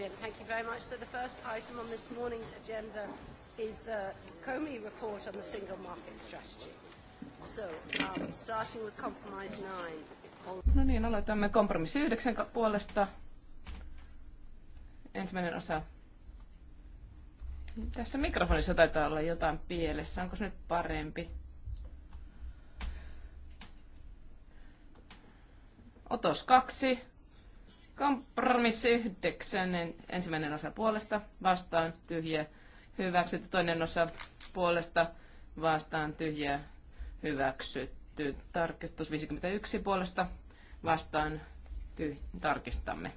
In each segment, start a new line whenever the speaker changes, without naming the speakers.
Brilliant. Thank you very much. So the first item on this morning's agenda is the Comey report on the single market strategy. So, um, starting with compromise nine.
No niin, aloitamme kompromissi yhdeksän puolesta. Ensimmäinen osa. Tässä mikrofonissa taitaa olla jotain pielessä. Onko se nyt parempi? Otos kaksi Kompromissi yhdeksän, ensimmäinen osa puolesta, vastaan, tyhjä, hyväksytty. Toinen osa puolesta, vastaan, tyhjä, hyväksytty. Tarkistus 51 puolesta, vastaan, tyh- tarkistamme.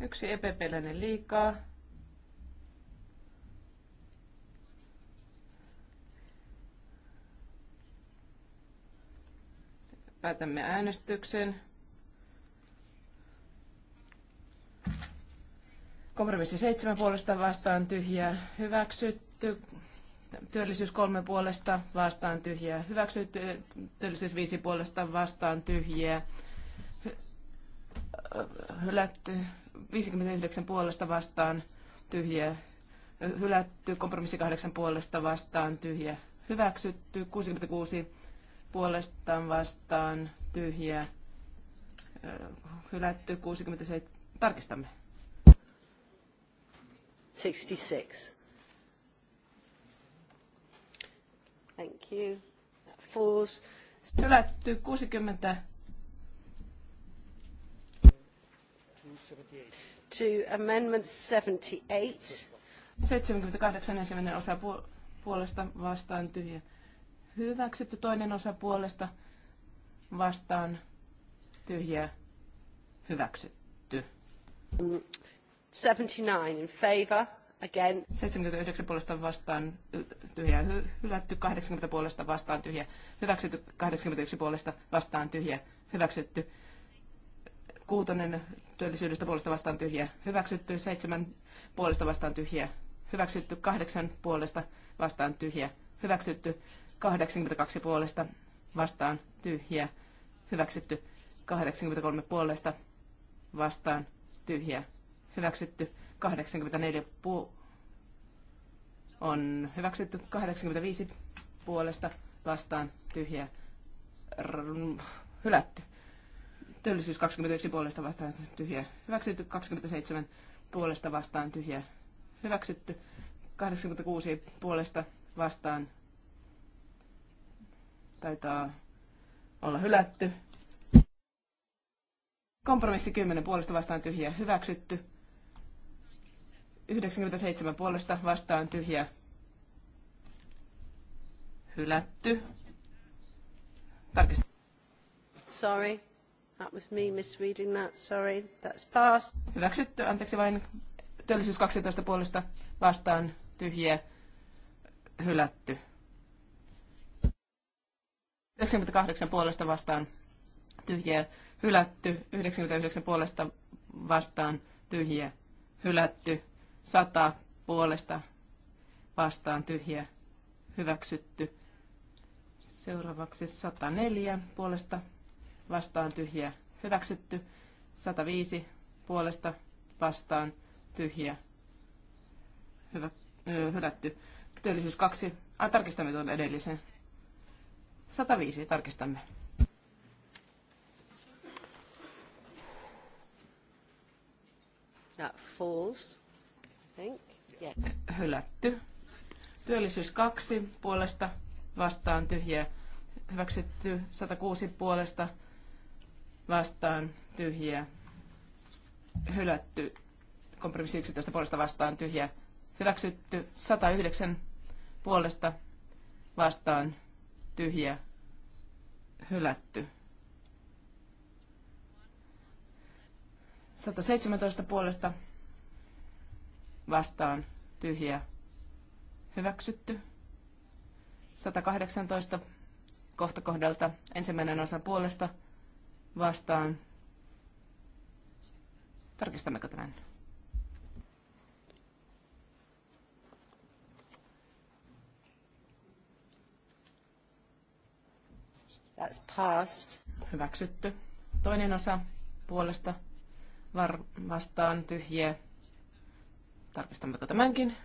Yksi epäpeläinen liikaa. päätämme äänestyksen. Kompromissi seitsemän puolesta vastaan tyhjää hyväksytty. Työllisyys kolme puolesta vastaan tyhjää hyväksytty. Työllisyys viisi puolesta vastaan tyhjää hylätty. 59 puolesta vastaan tyhjä. hylätty. Kompromissi kahdeksan puolesta vastaan tyhjä hyväksytty. 66 puolestaan vastaan tyhjä hylätty 67. Tarkistamme. 66. Thank you. That Hylätty 60. To amendment 78. 78 ensimmäinen osa puolesta vastaan tyhjä hyväksytty, toinen osa puolesta vastaan tyhjää hyväksytty. 79 in favor, again. 79 puolesta vastaan tyhjää hylätty, 80 puolesta vastaan tyhjä hyväksytty, 81 puolesta vastaan tyhjä hyväksytty, kuutonen työllisyydestä puolesta vastaan tyhjä hyväksytty, seitsemän puolesta vastaan tyhjä hyväksytty, kahdeksan puolesta vastaan tyhjä hyväksytty 82 puolesta vastaan tyhjä, hyväksytty 83 puolesta vastaan tyhjä, hyväksytty 84 pu- on hyväksytty 85 puolesta vastaan tyhjä, r- hylätty. Työllisyys 21 puolesta vastaan tyhjä, hyväksytty 27 puolesta vastaan tyhjä, hyväksytty 86 puolesta vastaan taitaa olla hylätty. Kompromissi 10 puolesta vastaan tyhjä hyväksytty. 97 puolesta vastaan tyhjä hylätty.
Tarkista. Sorry, that was me misreading that. Sorry,
that's passed. Hyväksytty, anteeksi vain. Työllisyys 12 puolesta vastaan tyhjiä hylätty. 98 puolesta vastaan tyhjiä hylätty, 99 puolesta vastaan tyhjiä hylätty, 100 puolesta vastaan tyhjiä hyväksytty. Seuraavaksi 104 puolesta vastaan tyhjiä hyväksytty, 105 puolesta vastaan tyhjiä hyvä, hylätty. Työllisyys kaksi. Ai, tarkistamme tuon edellisen. 105 tarkistamme.
That falls, I think. Yeah.
Hylätty. Työllisyys kaksi puolesta vastaan tyhjä. Hyväksytty 106 puolesta vastaan tyhjä. Hylätty kompromissi 11 puolesta vastaan tyhjä. Hyväksytty 109 puolesta vastaan tyhjä hylätty. 117 puolesta vastaan tyhjä hyväksytty. 118 kohta kohdalta ensimmäinen osa puolesta vastaan. Tarkistammeko tämän? That's passed. Hyväksytty. Toinen osa puolesta var- vastaan tyhjiä. Tarkistamme tämänkin?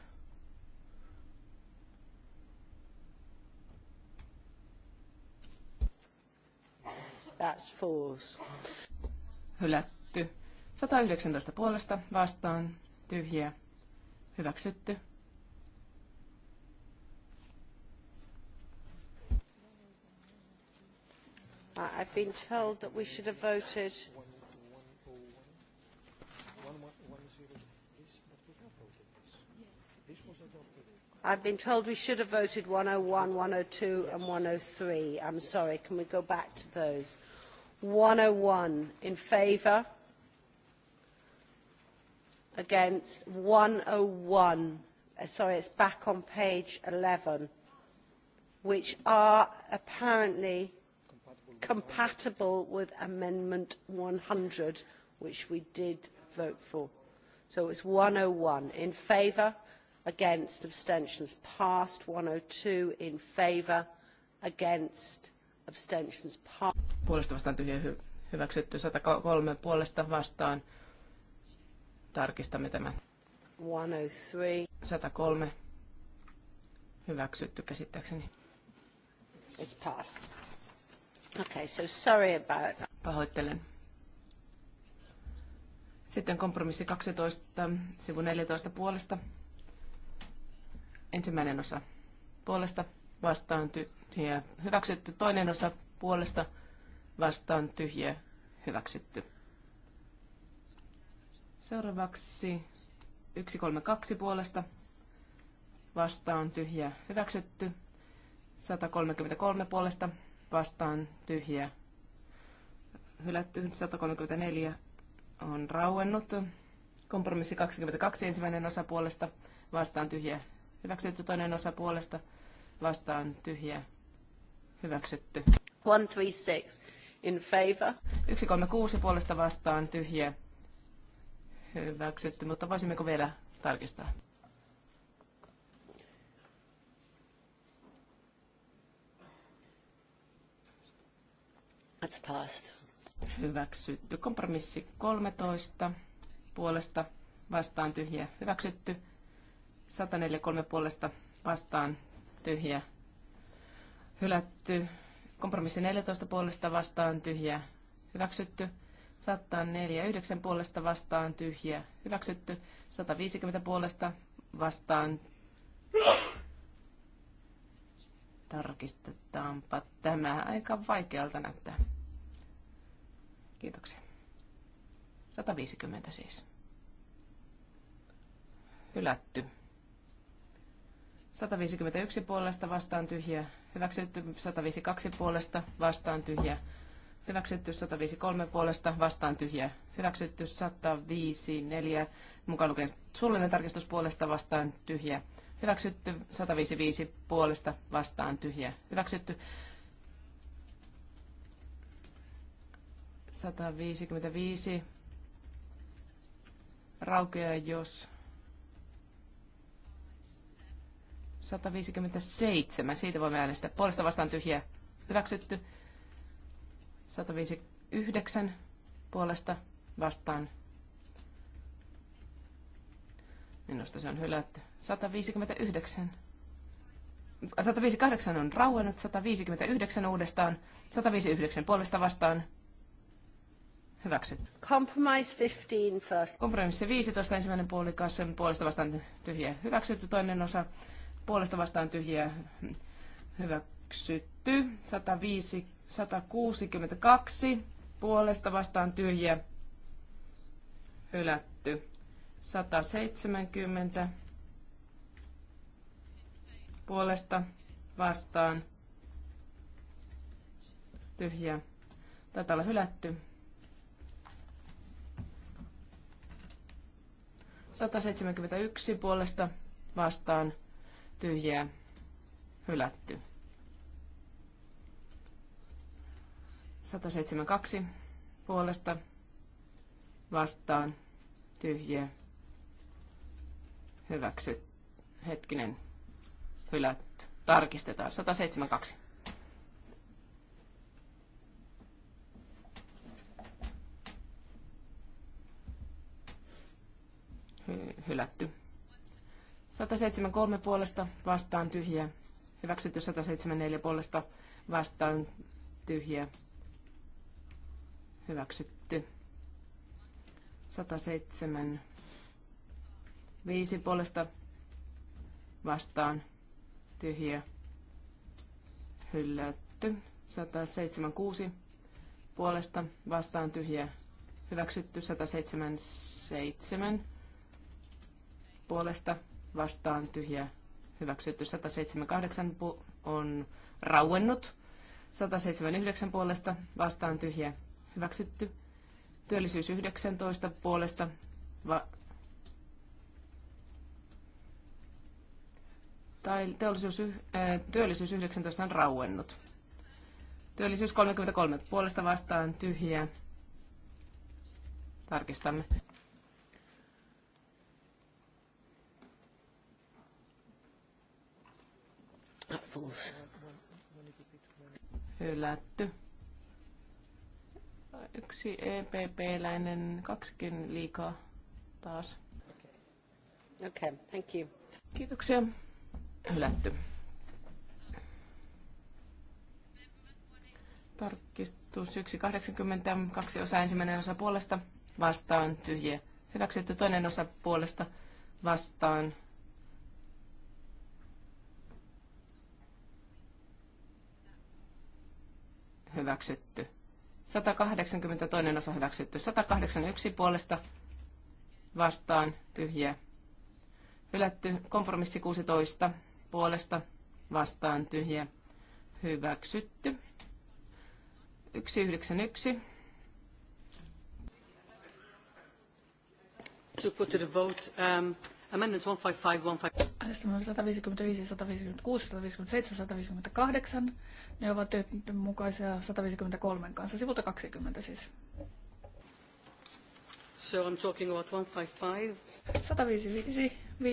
That's false. Hylätty. 119 puolesta vastaan tyhjiä. Hyväksytty.
Uh, I've been told that we should have voted. I've been told we should have voted 101, 102 and 103. I'm sorry, can we go back to those? 101 in favour, against 101, uh, sorry, it's back on page 11, which are apparently compatible with Amendment one hundred which we did vote for. So it one it's oh one in favour, against, abstentions passed. one oh two in favour, against,
abstentions passed. Puolesta vastaan tyhjä hyväksytty, 103 puolesta vastaan. Tarkistamme tämän.
103.
103 hyväksytty käsittääkseni.
It's passed. Okay, so sorry about that.
Pahoittelen. Sitten kompromissi 12, sivu 14 puolesta. Ensimmäinen osa puolesta vastaan tyhjä hyväksytty. Toinen osa puolesta vastaan tyhjä hyväksytty. Seuraavaksi 132 puolesta vastaan tyhjä hyväksytty. 133 puolesta vastaan tyhjä. Hylätty 134 on rauennut. Kompromissi 22 ensimmäinen osa puolesta vastaan tyhjä. Hyväksytty toinen osa puolesta vastaan tyhjä. Hyväksytty. 136 in favor. 136 puolesta vastaan tyhjä. Hyväksytty, mutta voisimmeko vielä tarkistaa? That's passed. Hyväksytty. Kompromissi 13 puolesta vastaan tyhjä hyväksytty. 143 puolesta vastaan tyhjä hylätty. Kompromissi 14 puolesta vastaan tyhjä hyväksytty. 149 puolesta vastaan tyhjä hyväksytty. 150 puolesta vastaan tarkistetaanpa. Tämä aika vaikealta näyttää. Kiitoksia. 150 siis. Hylätty. 151 puolesta vastaan tyhjä. Hyväksytty 152 puolesta vastaan tyhjä. Hyväksytty 153 puolesta vastaan tyhjä. Hyväksytty 154 mukaan lukien suullinen tarkistus puolesta vastaan tyhjä. Hyväksytty 155 puolesta vastaan tyhjä. Hyväksytty 155 raukeaa, jos 157. Siitä voimme äänestää. Puolesta vastaan tyhjä. Hyväksytty. 159 puolesta vastaan. Minusta se on hylätty. 159. 158 äh, on rauennut, 159 uudestaan, 159 puolesta vastaan, Hyväksytty. Compromise 15 first. Kompromissi 15, ensimmäinen puoli kanssa, puolesta vastaan tyhjiä. Hyväksytty, toinen osa puolesta vastaan tyhjiä. Hyväksytty. 105, 162 puolesta vastaan tyhjiä. Hylätty. 170 puolesta vastaan tyhjiä. Taitaa olla hylätty. 171 puolesta vastaan tyhjää hylätty. 172 puolesta vastaan tyhjä hyväksy hetkinen hylätty. Tarkistetaan 172. hylätty. 173 puolesta vastaan tyhjä, hyväksytty 174 puolesta vastaan tyhjä, hyväksytty. 175 puolesta vastaan tyhjä, hylätty. 176 puolesta vastaan tyhjä, hyväksytty 177 puolesta vastaan tyhjä hyväksytty. 178 on rauennut. 179 puolesta vastaan tyhjä hyväksytty. Työllisyys 19 puolesta va- tai teollisuus, äh, työllisyys 19 on rauennut. Työllisyys 33 puolesta vastaan tyhjä. Tarkistamme. That Hylätty. Yksi EPP-läinen, kaksikin liikaa taas. Okay, thank you. Kiitoksia. Hylätty. Tarkistus 1.80, kaksi osa ensimmäinen osa puolesta, vastaan tyhjä. Hyväksytty toinen osa puolesta, vastaan hyväksytty. 180 toinen osa hyväksytty. 181 puolesta vastaan tyhjä. Hylätty kompromissi 16 puolesta vastaan tyhjä. Hyväksytty. 191. To put to the vote, um, Amendments 155,
156, 157, 158. Ne ovat mukaisia 153 kanssa, sivulta 20 siis. So I'm
talking about 155. 155-158.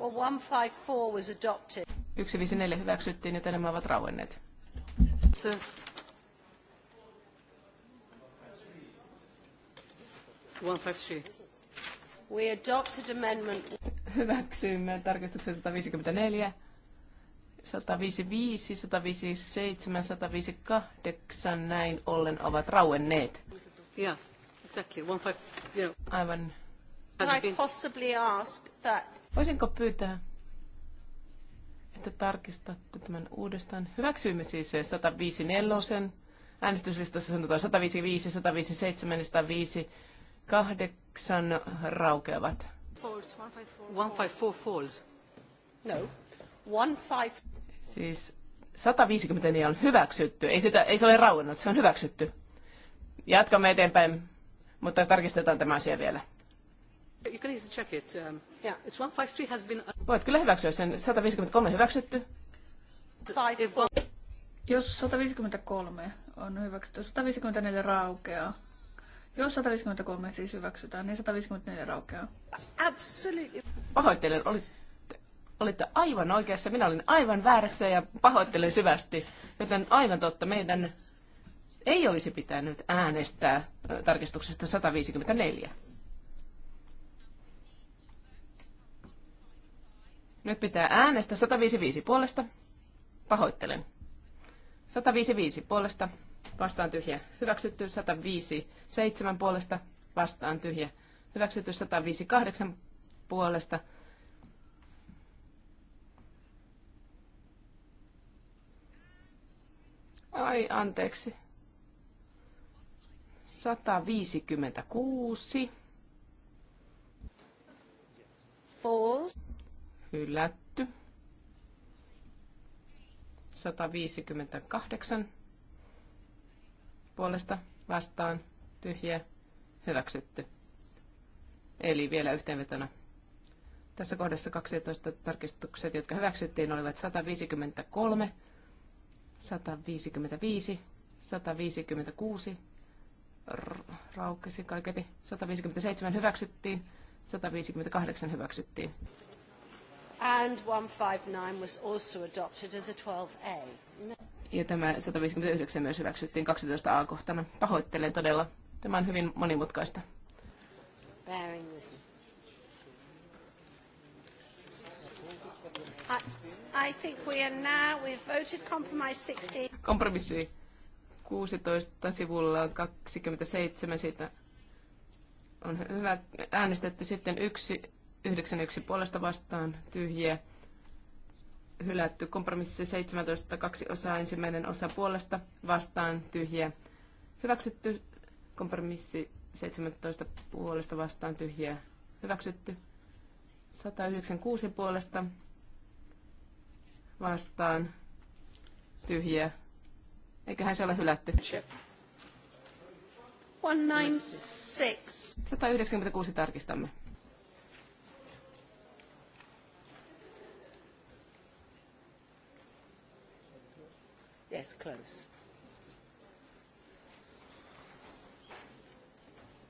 Well, 154 was adopted.
154 hyväksyttiin, joten nämä ovat rauenneet. We adopted amendment. Hyväksyimme tarkistuksen 154, 155, 157, 158, näin ollen ovat rauenneet. Yeah, exactly. One five, Aivan. Can I
possibly ask that? Voisinko pyytää,
että tarkistatte tämän uudestaan? Hyväksyimme siis 154. Äänestyslistassa sanotaan 155, 157 ja 105 kahdeksan raukeavat.
154 falls. No, one five.
Siis 154 on hyväksytty. Ei, sitä, ei se ole rauennut, se on hyväksytty. Jatkamme eteenpäin, mutta tarkistetaan tämä asia vielä.
You can easily check it. Um, yeah, it's 153 has been... Voit kyllä hyväksyä sen. 153 hyväksytty. Jos 153 on hyväksytty, 154 raukeaa. Jos 153 siis hyväksytään, niin 154 raukeaa.
Absolutely.
Pahoittelen, olitte, olitte aivan oikeassa. Minä olin aivan
väärässä ja pahoittelen syvästi. Joten aivan totta, meidän ei olisi pitänyt äänestää tarkistuksesta 154. Nyt pitää äänestää 155 puolesta. Pahoittelen. 155 puolesta vastaan tyhjä, hyväksytty 105, 7 puolesta, vastaan tyhjä, hyväksytty 105, 8 puolesta, Ai, anteeksi. 156. False. Hylätty. 158 puolesta vastaan tyhjä hyväksytty. Eli vielä yhteenvetona. Tässä kohdassa 12 tarkistukset, jotka hyväksyttiin, olivat 153, 155, 156, raukesi kaiketi, 157 hyväksyttiin, 158 hyväksyttiin.
And 159 was also adopted as a 12A.
Ja tämä 159 myös hyväksyttiin 12a kohtana. Pahoittelen todella. Tämä on hyvin monimutkaista.
I think we are now, we've voted compromise 16.
Kompromissi 16 sivulla 27 siitä on hyvä äänestetty sitten 1, 91 puolesta vastaan tyhjiä hylätty. Kompromissi 17, kaksi osaa, ensimmäinen osa puolesta, vastaan, tyhjä, hyväksytty. Kompromissi 17 puolesta vastaan tyhjä, hyväksytty. 196 puolesta vastaan tyhjä. Eiköhän se ole hylätty. 196. 196 tarkistamme. this close.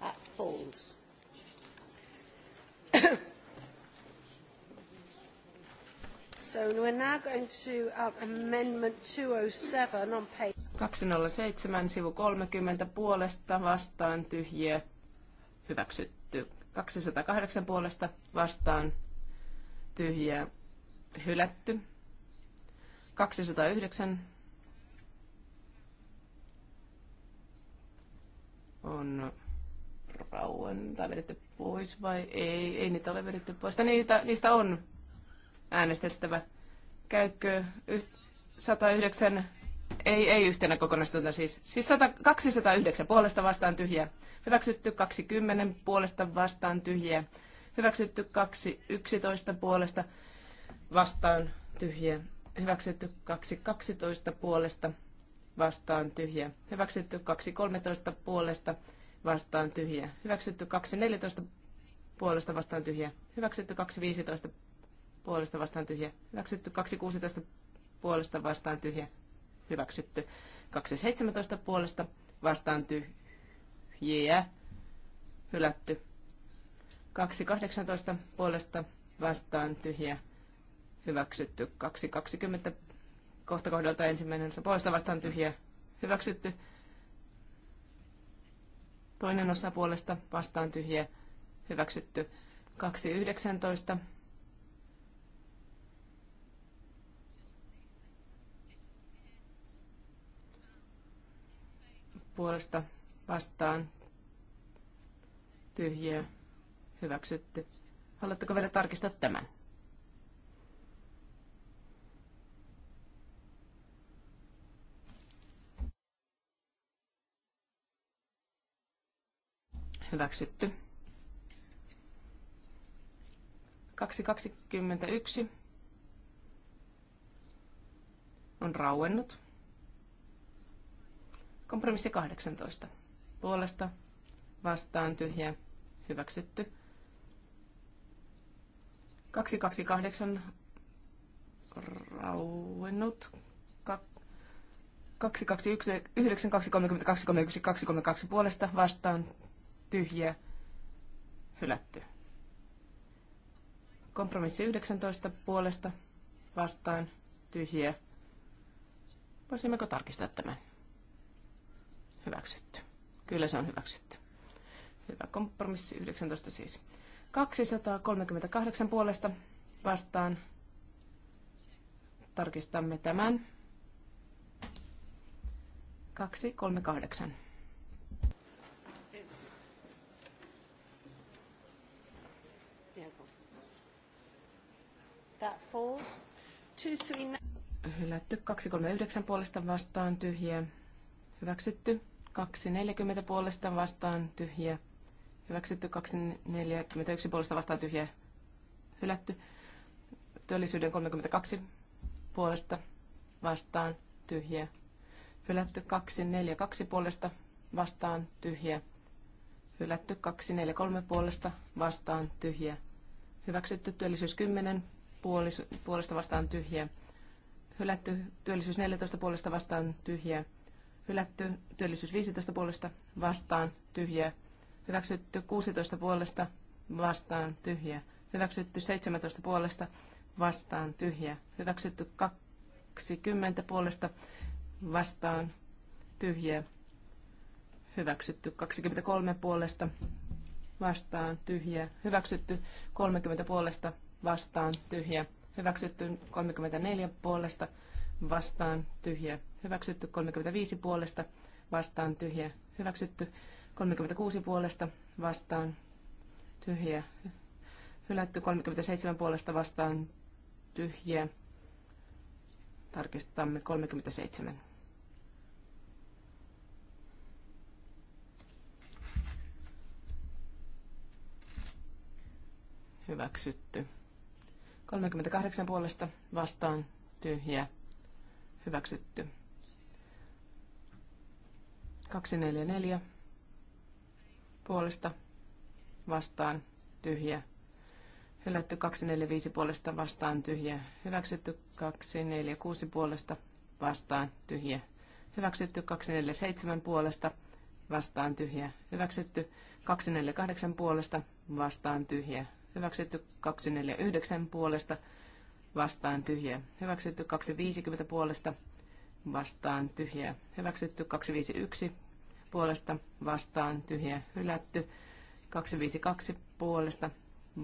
That falls. so we're now going to uh, amendment 207 on page...
207 sivu 30 puolesta vastaan tyhjiä hyväksytty. 208 puolesta vastaan tyhjiä hylätty. 209 on tai vedetty pois vai ei. Ei niitä ole vedetty pois. Niitä, niistä on äänestettävä. Käykö 109, ei, ei yhtenä kokonaisuutena siis. Siis 100, 209 puolesta vastaan tyhjä. Hyväksytty 20 puolesta vastaan tyhjä. Hyväksytty 211 puolesta vastaan tyhjä. Hyväksytty 212 puolesta vastaan tyhjä. Hyväksytty 2.13 puolesta vastaan tyhjä. Hyväksytty 2.14 puolesta vastaan tyhjä. Hyväksytty 2.15 puolesta vastaan tyhjä. Hyväksytty 2.16 puolesta vastaan tyhjä. Hyväksytty 2.17 puolesta vastaan tyhjiä. Hylätty 2.18 puolesta vastaan tyhjä. Hyväksytty 2.20 kohta kohdalta ensimmäinen osa puolesta vastaan tyhjä hyväksytty. Toinen osa puolesta vastaan tyhjä hyväksytty. 219 puolesta vastaan tyhjä hyväksytty. Haluatteko vielä tarkistaa tämän? hyväksytty. 221 on rauennut. Kompromissi 18. Puolesta vastaan tyhjä hyväksytty. 228 rauennut. 229, 232, 31, 232 puolesta vastaan tyhjä, hylätty. Kompromissi 19 puolesta vastaan tyhjä. Voisimmeko tarkistaa tämän? Hyväksytty. Kyllä se on hyväksytty. Hyvä kompromissi 19 siis. 238 puolesta vastaan. Tarkistamme tämän. 238.
That falls. Two,
Hylätty 239 puolesta vastaan tyhjä. Hyväksytty 240 puolesta vastaan tyhjä. Hyväksytty 241 puolesta vastaan tyhjä. Hylätty. Työllisyyden 32 puolesta vastaan tyhjä. Hylätty 242 puolesta vastaan tyhjä. Hylätty 243 puolesta vastaan tyhjä. Hyväksytty työllisyys 10 puolesta vastaan tyhjä. Hylätty työllisyys 14 puolesta vastaan tyhjä. Hylätty työllisyys 15 puolesta vastaan tyhjä. Hyväksytty 16 puolesta vastaan tyhjä. Hyväksytty 17 puolesta vastaan tyhjä. Hyväksytty 20 puolesta vastaan tyhjä. Hyväksytty 23 puolesta vastaan tyhjä. Hyväksytty 30 puolesta vastaan tyhjä, hyväksytty 34 puolesta, vastaan tyhjä, hyväksytty 35 puolesta, vastaan tyhjä, hyväksytty 36 puolesta, vastaan tyhjä, hylätty 37 puolesta, vastaan tyhjä, tarkistamme 37. Hyväksytty. 38 puolesta vastaan tyhjä hyväksytty. 244 puolesta vastaan tyhjä hylätty. 245 puolesta vastaan tyhjä hyväksytty. 246 puolesta vastaan tyhjä hyväksytty. 247 puolesta vastaan tyhjä hyväksytty. 248 puolesta vastaan tyhjä hyväksytty 249 puolesta, vastaan tyhjä, hyväksytty 250 puolesta, vastaan tyhjä, hyväksytty 251 puolesta, vastaan tyhjä, hylätty 252 puolesta,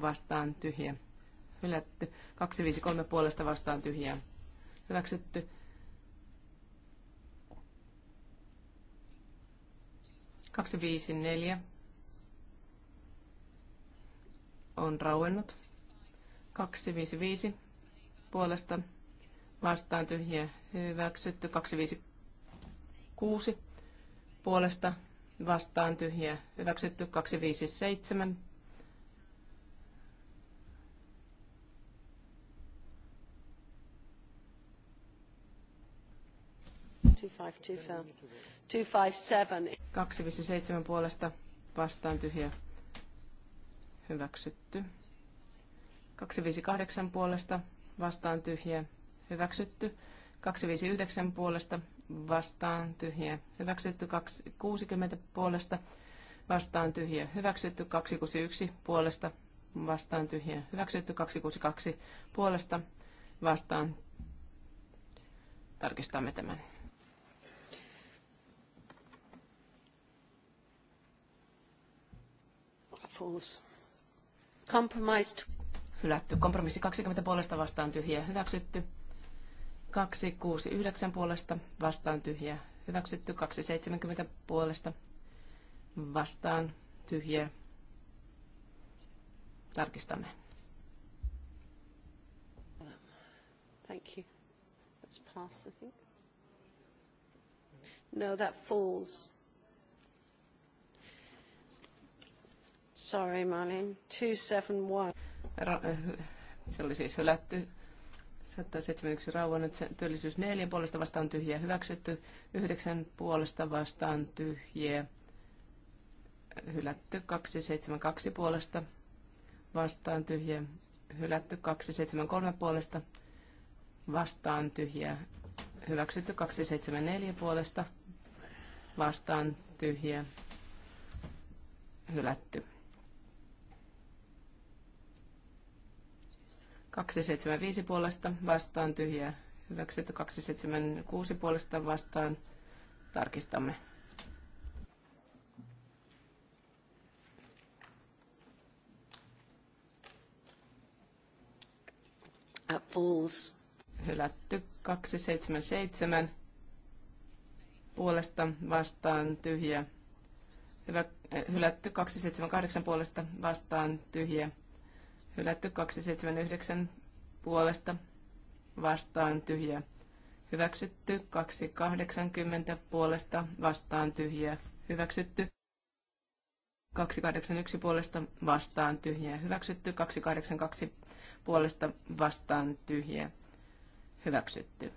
vastaan tyhjä, hylätty 253 puolesta, vastaan tyhjä, hyväksytty 254 on rauennut. 255 puolesta vastaan tyhjiä hyväksytty. 256 puolesta vastaan tyhjiä hyväksytty. 257 257 puolesta vastaan tyhjä hyväksytty. 258 puolesta vastaan tyhjä, hyväksytty. 259 puolesta vastaan tyhjä, hyväksytty. 260 puolesta vastaan tyhjä, hyväksytty. 261 puolesta vastaan tyhjä, hyväksytty. 262 puolesta vastaan. Tarkistamme tämän. False. Compromised. Hylätty. Kompromissi 20 puolesta vastaan tyhjä. Hyväksytty. 269 puolesta vastaan tyhjä. Hyväksytty. 270 puolesta vastaan tyhjä. Tarkistamme.
Thank you. That's passed, I think. No, that falls.
Sorry, Malin. 271. Eh, se oli siis hylätty. 171 rauennut, työllisyys 4 puolesta vastaan tyhjiä hyväksytty, 9 puolesta vastaan tyhjiä hylätty, 272 puolesta vastaan tyhjiä hylätty, 273 puolesta vastaan tyhjiä hyväksytty, 274 puolesta vastaan tyhjiä hylätty. 275 puolesta vastaan tyhjää hyväksytty. 276 puolesta vastaan tarkistamme. Apples. Hylätty 277 puolesta vastaan tyhjä. Hyvä, eh, hylätty 278 puolesta vastaan tyhjä. Hylätty 279 puolesta vastaan tyhjä. Hyväksytty 280 puolesta vastaan tyhjä. Hyväksytty 281 puolesta vastaan tyhjä. Hyväksytty 282 puolesta vastaan tyhjä. Hyväksytty.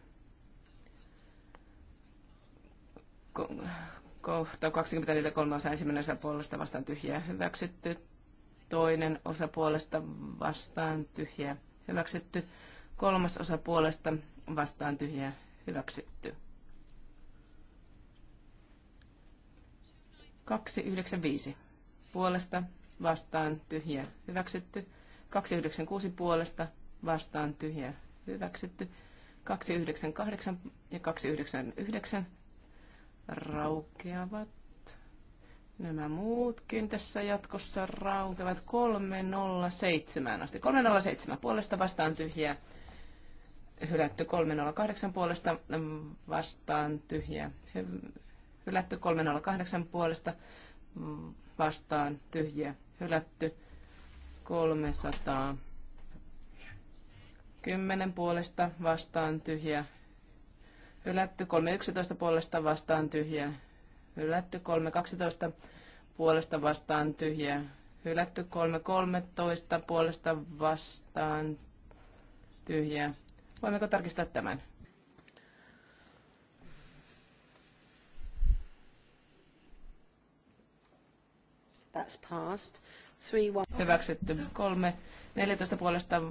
Ko- kohta 24.3. ensimmäisellä puolesta vastaan tyhjää hyväksytty toinen osa puolesta vastaan tyhjä hyväksytty, kolmas osa puolesta vastaan tyhjä hyväksytty. 295 puolesta vastaan tyhjä hyväksytty, 296 puolesta vastaan tyhjä hyväksytty, 298 ja 299 raukeavat. Nämä muutkin tässä jatkossa raukevat 307 asti. 307 puolesta vastaan tyhjä. Hylätty 308 puolesta vastaan tyhjä. Hylätty 308 puolesta vastaan tyhjä. Hylätty 310 puolesta vastaan tyhjä. Hylätty 311 puolesta vastaan tyhjä hylätty. 3.12 puolesta vastaan tyhjä. hylätty. 3.13 puolesta vastaan tyhjä. Voimmeko tarkistaa tämän? That's passed. Three, one. Hyväksytty. Kolme. 14 puolesta.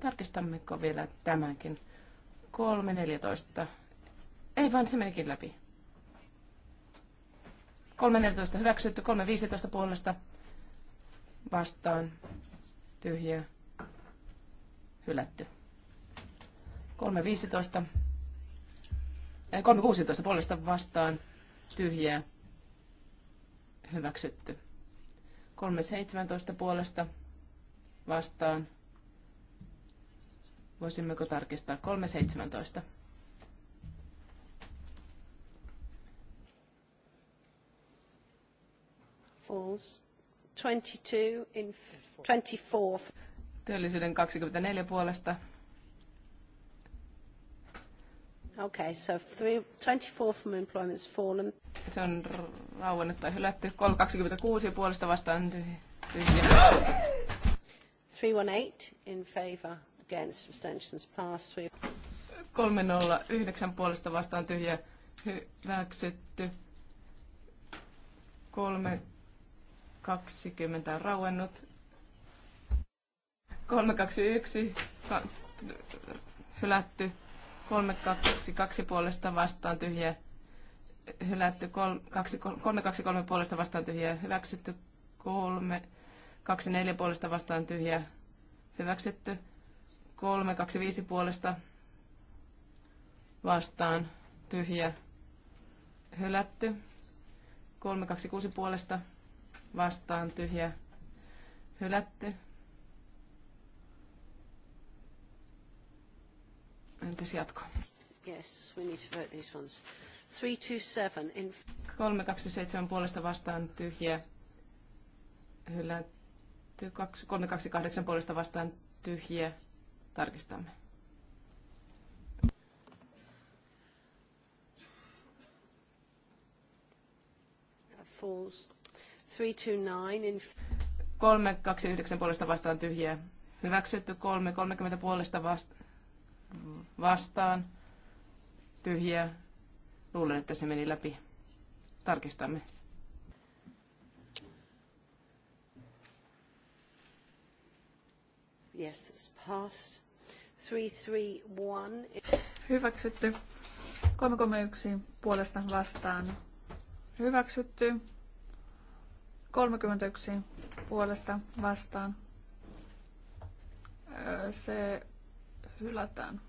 Tarkistammeko vielä tämänkin? 3.14. Ei vaan se menikin läpi. 3.14 hyväksytty, 3.15 puolesta vastaan, tyhjä, hylätty. 3.15, ei 3.16 puolesta vastaan, tyhjä, hyväksytty. 3.17 puolesta vastaan, voisimmeko tarkistaa 3.17.
falls. 22 in
24. Työllisyyden 24 puolesta. Okay, so three, 24 from employment's fallen. Se on rauennut tai hylätty. 326 puolesta vastaan tyhjä.
318 in favor against abstentions
passed. 309 puolesta vastaan tyhjä hyväksytty. 3 20 on rauennut. 321 ka- hylätty. 322 puolesta vastaan tyhjä hylätty. 323 puolesta vastaan tyhjä hyväksytty. 324 puolesta vastaan tyhjä hyväksytty. 325 puolesta vastaan, tyhjä, hylätty. 326 puolesta vastaan tyhjä hylätty. Entäs jatko?
Yes, we need to vote these ones. 327
327 puolesta vastaan tyhjä hylätty. 328 puolesta vastaan tyhjä. Tarkistamme. Falls 329 puolesta vastaan tyhjää. Hyväksytty 3, 30 puolesta vastaan tyhjää. Luulen, että se meni läpi. Tarkistamme.
Yes, it's passed.
331. Hyväksytty. 331 puolesta vastaan. Hyväksytty. 31 puolesta vastaan. Se hylätään.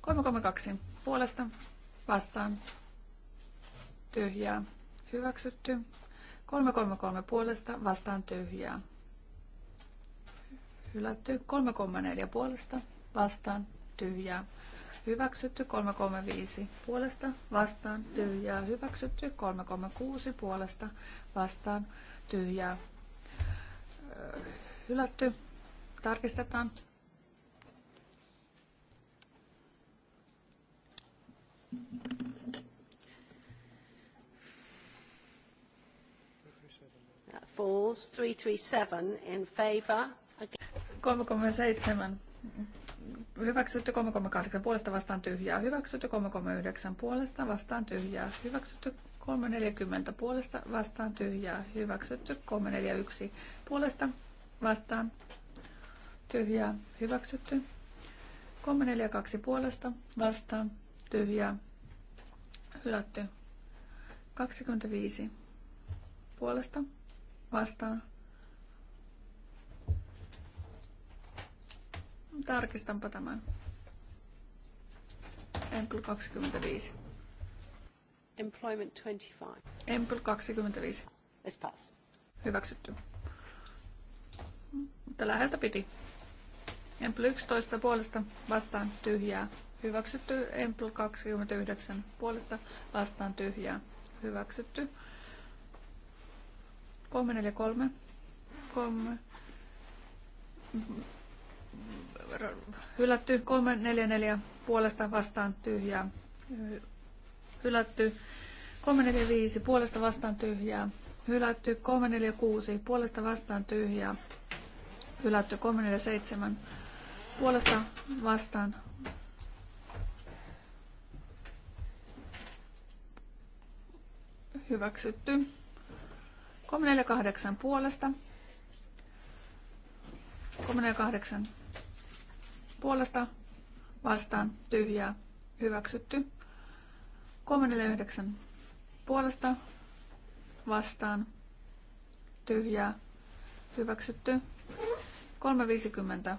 332 puolesta vastaan. Tyhjää. Hyväksytty. 333 puolesta vastaan tyhjää. Hylätty. 334 puolesta vastaan tyhjää hyväksytty 335 puolesta vastaan tyhjää hyväksytty 336 puolesta vastaan tyhjää hylätty. Tarkistetaan.
Falls 337 in favor.
337 Hyväksytty 338 puolesta vastaan tyhjää. Hyväksytty 339 puolesta vastaan tyhjää. Hyväksytty 340 puolesta vastaan tyhjää. Hyväksytty 341 puolesta vastaan tyhjää. Hyväksytty 342 puolesta vastaan tyhjää. Hylätty 25 puolesta vastaan Tarkistanpa tämän. Employ 25. Employment 25. Empl 25. It's passed. Hyväksytty. Mutta läheltä piti. Employ 11 puolesta vastaan tyhjää. Hyväksytty. Employ 29 puolesta vastaan tyhjää. Hyväksytty. 343. 3 hylätty 344 puolesta vastaan tyhjää, hylätty 345 puolesta vastaan tyhjää, hylätty 346 puolesta vastaan tyhjää, hylätty 347 puolesta vastaan hyväksytty 348 puolesta 348 puolesta vastaan tyhjää hyväksytty. 349 puolesta vastaan tyhjää hyväksytty. 350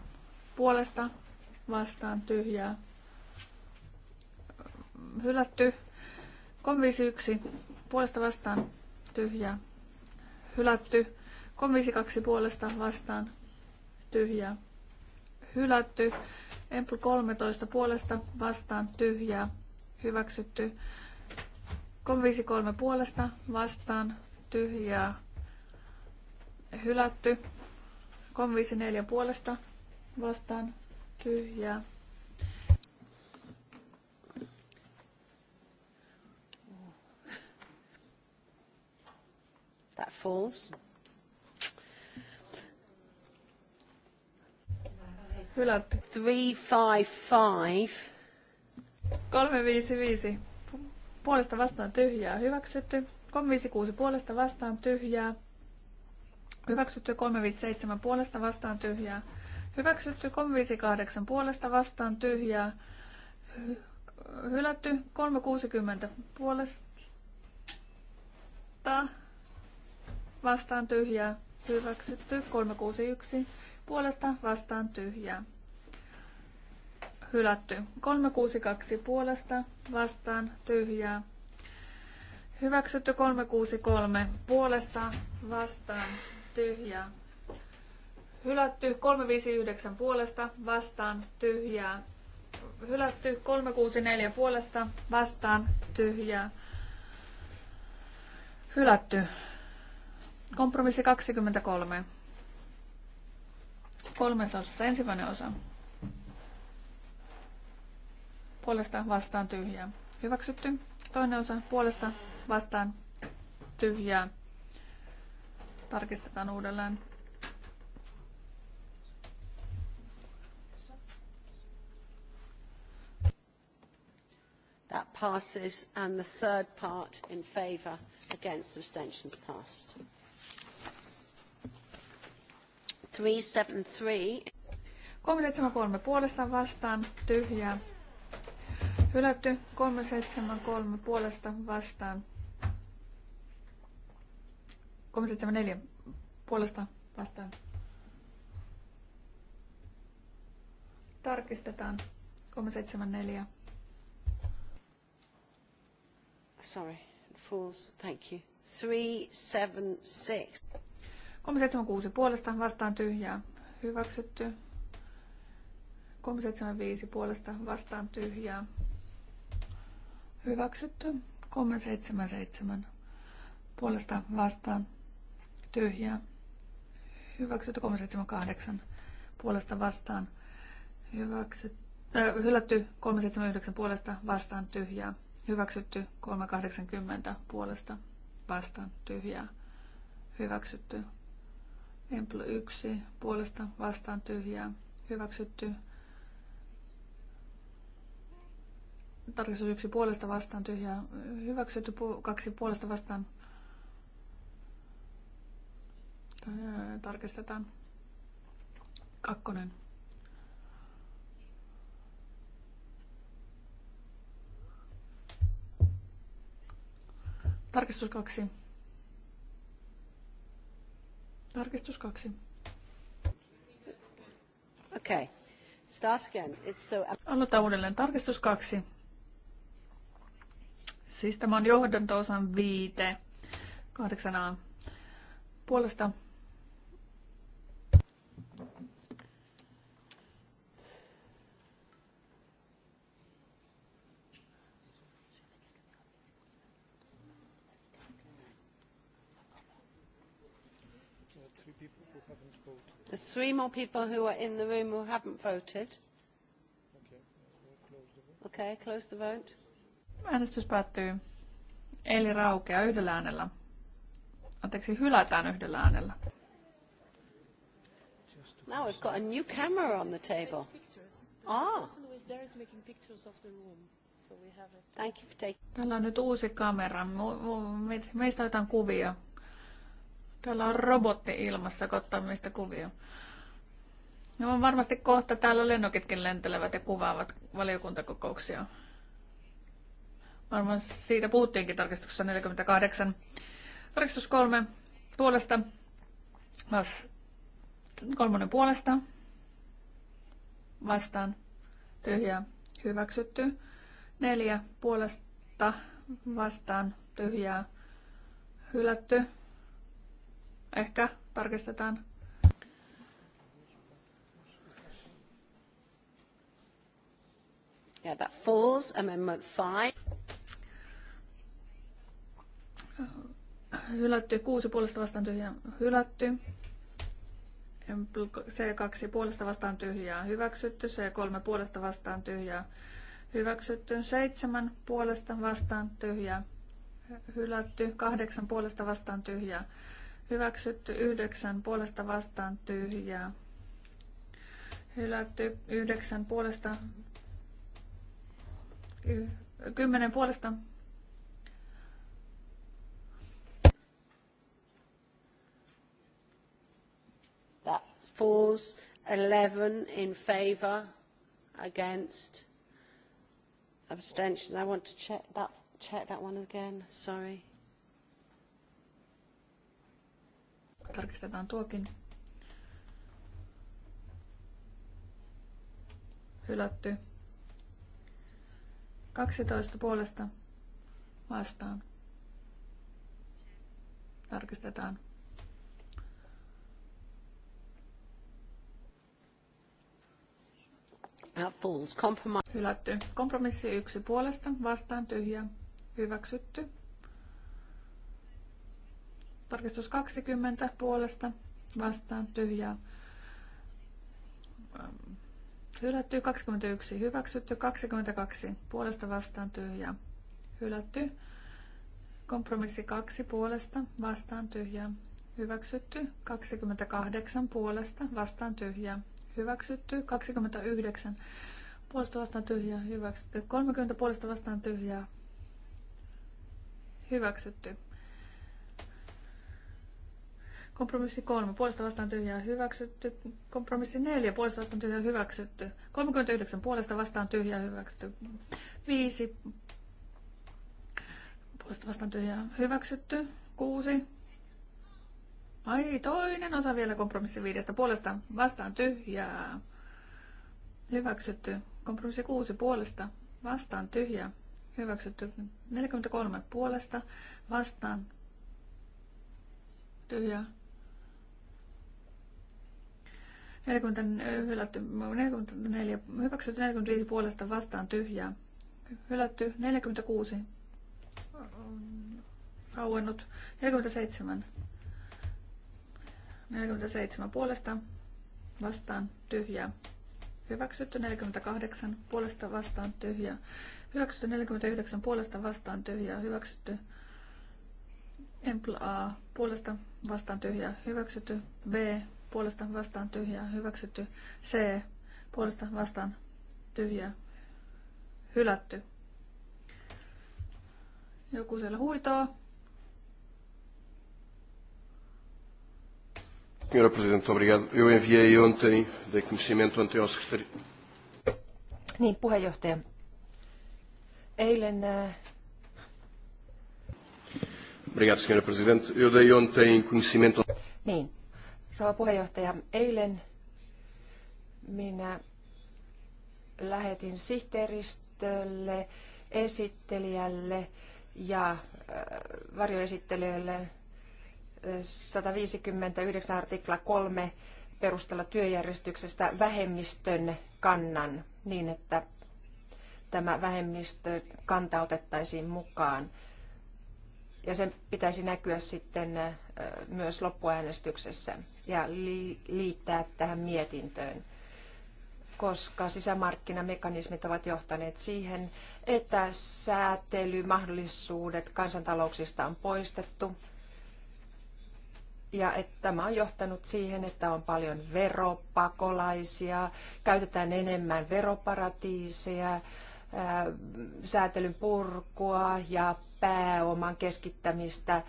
puolesta vastaan tyhjää hylätty. 351 puolesta vastaan tyhjää hylätty. 352 puolesta vastaan tyhjää hylätty. Empl 13 puolesta vastaan tyhjää hyväksytty. 353 puolesta vastaan tyhjää hylätty. 354 puolesta vastaan tyhjää.
That falls. Hylätty.
355. 355. Puolesta vastaan tyhjää. Hyväksytty. 356 puolesta vastaan tyhjää. Hyväksytty 357 puolesta vastaan tyhjää. Hyväksytty 358 puolesta vastaan tyhjää. Hy- hylätty 360 puolesta vastaan tyhjää. Hyväksytty 361 puolesta vastaan tyhjää. Hylätty. 362 puolesta vastaan tyhjää. Hyväksytty 363 puolesta vastaan tyhjää. Hylätty 359 puolesta vastaan tyhjää. Hylätty 364 puolesta vastaan tyhjää. Hylätty. Kompromissi 23 Kolmessa osassa ensimmäinen osa. Puolesta vastaan tyhjää. Hyväksytty. Toinen osa puolesta vastaan tyhjää. Tarkistetaan uudelleen.
That passes and the third part in favour against abstentions passed.
373. 373 puolesta vastaan, Tyhjä. Hylätty 373 puolesta vastaan. 374 puolesta vastaan. Tarkistetaan 374.
Sorry, fools, thank you.
376. 376 puolesta vastaan tyhjää hyväksytty. 375 puolesta vastaan tyhjää hyväksytty. 377 puolesta vastaan tyhjää hyväksytty. 378 puolesta vastaan hyväksytty. Äh, hylätty 379 puolesta vastaan tyhjää. Hyväksytty 380 puolesta vastaan tyhjää. Hyväksytty Empl 1 puolesta vastaan tyhjää hyväksytty. Tarkistus 1 puolesta vastaan tyhjää hyväksytty. 2 puolesta vastaan äh, tarkistetaan. Kakkonen. Tarkistus kaksi. Tarkistus kaksi. Okay. Start again. It's so... Aloitetaan uudelleen. Tarkistus kaksi. Siis tämä on johdanto-osan viite. 8a. Puolesta
three more people who are in the room who haven't voted. Okay, close the vote.
Äänestys päättyy. Eli raukea yhdellä äänellä. Anteeksi, hylätään yhdellä äänellä. Now we've got a new camera on the table. Ah. Thank you for taking... Täällä on nyt uusi kamera. Meistä otetaan kuvia. Täällä on robotti ilmassa, kun ottaa meistä kuvia. No varmasti kohta täällä lennokitkin lentelevät ja kuvaavat valiokuntakokouksia. Varmaan siitä puhuttiinkin tarkistuksessa 48. Tarkistus kolme puolesta. Vas, kolmonen puolesta. Vastaan. Tyhjää. Hyväksytty. Neljä puolesta. Vastaan. Tyhjää. Hylätty. Ehkä tarkistetaan.
Yeah, that falls. Amendment 5.
Hylätty. Kuusi puolesta vastaan tyhjää. Hylätty. C2 puolesta vastaan tyhjää. Hyväksytty. C3 puolesta vastaan tyhjää. Hyväksytty. Seitsemän puolesta vastaan tyhjää. Hylätty. Kahdeksan puolesta vastaan tyhjää. Hyväksytty. Yhdeksän puolesta vastaan tyhjää. Hylätty. Yhdeksän puolesta Kymmenen puolesta.
That falls. 11 in favour, against, abstentions. I want to check that, check that one
again. Sorry. Tarkistetaan tuokin. Hylätty. 12 puolesta vastaan. Tarkistetaan. Hylätty. Kompromissi yksi puolesta, vastaan tyhjä, hyväksytty. Tarkistus 20 puolesta, vastaan tyhjää, Hylätty 21, hyväksytty 22, puolesta vastaan tyhjää. Hylätty. Kompromissi 2, puolesta vastaan tyhjää. Hyväksytty 28, puolesta vastaan tyhjää. Hyväksytty 29, puolesta vastaan tyhjää. Hyväksytty 30, puolesta vastaan tyhjää. Hyväksytty Kompromissi 3. Puolesta vastaan tyhjää hyväksytty. Kompromissi 4. Puolesta vastaan tyhjää hyväksytty. 39. Puolesta vastaan tyhjää hyväksytty. 5. Puolesta vastaan tyhjää hyväksytty. 6. Ai, toinen osa vielä kompromissi viidestä. Puolesta vastaan tyhjää. Hyväksytty. Kompromissi kuusi puolesta vastaan tyhjää. Hyväksytty. 43 puolesta vastaan tyhjää. 44, äh, hyväksytty 45 puolesta vastaan tyhjää. Hylätty 46. Kauennut 47. 47 puolesta vastaan tyhjää. Hyväksytty 48 puolesta vastaan tyhjää. Hyväksytty 49 puolesta vastaan tyhjää. Hyväksytty Empl A puolesta vastaan tyhjää. Hyväksytty B puolesta vastaan tyhjää hyväksytty. C puolesta vastaan tyhjää hylätty. Joku siellä huitoo.
Senhora Presidente, obrigado. Eu enviei ontem, dei conhecimento ontem ao secretário.
Niin, puheenjohtaja. Eilen... Äh,
obrigado, Senhora Presidente. Eu dei ontem conhecimento...
Niin, Rouva puheenjohtaja, eilen minä lähetin sihteeristölle, esittelijälle ja äh, varjoesittelijöille 159 äh, artikla 3 perustella työjärjestyksestä vähemmistön kannan niin, että tämä vähemmistö kanta otettaisiin mukaan. Ja sen pitäisi näkyä sitten äh, myös loppuäänestyksessä ja liittää tähän mietintöön koska sisämarkkinamekanismit ovat johtaneet siihen, että säätelymahdollisuudet kansantalouksista on poistettu. Ja että tämä on johtanut siihen, että on paljon veropakolaisia, käytetään enemmän veroparatiiseja, säätelyn purkua ja pääoman keskittämistä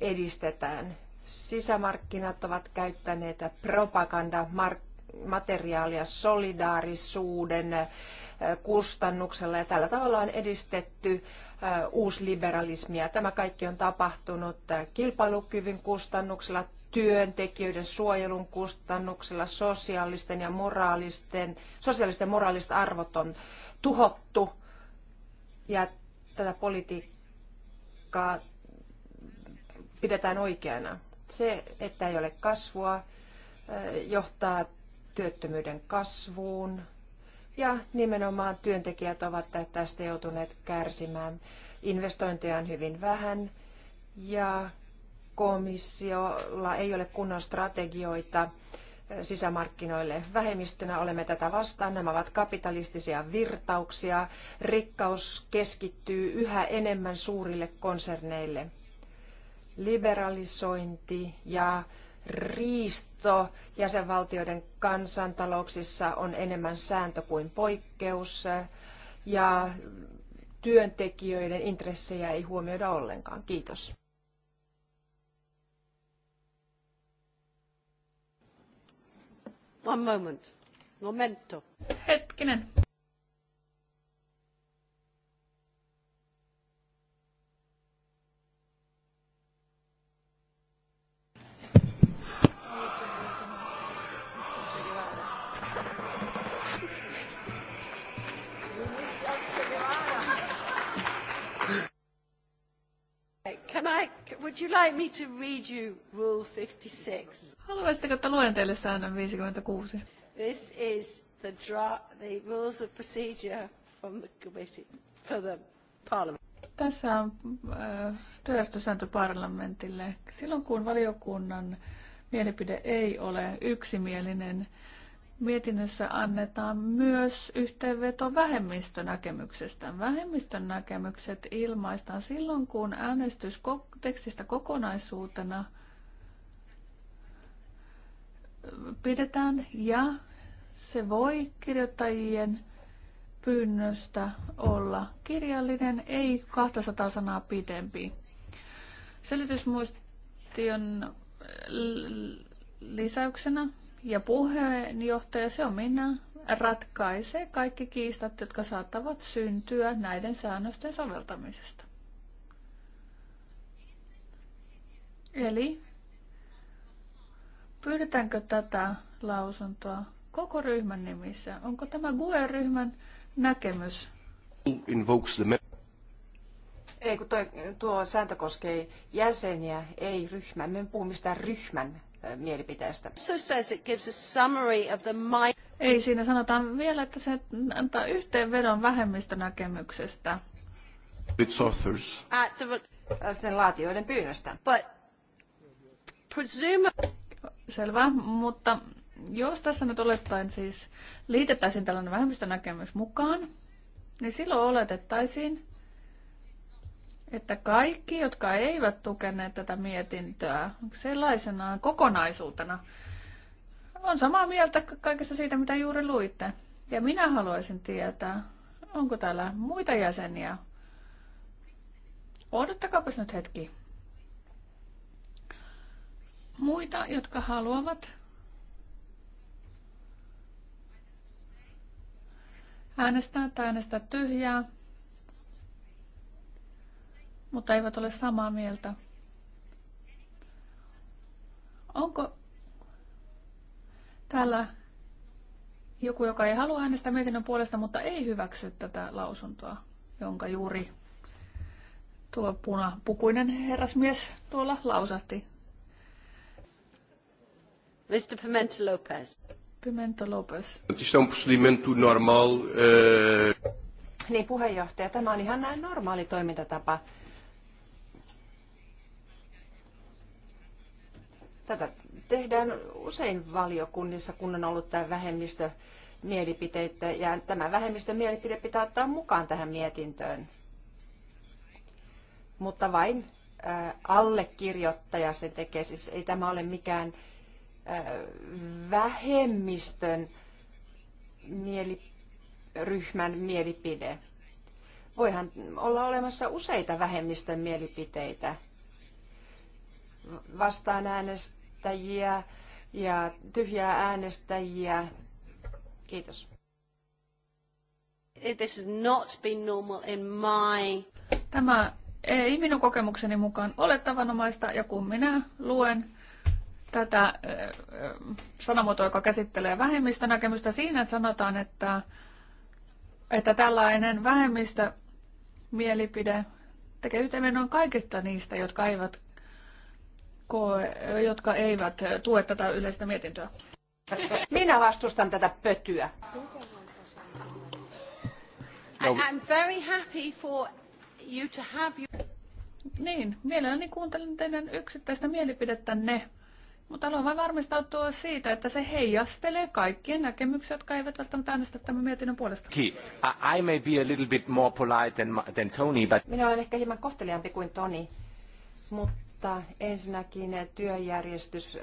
edistetään. Sisämarkkinat ovat käyttäneet propagandamateriaalia solidaarisuuden kustannuksella ja tällä tavalla on edistetty uusliberalismia. Tämä kaikki on tapahtunut kilpailukyvyn kustannuksella, työntekijöiden suojelun kustannuksella, sosiaalisten ja moraalisten, sosiaalisten moraaliset arvot on tuhottu ja tätä politiikkaa pidetään oikeana. Se, että ei ole kasvua, johtaa työttömyyden kasvuun ja nimenomaan työntekijät ovat tästä joutuneet kärsimään. Investointeja on hyvin vähän ja komissiolla ei ole kunnon strategioita sisämarkkinoille. Vähemmistönä olemme tätä vastaan. Nämä ovat kapitalistisia virtauksia. Rikkaus keskittyy yhä enemmän suurille konserneille liberalisointi ja riisto jäsenvaltioiden kansantalouksissa on enemmän sääntö kuin poikkeus ja työntekijöiden intressejä ei huomioida ollenkaan. Kiitos.
One moment. Momento. Hetkinen. Would you like me to read you rule 56?
Haluaisitteko, että luen teille säännön 56?
This is the, dra- the rules of procedure from the committee for the parliament.
Tässä on äh, työjärjestösääntö parlamentille. Silloin kun valiokunnan mielipide ei ole yksimielinen, Mietinnössä annetaan myös yhteenveto vähemmistönäkemyksestä. Vähemmistön näkemykset ilmaistaan silloin, kun äänestys tekstistä kokonaisuutena pidetään ja se voi kirjoittajien pyynnöstä olla kirjallinen, ei 200 sanaa pidempi. Selitysmuistion lisäyksenä ja puheenjohtaja, se on minä, ratkaisee kaikki kiistat, jotka saattavat syntyä näiden säännösten soveltamisesta. Eli pyydetäänkö tätä lausuntoa koko ryhmän nimissä? Onko tämä GUE-ryhmän näkemys?
Ei, kun tuo,
tuo sääntö koskee jäseniä, ei ryhmää. Me puhumme sitä ryhmän Äh, mielipiteestä.
Ei siinä sanotaan vielä, että se antaa yhteenvedon vähemmistönäkemyksestä.
Its authors.
The... Äh, sen laatioiden pyynnöstä. But presume... Selvä, mutta jos tässä nyt olettaen siis liitettäisiin tällainen vähemmistönäkemys mukaan, niin silloin oletettaisiin, että kaikki, jotka eivät tukeneet tätä mietintöä sellaisenaan kokonaisuutena, on samaa mieltä kaikessa siitä, mitä juuri luitte. Ja minä haluaisin tietää, onko täällä muita jäseniä. Odottakaapas nyt hetki. Muita, jotka haluavat äänestää tai äänestää tyhjää mutta eivät ole samaa mieltä. Onko täällä joku, joka ei halua äänestää mietinnön puolesta, mutta ei hyväksy tätä lausuntoa, jonka juuri tuo punapukuinen herrasmies tuolla lausahti. Mr. Pimento Lopez. Pimento Lopez.
Isto on um procedimento normal.
Eh,
niin puheenjohtaja, tämä on ihan näin normaali toimintatapa. Tätä tehdään usein valiokunnissa, kun on ollut tämä vähemmistö mielipiteitä ja tämä vähemmistö mielipide pitää ottaa mukaan tähän mietintöön. Mutta vain äh, allekirjoittaja se tekee, siis ei tämä ole mikään äh, vähemmistön mieliryhmän mielipide. Voihan olla olemassa useita vähemmistön mielipiteitä, vastaan äänestäjiä ja tyhjää äänestäjiä. Kiitos.
This has not been normal in my... Tämä ei minun kokemukseni mukaan ole tavanomaista ja kun minä luen tätä äh, äh, sanamuotoa, joka käsittelee vähemmistönäkemystä, siinä sanotaan, että, että tällainen vähemmistömielipide mielipide tekee yhteenvedon kaikista niistä, jotka eivät jotka eivät tue tätä yleistä mietintöä. Minä vastustan tätä pötyä. No. I'm very happy for you to have Niin, mielelläni kuuntelen teidän yksittäistä mielipidettänne, mutta haluan vain varmistautua siitä, että se heijastelee kaikkien näkemyksiä, jotka eivät välttämättä äänestä tämän mietinnön puolesta.
I may be a little bit more polite than, than Tony, but...
Minä olen ehkä hieman kohteliaampi kuin Toni,
mutta mutta ensinnäkin työjärjestys,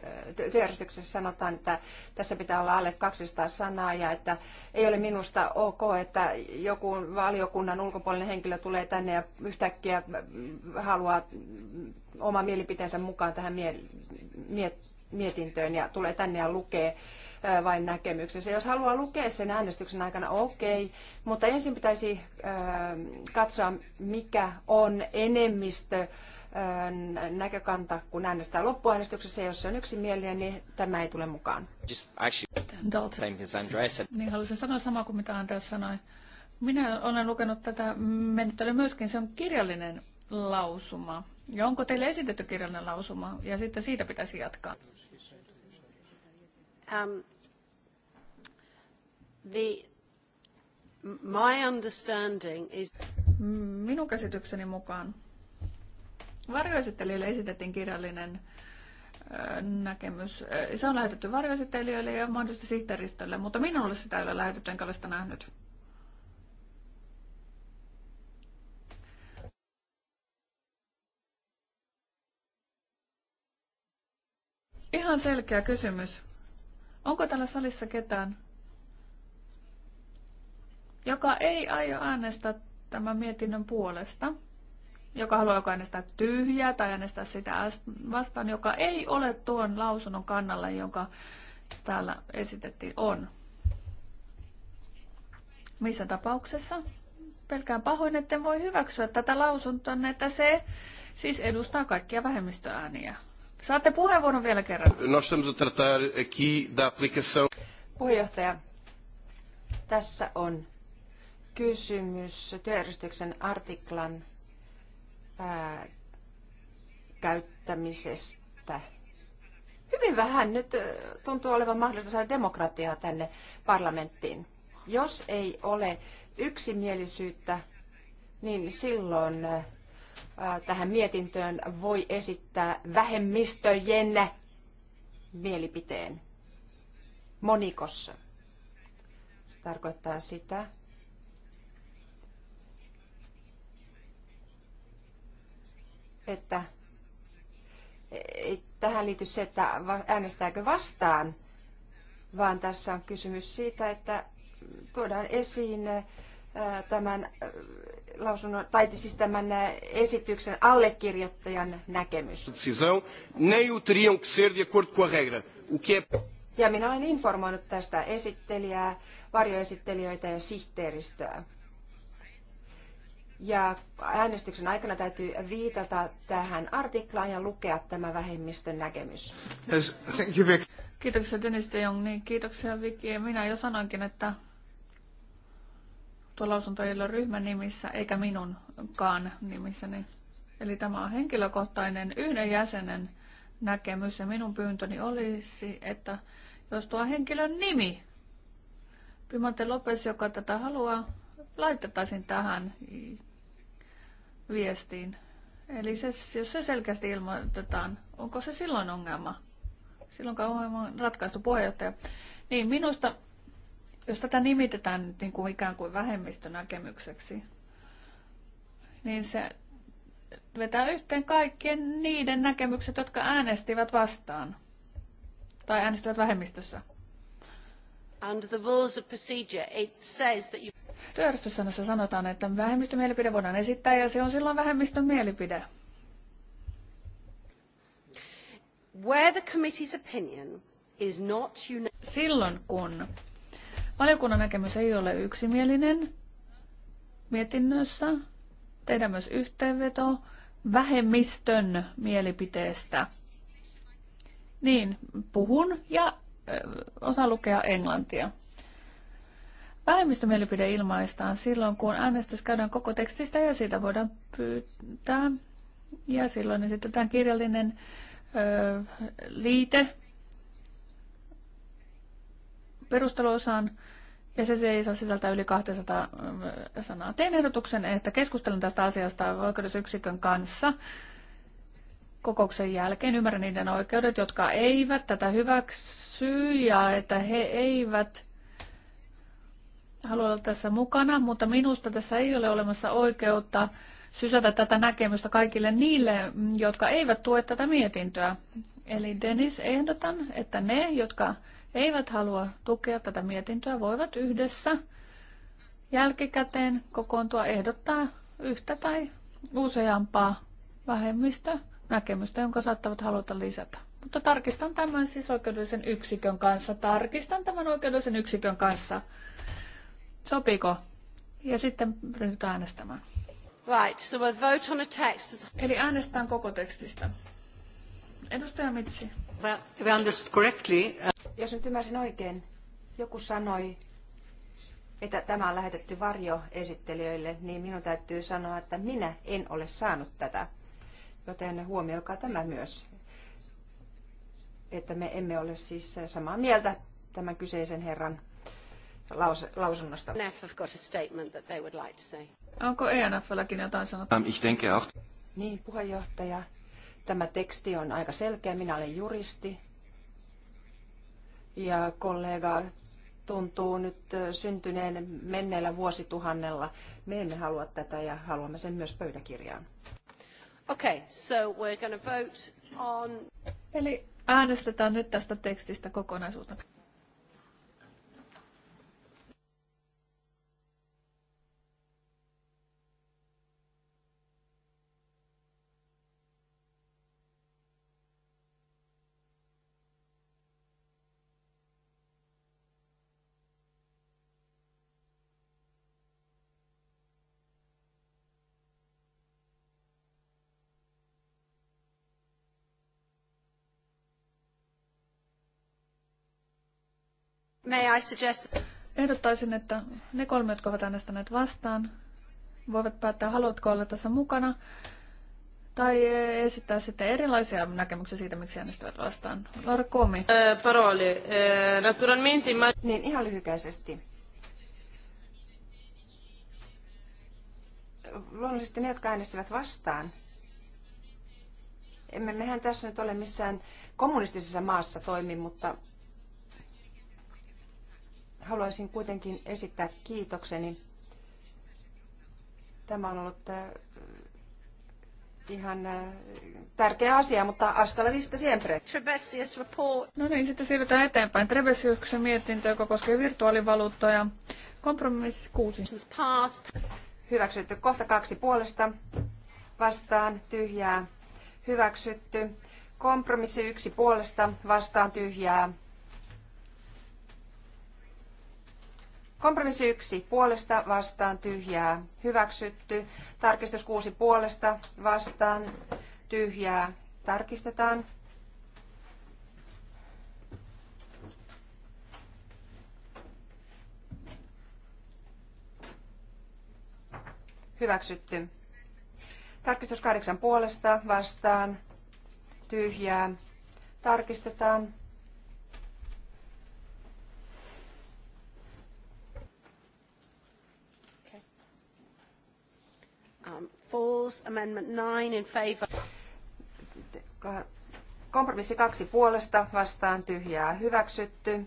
työjärjestyksessä sanotaan, että tässä pitää olla alle 200 sanaa ja että ei ole minusta ok, että joku valiokunnan ulkopuolinen henkilö tulee tänne ja yhtäkkiä haluaa oma mielipiteensä mukaan tähän mietintöön ja tulee tänne ja lukee vain näkemyksensä. Jos haluaa lukea sen äänestyksen aikana, okei, okay, mutta ensin pitäisi katsoa, mikä on enemmistö näkökanta, kun äänestää loppuäänestyksessä. Jos se on yksimielinen, niin tämä ei
tule mukaan. Niin haluaisin sanoa samaa kuin mitä Andreas sanoi. Minä olen lukenut tätä menettelyä myöskin. Se on kirjallinen lausuma. Ja onko teille esitetty kirjallinen lausuma? Ja sitten siitä pitäisi jatkaa. Um, the, my understanding is... Minun käsitykseni mukaan Varjoesittelijöille esitettiin kirjallinen näkemys. Se on lähetetty varjoesittelijöille ja mahdollisesti sihteeristölle, mutta minulle sitä ei ole lähetetty, enkä ole sitä nähnyt. Ihan selkeä kysymys. Onko täällä salissa ketään, joka ei aio äänestää tämän mietinnön puolesta? joka haluaa joko äänestää tyhjää tai äänestää sitä vastaan, joka ei ole tuon lausunnon kannalla, jonka täällä esitettiin, on. Missä tapauksessa? Pelkään pahoin, että voi hyväksyä tätä lausuntoa, että se siis edustaa kaikkia vähemmistöääniä. Saatte puheenvuoron vielä kerran. Puheenjohtaja, tässä on
kysymys työjärjestyksen artiklan ää, käyttämisestä. Hyvin vähän nyt tuntuu olevan mahdollista saada demokratiaa tänne parlamenttiin. Jos ei ole yksimielisyyttä, niin silloin tähän mietintöön voi esittää vähemmistöjen mielipiteen monikossa. Se tarkoittaa sitä, että tähän liity se, että äänestääkö vastaan, vaan tässä on kysymys siitä, että tuodaan esiin tämän lausunnon, tai siis tämän esityksen allekirjoittajan näkemys. Ja minä olen informoinut tästä esittelijää, varjoesittelijöitä ja sihteeristöä. Ja äänestyksen aikana täytyy viitata tähän artiklaan ja lukea tämä vähemmistön näkemys.
Yes, thank you, Vic.
Kiitoksia Dennis de Jong. Niin, kiitoksia Viki. Minä jo sanoinkin, että tuo lausunto ei ole ryhmän nimissä eikä minunkaan nimissäni. Eli tämä on henkilökohtainen yhden jäsenen näkemys ja minun pyyntöni olisi, että jos tuo henkilön nimi, Pimante Lopes, joka tätä haluaa, laitettaisiin tähän viestiin. Eli se, jos se selkeästi ilmoitetaan, onko se silloin ongelma? Silloin ongelma on ratkaistu puheenjohtaja. Niin minusta, jos tätä nimitetään nyt niin kuin ikään kuin vähemmistönäkemykseksi, niin se vetää yhteen kaikkien niiden näkemykset, jotka äänestivät vastaan tai äänestivät vähemmistössä.
And the rules of procedure, it says that you...
Työjärjestyssäännössä sanotaan, että vähemmistömielipide voidaan esittää ja se on silloin vähemmistön mielipide. Where the committee's opinion is not Silloin kun valiokunnan näkemys ei ole yksimielinen mietinnössä, tehdään myös yhteenveto vähemmistön mielipiteestä. Niin, puhun ja osaa lukea englantia. Vähemmistömielipide ilmaistaan silloin, kun äänestys käydään koko tekstistä ja siitä voidaan pyytää. Ja silloin esitetään kirjallinen ö, liite perusteluosaan ja se, ei saa sisältää yli 200 sanaa. Tein ehdotuksen, että keskustelen tästä asiasta oikeudessa yksikön kanssa kokouksen jälkeen. Ymmärrän niiden oikeudet, jotka eivät tätä hyväksy ja että he eivät halua olla tässä mukana, mutta minusta tässä ei ole olemassa oikeutta sysätä tätä näkemystä kaikille niille, jotka eivät tue tätä mietintöä. Eli Dennis, ehdotan, että ne, jotka eivät halua tukea tätä mietintöä, voivat yhdessä jälkikäteen kokoontua ehdottaa yhtä tai useampaa vähemmistöä näkemystä, jonka saattavat haluta lisätä. Mutta tarkistan tämän siis oikeudellisen yksikön kanssa. Tarkistan tämän oikeudellisen yksikön kanssa. Sopiiko? Ja sitten ryhdytään äänestämään. Right, so we'll vote on a text. Eli äänestetään koko tekstistä. Edustaja Mitsi. Well, if I understood
correctly, uh...
Jos nyt ymmärsin oikein, joku sanoi, että tämä on lähetetty varjoesittelijöille, niin minun täytyy sanoa, että minä en ole saanut tätä. Joten huomioikaa tämä myös, että me emme ole siis samaa mieltä tämän kyseisen herran laus- lausunnosta. Onko ENFlläkin jotain
sanottavaa? Ähm, ich auch. Niin, puheenjohtaja.
Tämä teksti on aika selkeä. Minä olen juristi. Ja kollega tuntuu nyt syntyneen menneellä vuosituhannella. Me emme halua tätä ja haluamme sen myös pöytäkirjaan.
Okei, Okay, so we're going to vote on...
Eli äänestetään nyt tästä tekstistä kokonaisuutena. May I suggest... Ehdottaisin, että ne kolme, jotka ovat äänestäneet vastaan, voivat päättää, haluatko olla tässä mukana tai esittää sitten erilaisia näkemyksiä siitä, miksi äänestävät vastaan. Laura Komi.
Eh, Paroli.
Eh, naturalmente... Niin, ihan lyhykäisesti. Luonnollisesti ne, jotka äänestivät vastaan, emme mehän tässä nyt ole missään kommunistisessa maassa toimi, mutta haluaisin kuitenkin esittää kiitokseni. Tämä on ollut äh, ihan äh, tärkeä
asia, mutta hasta
la vista siempre.
Trebesius report. No niin, sitten siirrytään eteenpäin. Trebesiuksen mietintö, joka koskee virtuaalivaluuttoja. Kompromissi 6. Hyväksytty kohta kaksi puolesta. Vastaan tyhjää.
Hyväksytty. Kompromissi yksi puolesta. Vastaan tyhjää. Kompromissi yksi puolesta vastaan tyhjää hyväksytty. Tarkistus kuusi puolesta vastaan tyhjää tarkistetaan. Hyväksytty. Tarkistus kahdeksan puolesta vastaan tyhjää tarkistetaan.
falls. Amendment 9 in favor. Kompromissi kaksi puolesta vastaan tyhjää
hyväksytty.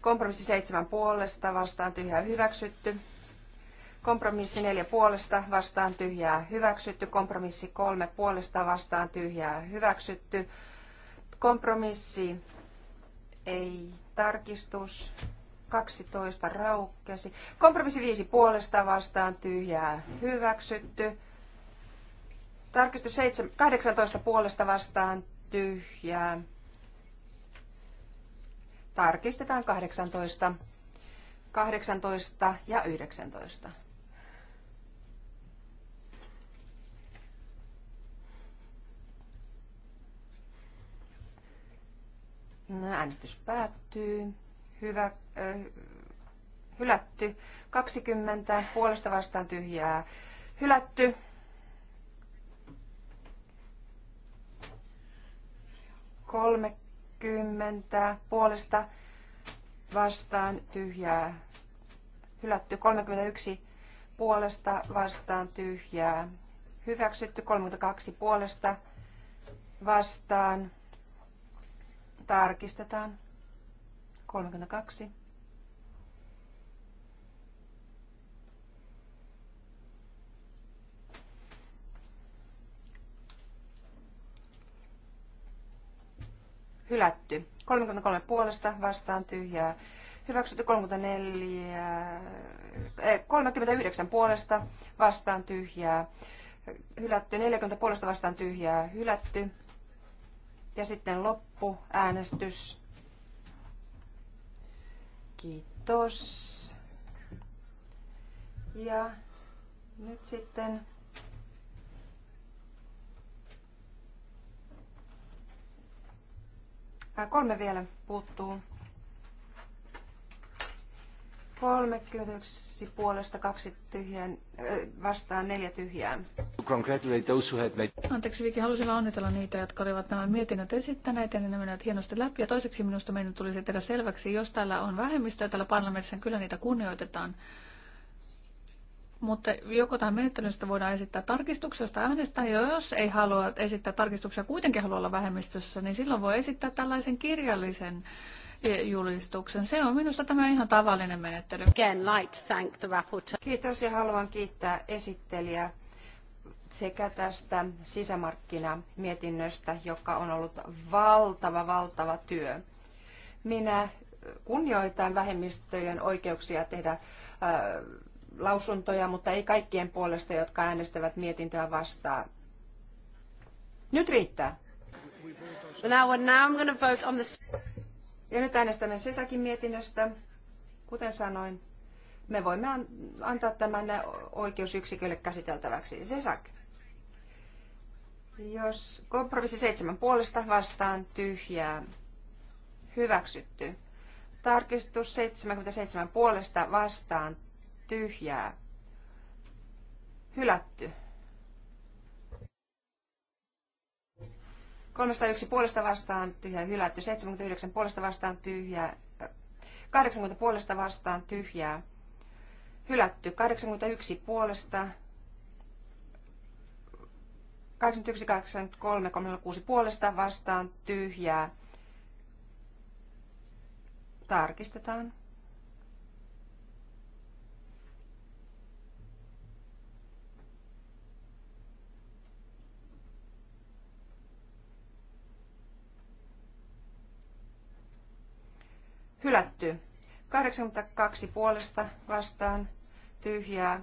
Kompromissi seitsemän puolesta vastaan tyhjää hyväksytty. Kompromissi neljä puolesta vastaan tyhjää hyväksytty. Kompromissi kolme puolesta vastaan tyhjää hyväksytty. Kompromissi ei tarkistus. 12 raukkesi. Kompromissi viisi puolesta vastaan tyhjää hyväksytty. Tarkistus 7, 18 puolesta vastaan tyhjää. Tarkistetaan 18, 18 ja 19. No, äänestys päättyy. Hyvä, äh, hylätty. 20 puolesta vastaan tyhjää. Hylätty. 30 puolesta vastaan tyhjää. Hylätty 31 puolesta vastaan tyhjää. Hyväksytty 32 puolesta vastaan. Tarkistetaan. 32. hylätty. 33 puolesta vastaan tyhjää hyväksytty 34, 39 eh, puolesta vastaan tyhjää, hylätty 40 puolesta vastaan tyhjää, hylätty. Ja sitten loppu, äänestys. Kiitos. Ja nyt sitten Äh, kolme vielä puuttuu. 31 puolesta kaksi
tyhjää, äh, vastaan neljä tyhjää. Anteeksi Viki, halusin vaan onnitella niitä, jotka olivat nämä mietinnöt esittäneet ja ne menivät hienosti läpi. Ja toiseksi minusta meidän tulisi tehdä selväksi, jos täällä on vähemmistöä täällä parlamentissa, niin kyllä niitä kunnioitetaan mutta joko tähän menettelystä voidaan esittää tarkistuksia, josta äänestää, ja jos ei halua esittää tarkistuksia, kuitenkin haluaa olla vähemmistössä, niin silloin voi esittää tällaisen kirjallisen e, julistuksen. Se on minusta tämä ihan tavallinen menettely. Again, light, thank the rapporteur.
Kiitos ja haluan kiittää esittelijää sekä tästä sisämarkkinamietinnöstä, joka on ollut valtava, valtava työ. Minä kunnioitan vähemmistöjen oikeuksia tehdä lausuntoja, mutta ei kaikkien puolesta, jotka äänestävät mietintöä vastaan. Nyt riittää. Ja nyt äänestämme sisäkin mietinnöstä. Kuten sanoin, me voimme antaa tämän oikeusyksikölle käsiteltäväksi. Sesak. Jos kompromissi seitsemän puolesta vastaan tyhjää. Hyväksytty. Tarkistus 77 puolesta vastaan tyhjää, hylätty. 301 puolesta vastaan tyhjää, hylätty. 79 puolesta vastaan tyhjää, 80 puolesta vastaan tyhjää, hylätty. 81 puolesta 81, 83, 36 puolesta vastaan tyhjää. Tarkistetaan. hylätty. 82 puolesta vastaan tyhjää,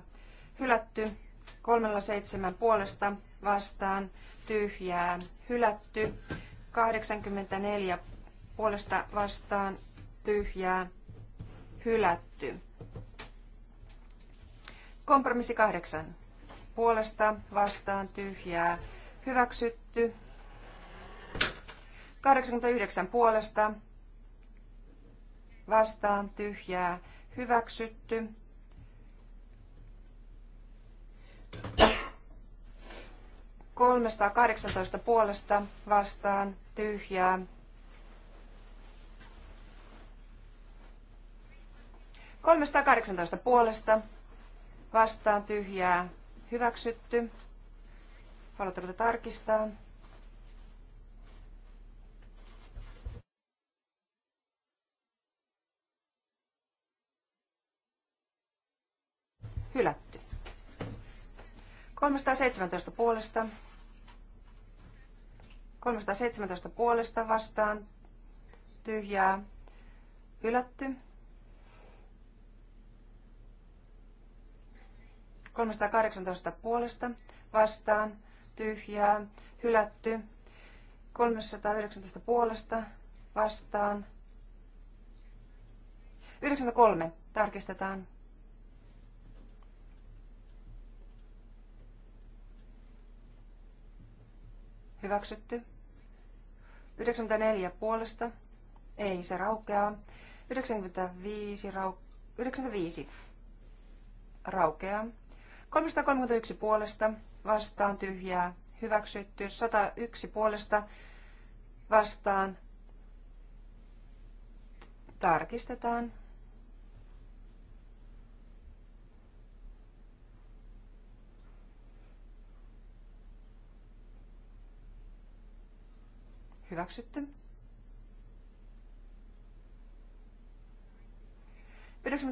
hylätty. 37 puolesta vastaan tyhjää, hylätty. 84 puolesta vastaan tyhjää, hylätty. Kompromissi 8 puolesta vastaan tyhjää, hyväksytty. 89 puolesta vastaan tyhjää hyväksytty. Kolmesta kahdeksantoista puolesta vastaan tyhjää. Kolmesta kahdeksantoista puolesta vastaan tyhjää hyväksytty. Haluatteko tarkistaa? Hylätty. 317 puolesta. 317 puolesta vastaan. Tyhjää. Hylätty. 318 puolesta vastaan. Tyhjää. Hylätty. 319 puolesta vastaan. 93 tarkistetaan. Hyväksytty. 94 puolesta. Ei, se raukeaa. 95, rau, 95 raukeaa. 331 puolesta. Vastaan tyhjää. Hyväksytty. 101 puolesta. Vastaan. Tarkistetaan. Hyväksytty.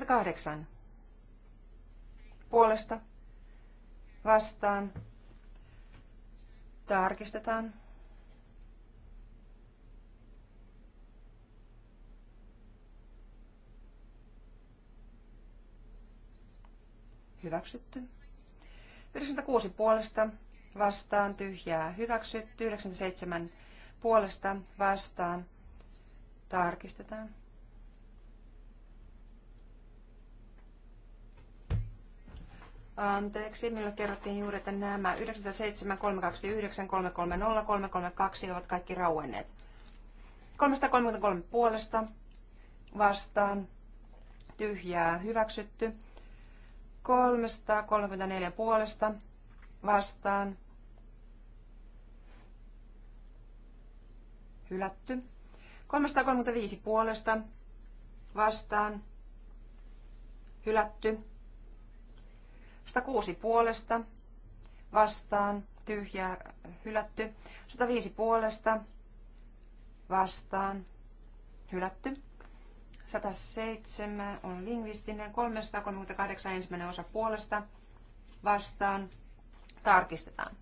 kahdeksan Puolesta. Vastaan. Tarkistetaan. Hyväksytty. 96 puolesta vastaan tyhjää hyväksytty. 97 puolesta vastaan tarkistetaan. Anteeksi, minulle kerrottiin juuri, että nämä 97, 329, 330, 332 ovat kaikki rauenneet. 333 puolesta vastaan, tyhjää hyväksytty. 334 puolesta vastaan, hylätty. 335 puolesta vastaan hylätty. 106 puolesta vastaan Tyhjä. hylätty. 105 puolesta vastaan hylätty. 107 on lingvistinen, 338 ensimmäinen osa puolesta vastaan tarkistetaan.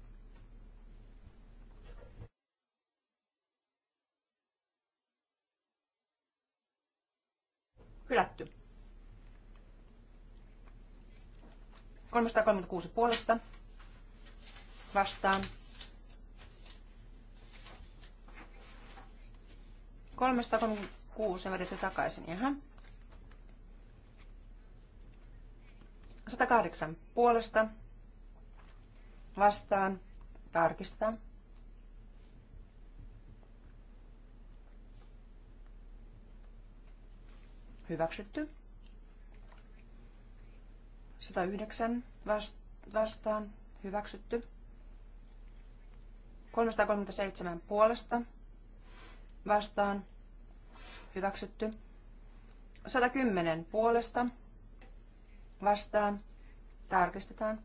Hylätty. 336 puolesta vastaan. 336 on vedetty takaisin. Jaha. 108 puolesta vastaan. Tarkistetaan. Hyväksytty. 109 vastaan. Hyväksytty. 337 puolesta vastaan. Hyväksytty. 110 puolesta vastaan. Tarkistetaan.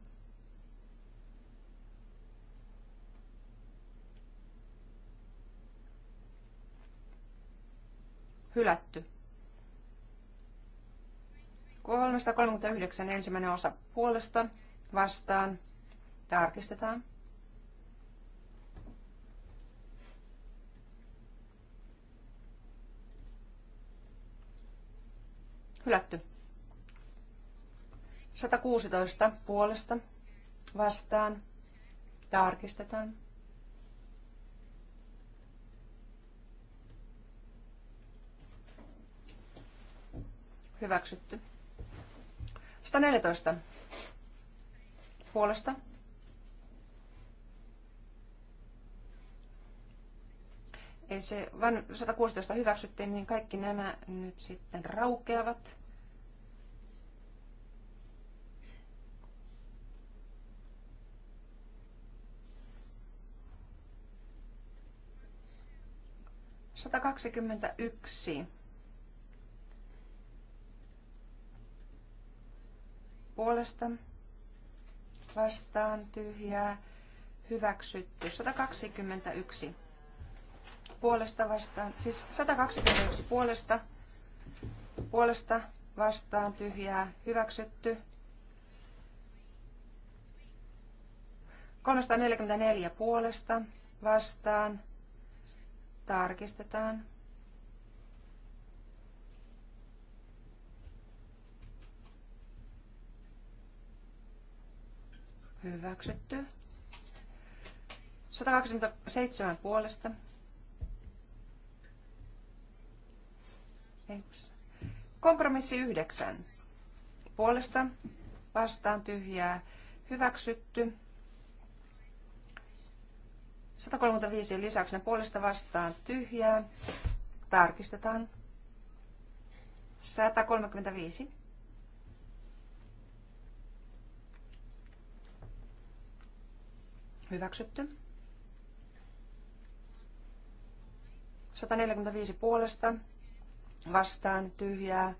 339 ensimmäinen osa puolesta vastaan. Tarkistetaan. Hylätty. 116 puolesta vastaan. Tarkistetaan. Hyväksytty. 114 puolesta. Ei se, vaan 116 hyväksyttiin, niin kaikki nämä nyt sitten raukeavat. Sata kaksikymmentä yksi. puolesta vastaan tyhjää hyväksytty. 121 puolesta vastaan, siis 121 puolesta, puolesta vastaan tyhjää hyväksytty. 344 puolesta vastaan tarkistetaan. Hyväksytty. 127 puolesta. Kompromissi 9. Puolesta vastaan tyhjää. Hyväksytty. 135 lisäksi puolesta vastaan tyhjää. Tarkistetaan. 135. Hyväksytty. 145 puolesta vastaan tyhjää.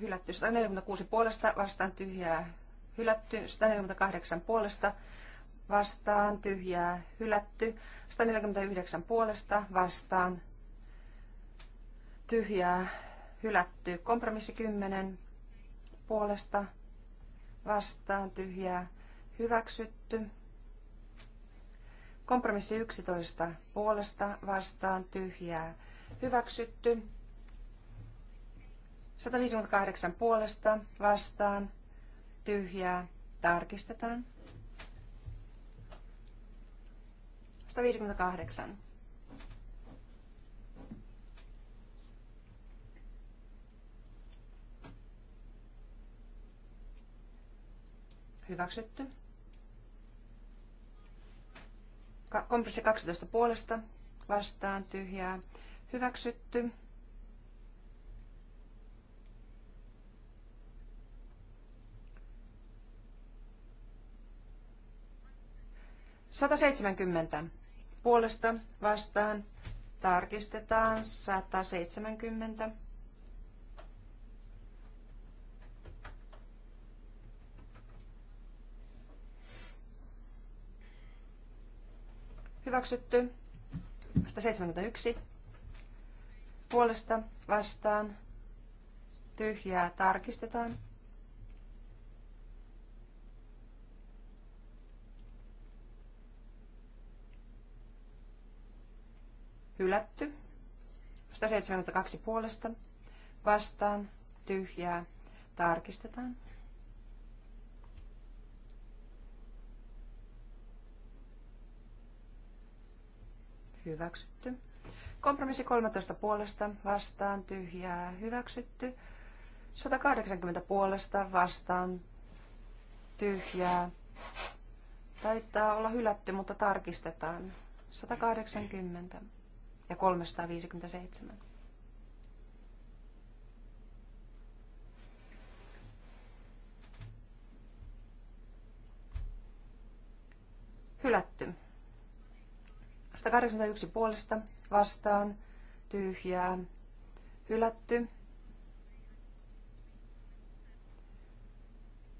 Hylätty 146 puolesta vastaan tyhjää. Hylätty 148 puolesta vastaan tyhjää. Hylätty 149 puolesta vastaan tyhjää. Hylätty kompromissi 10 puolesta vastaan tyhjää. Hyväksytty Kompromissi 11 puolesta vastaan tyhjää hyväksytty. 158 puolesta vastaan tyhjää tarkistetaan. 158. Hyväksytty. Kompressi 12 puolesta vastaan tyhjää hyväksytty. Sata seitsemänkymmentä puolesta vastaan tarkistetaan sata seitsemänkymmentä. Hyväksytty. 171. Puolesta vastaan. Tyhjää tarkistetaan. Hylätty. 172 puolesta vastaan. Tyhjää tarkistetaan. hyväksytty. Kompromissi 13 puolesta, vastaan, tyhjää, hyväksytty. 180 puolesta, vastaan, tyhjää. Taitaa olla hylätty, mutta tarkistetaan. 180 ja 357. Hylätty. 181 puolesta vastaan tyhjää hylätty.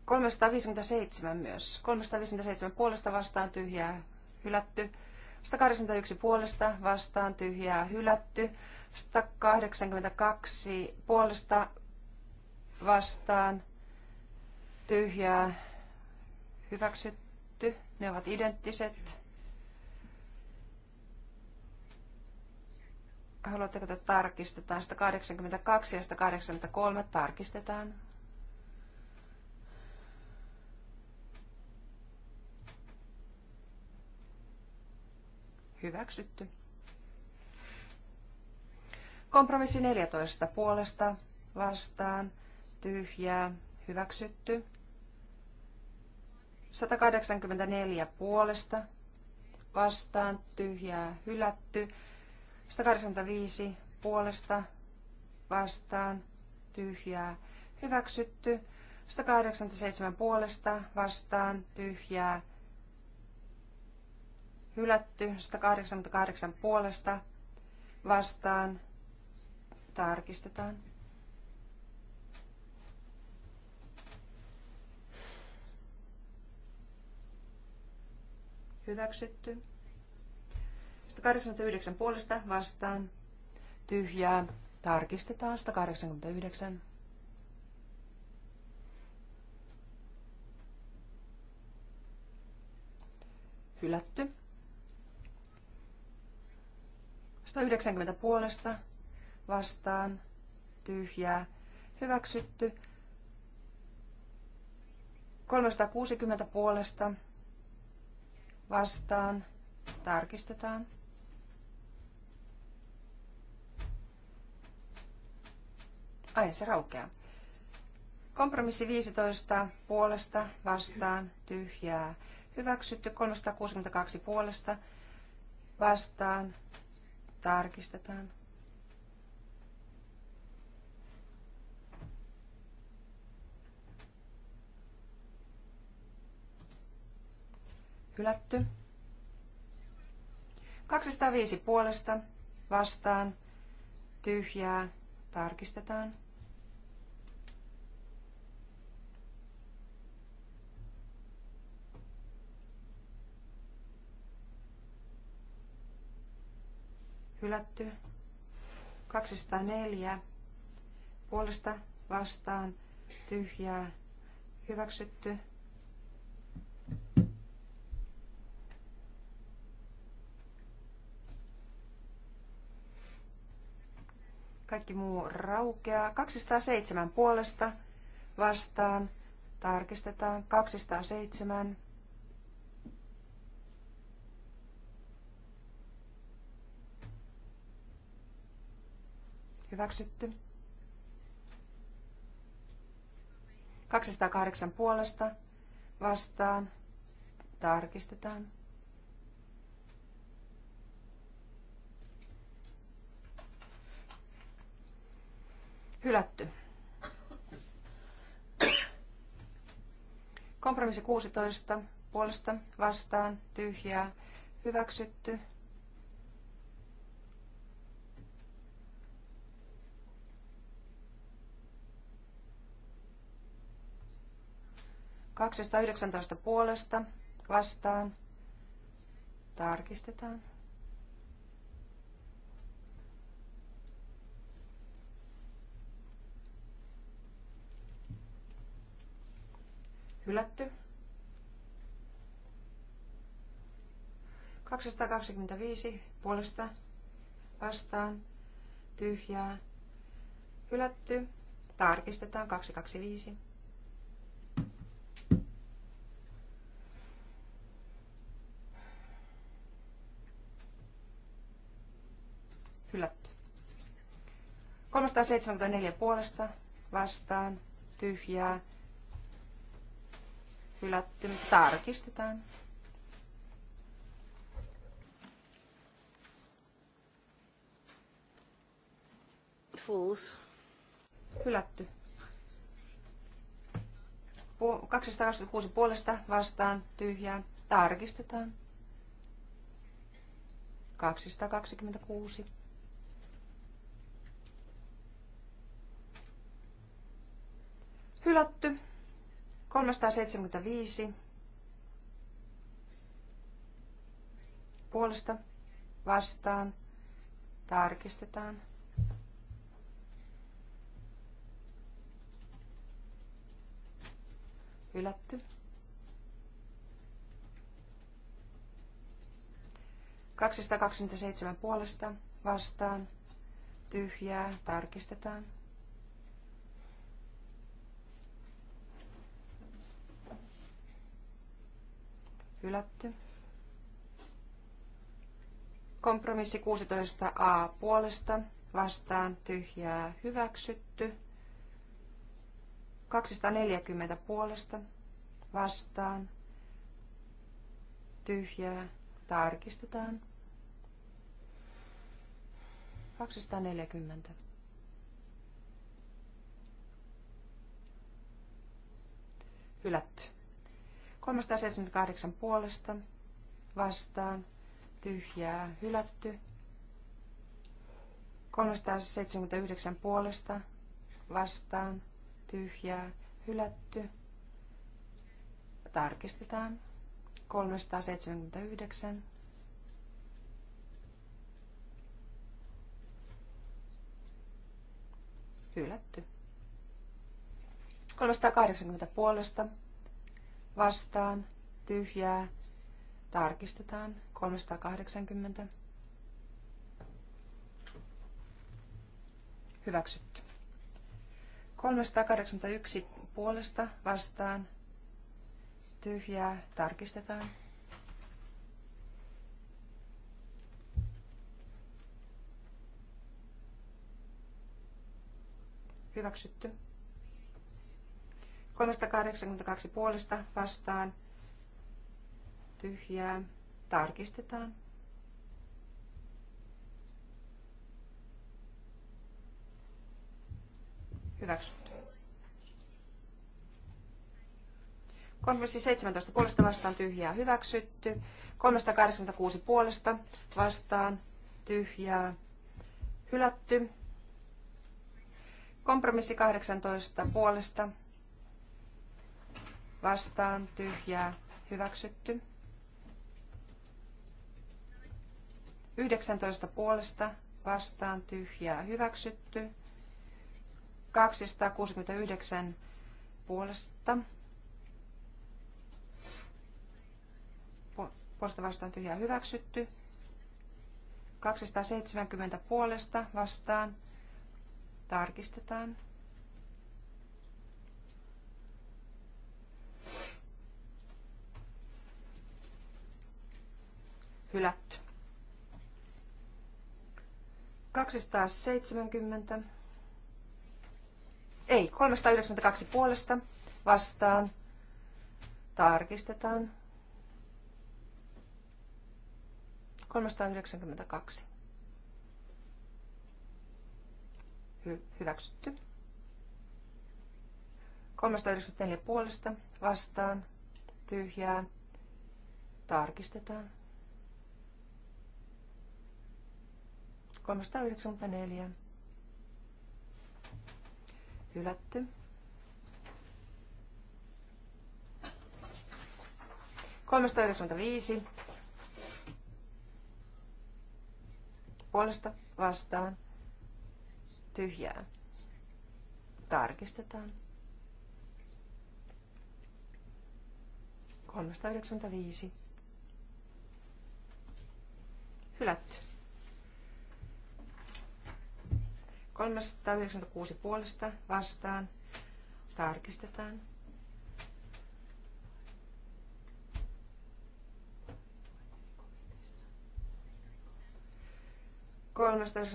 357 myös. 357 puolesta vastaan tyhjää hylätty. 181 puolesta vastaan tyhjää hylätty. 182 puolesta vastaan tyhjää hyväksytty. Ne ovat identtiset. Haluatteko, että tarkistetaan? 182 ja 183 tarkistetaan. Hyväksytty. Kompromissi 14 puolesta vastaan tyhjää hyväksytty. 184 puolesta vastaan tyhjää hylätty. 185 puolesta vastaan tyhjää hyväksytty. 187 puolesta vastaan tyhjää hylätty. 188 puolesta vastaan tarkistetaan. Hyväksytty. 189 puolesta vastaan. Tyhjää. Tarkistetaan 189. Hylätty. 190 puolesta vastaan. Tyhjää. Hyväksytty. 360 puolesta vastaan. Tarkistetaan. Ai se raukeaa. Kompromissi 15 puolesta vastaan tyhjää. Hyväksytty 362 puolesta vastaan. Tarkistetaan. Hylätty. 205 puolesta vastaan tyhjää. Tarkistetaan. hylätty. 204 puolesta vastaan tyhjää hyväksytty. Kaikki muu raukeaa. 207 puolesta vastaan. Tarkistetaan. 207. Hyväksytty. 208 puolesta vastaan. Tarkistetaan. Hylätty. Kompromissi 16 puolesta vastaan tyhjää hyväksytty. 219 puolesta vastaan. Tarkistetaan. Hylätty. 225 puolesta vastaan. Tyhjää. Hylätty. Tarkistetaan 225. 374 puolesta vastaan tyhjää hylätty, tarkistetaan. Fools. Hylätty. 226 puolesta vastaan tyhjään. Tarkistetaan. 226. Hylätty. 375 puolesta vastaan tarkistetaan. Hylätty. 227 puolesta vastaan tyhjää tarkistetaan. Hylätty. Kompromissi 16a puolesta vastaan tyhjää hyväksytty. 240 puolesta vastaan tyhjää tarkistetaan. 240. Hylätty. 378 puolesta vastaan tyhjää hylätty. 379 puolesta vastaan tyhjää hylätty. Tarkistetaan. 379. Hylätty. 380 puolesta vastaan, tyhjää, tarkistetaan, 380. Hyväksytty. 381 puolesta vastaan, tyhjää, tarkistetaan. Hyväksytty. 382 puolesta vastaan. Tyhjää. Tarkistetaan. Hyväksytty. Kompromissi 17 puolesta vastaan tyhjää hyväksytty. 386 puolesta vastaan tyhjää hylätty. Kompromissi 18 puolesta vastaan tyhjää hyväksytty. 19 puolesta vastaan tyhjää hyväksytty. 269 puolesta. Puolesta vastaan tyhjää hyväksytty. 270 puolesta vastaan. Tarkistetaan. Hylätty. 270. Ei, 392 puolesta vastaan. Tarkistetaan. 392. Hy- hyväksytty. 394 puolesta vastaan. Tyhjää. Tarkistetaan. 394. Hylätty. 395. Puolesta vastaan. Tyhjää. Tarkistetaan. 395. Hylätty. 396 puolesta vastaan. Tarkistetaan.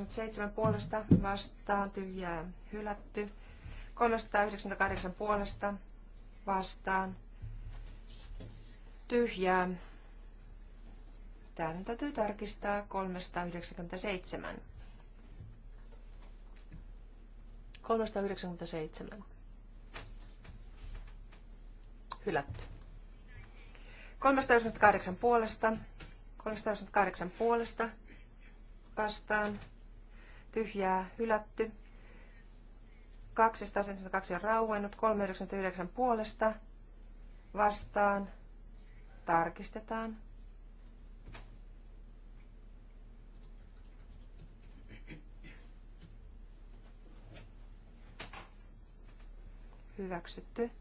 seitsemän puolesta vastaan tyhjää hylätty. 398 puolesta vastaan tyhjää. Tämän täytyy tarkistaa 397. 397. Hylätty. 398 puolesta. 398 puolesta. Vastaan. Tyhjää. Hylätty. 272 on rauennut. 399 puolesta. Vastaan. Tarkistetaan. hyväksytty.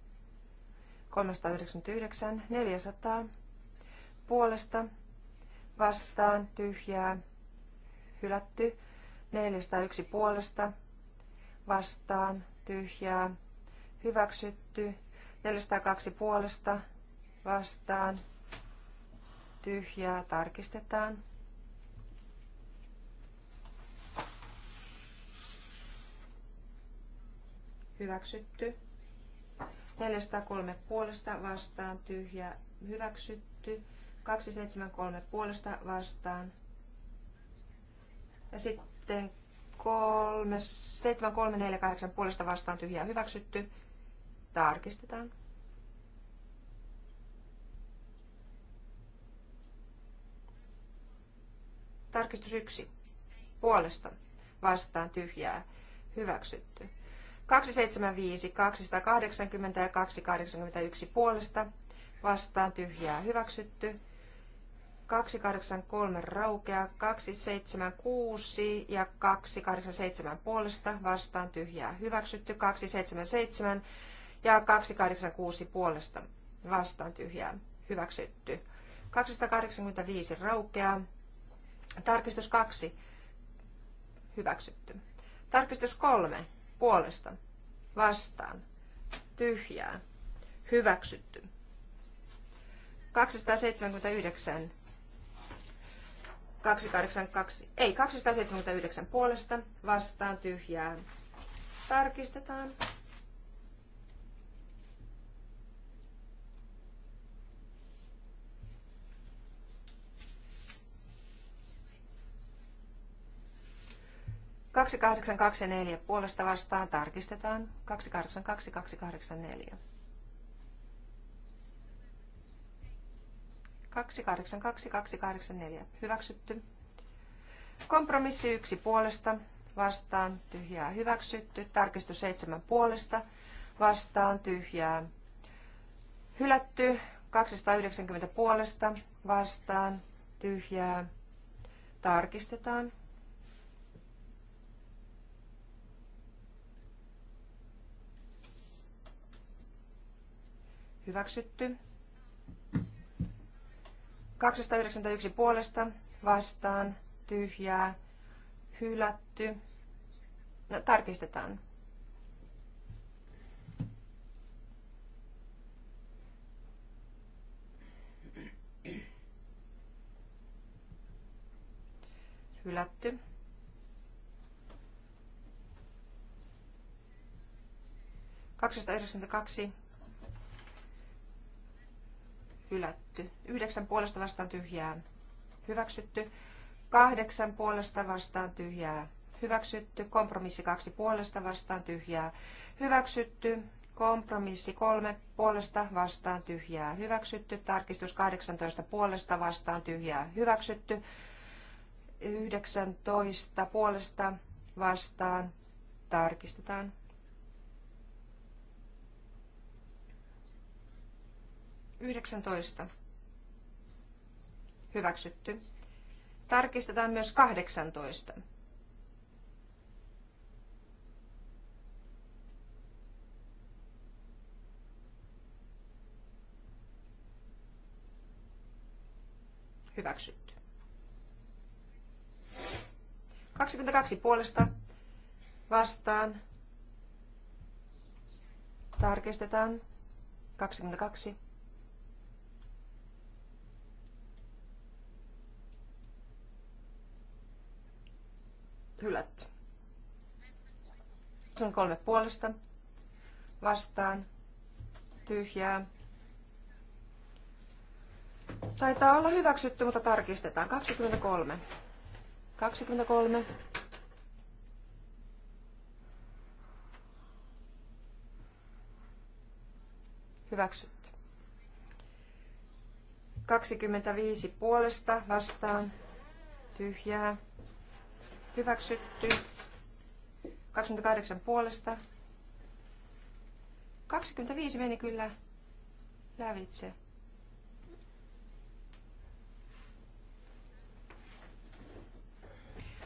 399, 400 puolesta vastaan tyhjää hylätty. 401 puolesta vastaan tyhjää hyväksytty. 402 puolesta vastaan tyhjää tarkistetaan. Hyväksytty. 403 puolesta vastaan tyhjä hyväksytty. 273 puolesta vastaan. Ja sitten 3, 7348 puolesta vastaan tyhjä hyväksytty. Tarkistetaan. Tarkistus 1. Puolesta vastaan tyhjää hyväksytty. 275, 280 ja 281 puolesta vastaan tyhjää hyväksytty. 283 raukea, 276 ja 287 puolesta vastaan tyhjää hyväksytty, 277 ja 286 puolesta vastaan tyhjää hyväksytty. 285 raukea, tarkistus 2 hyväksytty. Tarkistus 3 puolesta vastaan tyhjää hyväksytty. 279 282, ei 279 puolesta vastaan tyhjää. Tarkistetaan. 2824 puolesta vastaan tarkistetaan. 282284. 282284. Hyväksytty. Kompromissi 1 puolesta vastaan tyhjää hyväksytty. Tarkistus 7 puolesta vastaan tyhjää hylätty. 290 puolesta vastaan tyhjää tarkistetaan. Hyväksytty. 291 puolesta vastaan tyhjää hylätty. No, tarkistetaan. Hylätty. Kaksisataayhdeksänkymmentäkaksi hylätty. Yhdeksän puolesta vastaan tyhjää, hyväksytty. Kahdeksan puolesta vastaan tyhjää, hyväksytty. Kompromissi kaksi puolesta vastaan tyhjää, hyväksytty. Kompromissi kolme puolesta vastaan tyhjää, hyväksytty. Tarkistus 18 puolesta vastaan tyhjää, hyväksytty. 19 puolesta vastaan tarkistetaan. 19. Hyväksytty. Tarkistetaan myös 18. Hyväksytty. 22 puolesta vastaan. Tarkistetaan. 22. hylätty. kolme puolesta vastaan tyhjää. Taitaa olla hyväksytty, mutta tarkistetaan. 23. 23. Hyväksytty. 25 puolesta vastaan. Tyhjää hyväksytty. 28 puolesta. 25 meni kyllä lävitse.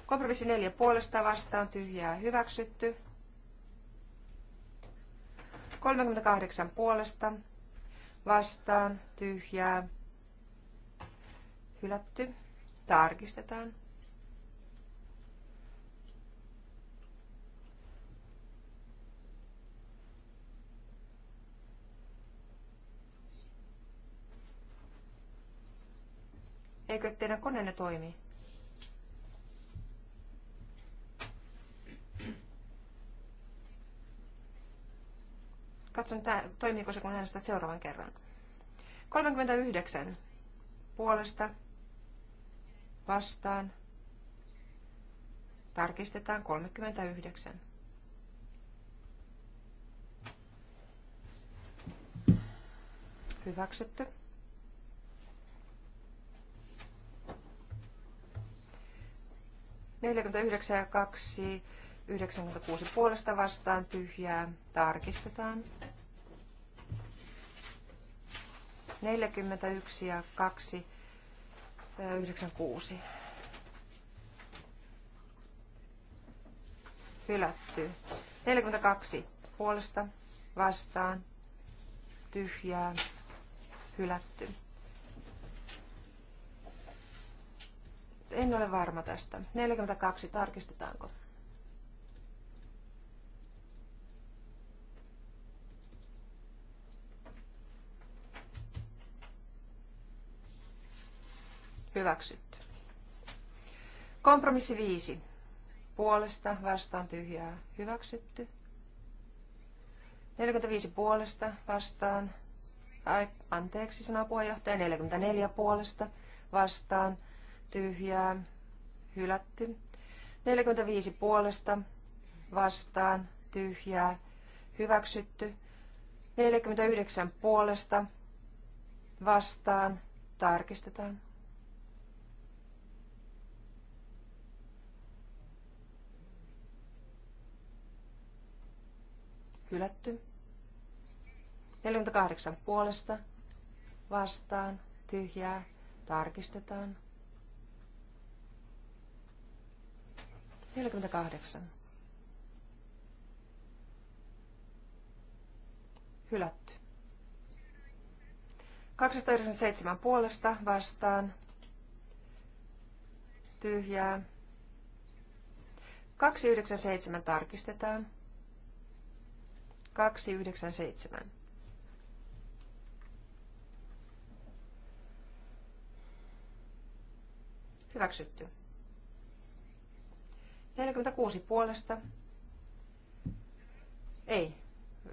Kompromissi 4 puolesta vastaan tyhjää hyväksytty. 38 puolesta vastaan tyhjää hylätty. Tarkistetaan. Eikö teidän koneenne toimi? Katson, tää, toimiiko se, kun äänestät seuraavan kerran. 39 puolesta vastaan. Tarkistetaan 39. Hyväksytty. 49 ja 2, 96 puolesta vastaan tyhjää. Tarkistetaan. 41 ja 2, 96. Hylätty. 42 puolesta vastaan tyhjää. Hylätty. en ole varma tästä. 42, tarkistetaanko? Hyväksytty. Kompromissi 5. Puolesta, vastaan, tyhjää, hyväksytty. 45 puolesta, vastaan, ai, anteeksi sanoo puheenjohtaja, 44 puolesta, vastaan, tyhjää, hylätty. 45 puolesta, vastaan, tyhjää, hyväksytty. 49 puolesta, vastaan, tarkistetaan. Hylätty. 48 puolesta, vastaan, tyhjää, tarkistetaan. 48. Hylätty. 297 puolesta vastaan. Tyhjää. 297 tarkistetaan. 297. Hyväksytty. 46 puolesta. Ei.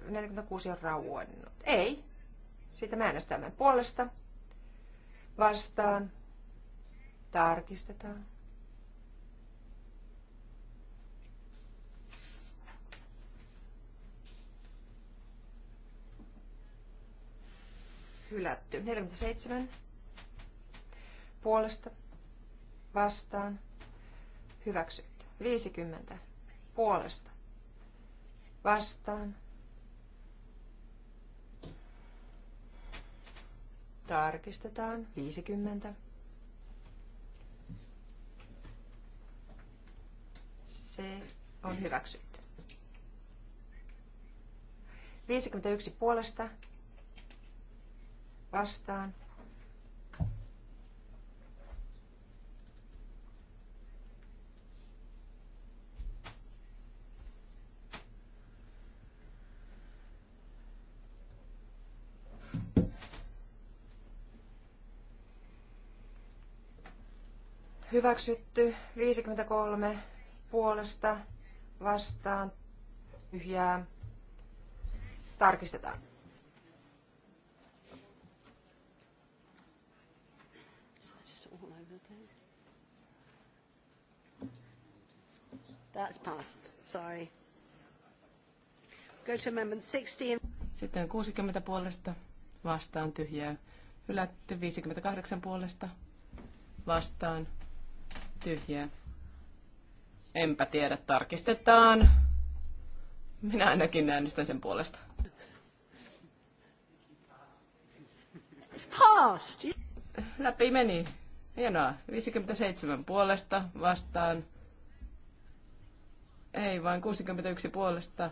46 on rauennut. Ei. Siitä mä äänestän puolesta. Vastaan. Tarkistetaan. Hylätty. 47. Puolesta. Vastaan. Hyväksy. 50 puolesta vastaan. Tarkistetaan 50. Se on hyväksytty. 51 puolesta vastaan Hyväksytty 53 puolesta vastaan tyhjää. Tarkistetaan.
That's passed. Sorry.
Go to amendment 16. Sitten 60 puolesta vastaan tyhjää. Hylätty 58 puolesta vastaan Tyhjää. Enpä tiedä, tarkistetaan. Minä ainakin äänestän sen puolesta. It's Läpi meni. Hienoa. 57 puolesta vastaan. Ei vaan 61 puolesta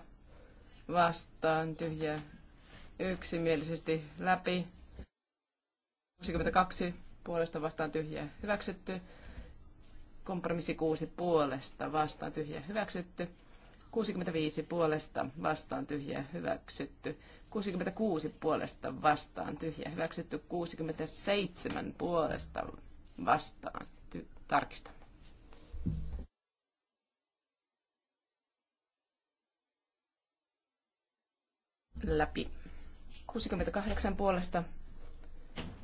vastaan. Tyhjää. Yksimielisesti läpi. 62 puolesta vastaan tyhjää hyväksytty. Kompromissi 6 puolesta vastaan tyhjä hyväksytty. 65 puolesta vastaan tyhjä hyväksytty. 66 puolesta vastaan tyhjä hyväksytty. 67 puolesta vastaan. Ty- tarkistamme. Läpi. 68 puolesta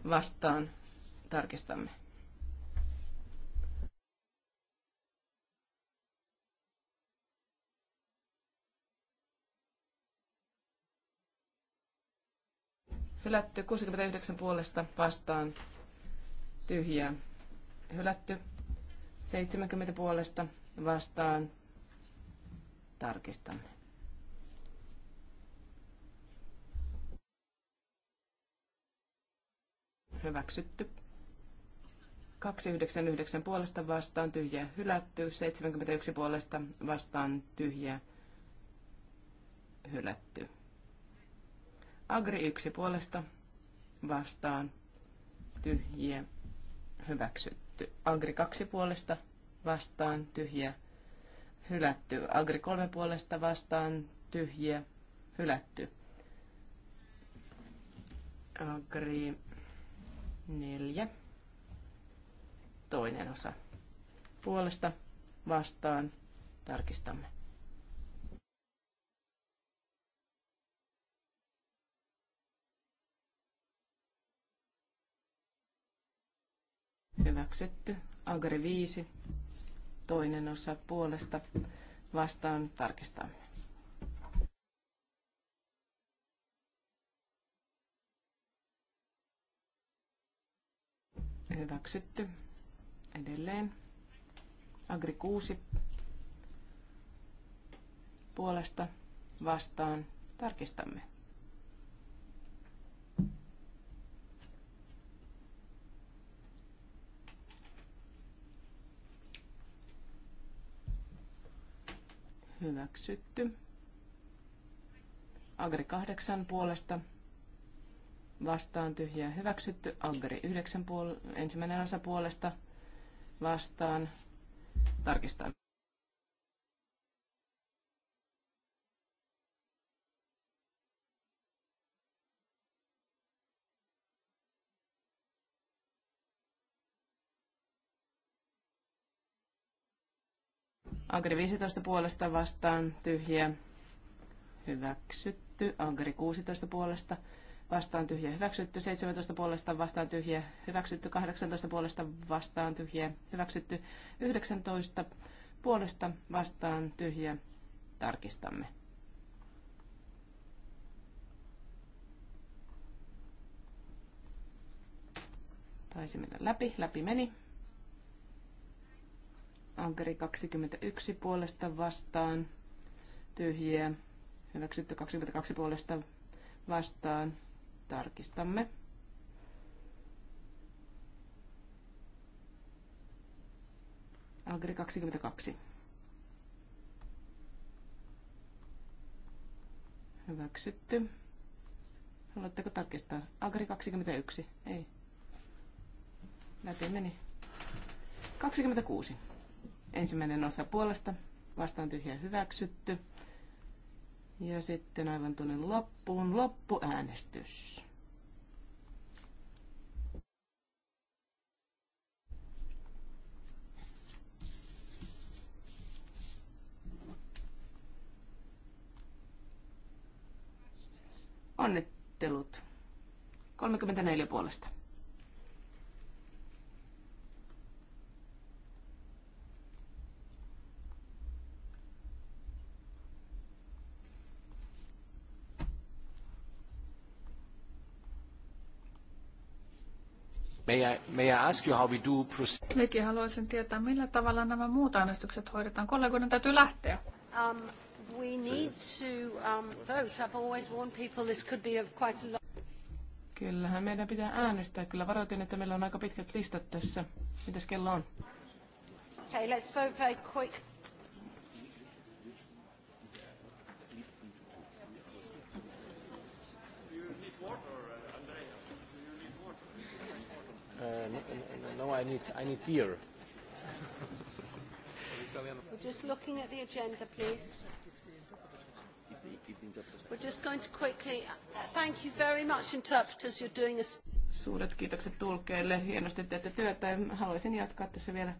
vastaan tarkistamme. Hylätty 69 puolesta vastaan tyhjää. Hylätty 70 puolesta vastaan tarkistamme. Hyväksytty. 299 puolesta vastaan tyhjää hylätty, 71 puolesta vastaan tyhjää hylätty. Agri yksi puolesta vastaan tyhjiä hyväksytty. Agri kaksi puolesta vastaan tyhjiä hylätty. Agri kolme puolesta vastaan tyhjiä hylätty. Agri neljä toinen osa puolesta vastaan tarkistamme. Hyväksytty. Agri 5. Toinen osa puolesta vastaan tarkistamme. Hyväksytty. Edelleen. Agri 6. Puolesta vastaan tarkistamme. Hyväksytty. Agri 8 puolesta vastaan tyhjää hyväksytty. Agri 9 puol- ensimmäinen osa puolesta vastaan tarkistaa. Agri 15 puolesta vastaan tyhjä hyväksytty. Agri 16 puolesta vastaan tyhjä hyväksytty. 17 puolesta vastaan tyhjä hyväksytty. 18 puolesta vastaan tyhjä hyväksytty. 19 puolesta vastaan tyhjä tarkistamme. Taisi mennä läpi. Läpi meni. Ankeri 21 puolesta vastaan. Tyhjiä. Hyväksytty 22 puolesta vastaan. Tarkistamme. Agri 22. Hyväksytty. Haluatteko tarkistaa? Agri 21. Ei. Läpi meni. 26. Ensimmäinen osa puolesta, vastaan tyhjä hyväksytty. Ja sitten aivan tuonne loppuun loppuäänestys. Onnittelut. 34 puolesta.
May I, may I ask you how we do proceed?
Mekin haluaisin tietää, millä tavalla nämä muut äänestykset hoidetaan. Kollegoiden täytyy lähteä.
Um, we need to um, vote. I've always warned people this could be a quite a long...
Kyllähän meidän pitää
äänestää. Kyllä varoitin, että meillä on aika pitkät listat tässä. Mitäs kello on?
Okay, let's vote very quick.
no, I need, I need beer.
We're just looking at the agenda, please. We're just going to quickly... Uh, thank you very much, interpreters. You're doing a...
Suuret kiitokset tulkeille. Hienosti teette työtä. Haluaisin jatkaa tässä vielä.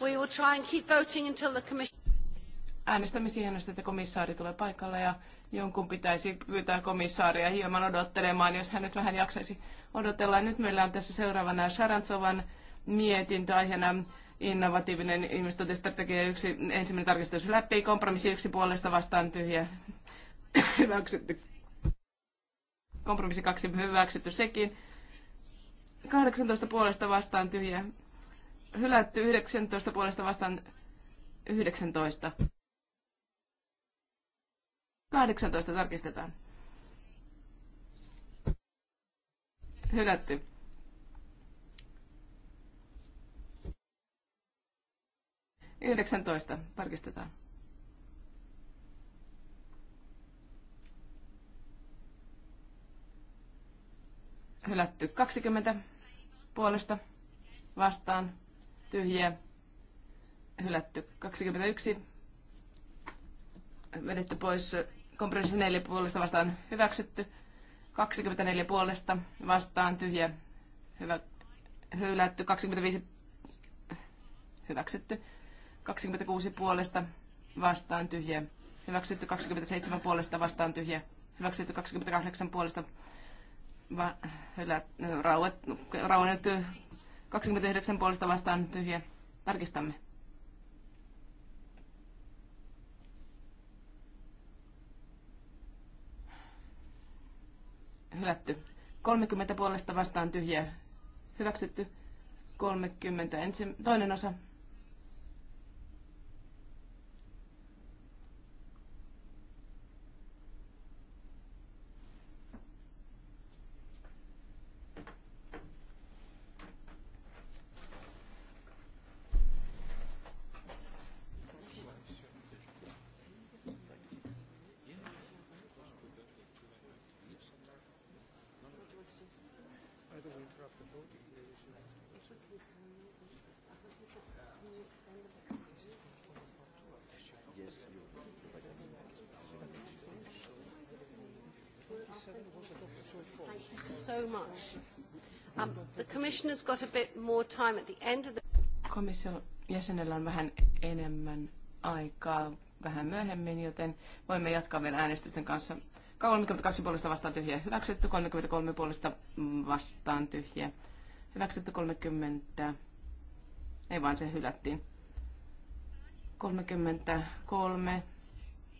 We will try and keep voting until the commission... Äänestämme siihen, että komissaari tulee paikalle ja jonkun pitäisi pyytää komissaaria hieman odottelemaan, jos hän nyt vähän jaksaisi odotella. Nyt meillä on tässä seuraavana Sharantsovan mietintö aiheena innovatiivinen investointistrategia yksi, ensimmäinen tarkistus läpi, kompromissi yksi puolesta vastaan tyhjä hyväksytty. Kompromissi kaksi hyväksytty sekin. 18 puolesta vastaan tyhjä hylätty, 19 puolesta vastaan 19. 18 tarkistetaan. Hylätty. Yhdeksäntoista. Tarkistetaan. Hylätty. kaksikymmentä puolesta vastaan. Tyhjiä. Hylätty. yksi. Vedetty pois Kompromissi 4 puolesta vastaan hyväksytty. 24 puolesta vastaan tyhjä hyvä, hylätty. 25 hyväksytty. 26 puolesta vastaan tyhjä hyväksytty. 27 puolesta vastaan tyhjä hyväksytty. 28 puolesta va, hylä, rauet, rauennettu. 29 puolesta vastaan tyhjä. Tarkistamme. hylätty. 30 puolesta vastaan tyhjää hyväksytty. 30 ensi, toinen osa
got a bit more time at the end of the...
Komission jäsenellä on vähän enemmän aikaa vähän myöhemmin, joten voimme jatkaa vielä äänestysten kanssa. 32 puolesta vastaan tyhjä hyväksytty, 33 puolesta vastaan tyhjä hyväksytty, 30, ei vaan se hylättiin. 33,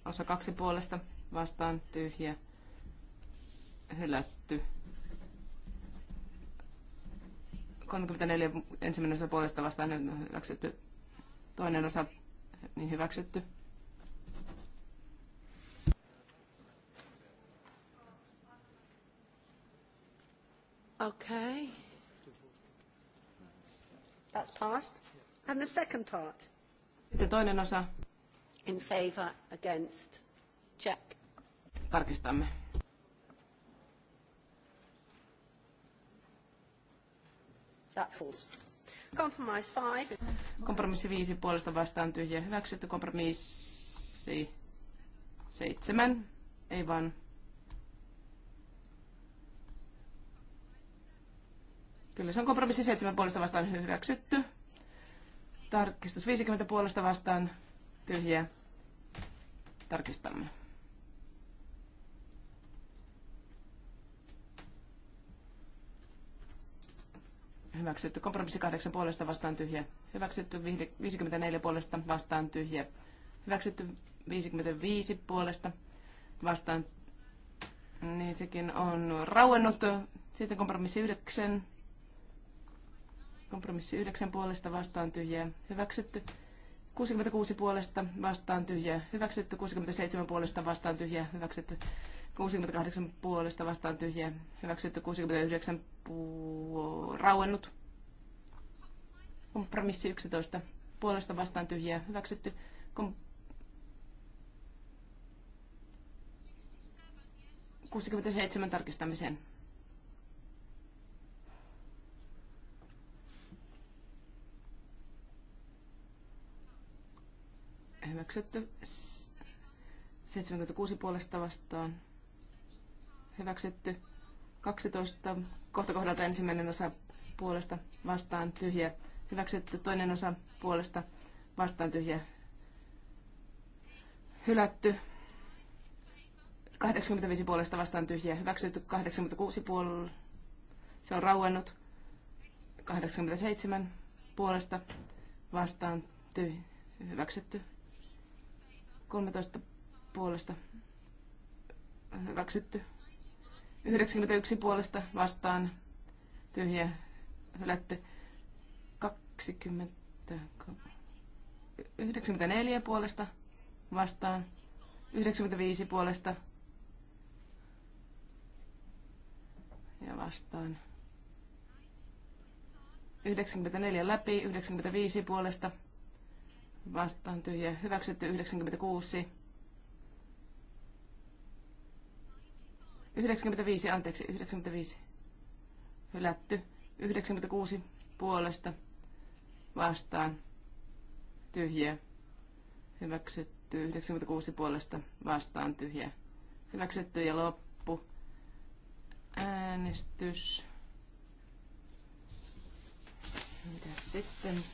osa kaksi puolesta vastaan tyhjä hylätty. 34 ensimmäinen osa puolesta vastaan hyväksytty. Toinen osa niin hyväksytty.
Okay. That's passed. And the second part. Sitten toinen osa. In favour, against, check.
Tarkistamme. That falls.
Compromise five.
Kompromissi viisi puolesta vastaan tyhjä hyväksytty. Kompromissi seitsemän. Ei vaan. Kyllä se on kompromissi seitsemän puolesta vastaan hyväksytty. Tarkistus 50 puolesta vastaan tyhjä. Tarkistamme. hyväksytty. Kompromissi 8 puolesta vastaan tyhjä, hyväksytty. 54 puolesta vastaan tyhjä, hyväksytty. 55 puolesta vastaan, niin sekin on rauennut. Sitten kompromissi 9. Kompromissi 9 puolesta vastaan tyhjä, hyväksytty. 66 puolesta vastaan tyhjä, hyväksytty. 67 puolesta vastaan tyhjä, hyväksytty. 68 puolesta vastaan tyhjä. Hyväksytty 69 puolesta. rauennut. Kompromissi 11 puolesta vastaan tyhjä. Hyväksytty Kom... 67 tarkistamiseen. Hyväksytty 76 puolesta vastaan hyväksytty 12 kohta kohdalta ensimmäinen osa puolesta vastaan tyhjä hyväksytty, toinen osa puolesta vastaan tyhjä hylätty, 85 puolesta vastaan tyhjä hyväksytty, 86 puolella se on rauennut, 87 puolesta vastaan tyhjä hyväksytty, 13 puolesta hyväksytty. 91 puolesta vastaan tyhjä hylätty. 20, 94 puolesta vastaan 95 puolesta ja vastaan. 94 läpi, 95 puolesta vastaan tyhjä hyväksytty, 96 95, anteeksi, 95 hylätty. 96 puolesta vastaan tyhjä. Hyväksytty 96 puolesta vastaan tyhjä. Hyväksytty ja loppu. Äänestys. Mitäs sitten?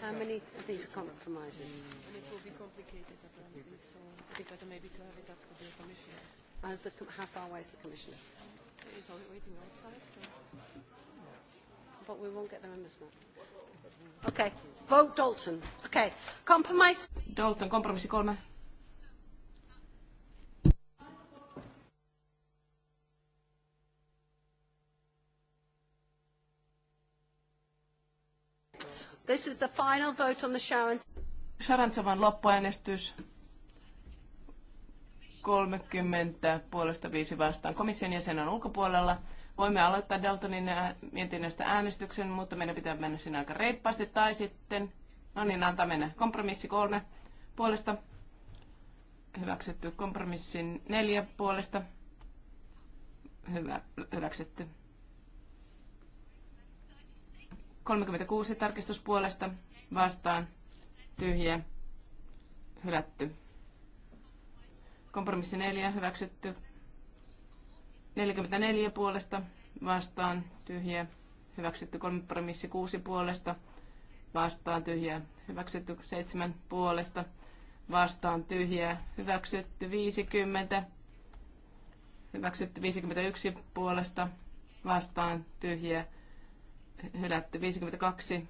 How many of these are
compromises? Mm.
And it will be complicated apparently, so it would be better maybe to have it up to the commissioner.
As the, how far away is the commissioner? He's waiting outside. So. But we won't get the members back. Okay, vote Dalton. Okay, compromise. Dalton, compromise
kolme This is the final vote on the Sharon. Sharantsevan loppuäänestys. 30 puolesta 5 vastaan. Komission jäsen on ulkopuolella. Voimme aloittaa Daltonin äh, mietinnöstä äänestyksen, mutta meidän pitää mennä sinne aika reippaasti. Tai sitten, no niin, antaa mennä. Kompromissi kolme puolesta. Hyväksytty kompromissin neljä puolesta. Hyvä, hyväksytty. 36 tarkistuspuolesta vastaan tyhjä hylätty. Kompromissi 4 hyväksytty. 44 puolesta vastaan tyhjä hyväksytty. Kompromissi 6 puolesta vastaan tyhjä hyväksytty. 7 puolesta vastaan tyhjä hyväksytty. 50 hyväksytty. 51 puolesta vastaan tyhjä hylätty 52,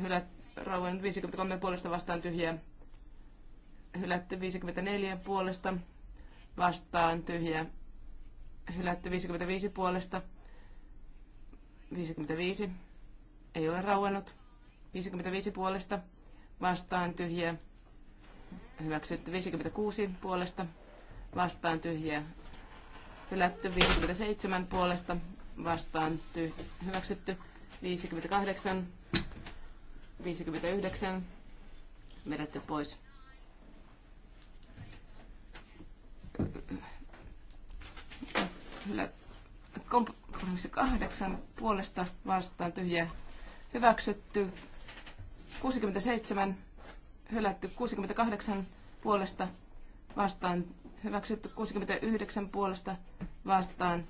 hylät, Rauhan 53 puolesta vastaan tyhjä, hylätty 54 puolesta vastaan tyhjä, hylätty 55 puolesta, 55 ei ole rauennut, 55 puolesta vastaan tyhjä, hyväksytty 56 puolesta vastaan tyhjä, hylätty 57 puolesta vastaan ty- hyväksytty. 58, 59 vedetty pois. Kyllä kompromissi kahdeksan puolesta vastaan tyhjä hyväksytty. 67 hylätty 68 puolesta vastaan hyväksytty 69 puolesta vastaan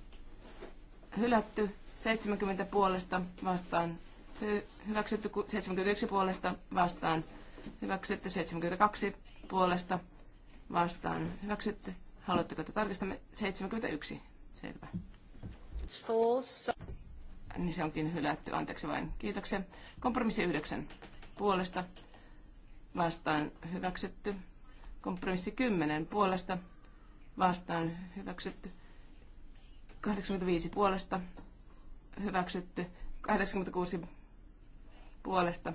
hylätty 70 puolesta vastaan, hy- hyväksytty 71 puolesta vastaan, hyväksytty 72 puolesta vastaan, hyväksytty. Haluatteko, että tarkistamme 71? Selvä. It's false. Niin se onkin hylätty, anteeksi vain. Kiitoksia. Kompromissi 9 puolesta vastaan hyväksytty. Kompromissi 10 puolesta vastaan hyväksytty. 85 puolesta hyväksytty, 86 puolesta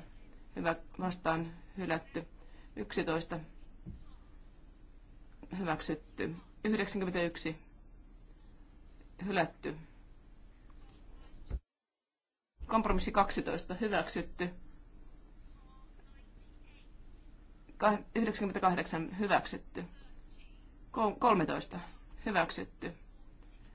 hyvä, vastaan hylätty, 11 hyväksytty, 91 hylätty, kompromissi 12 hyväksytty, 98 hyväksytty, 13 hyväksytty.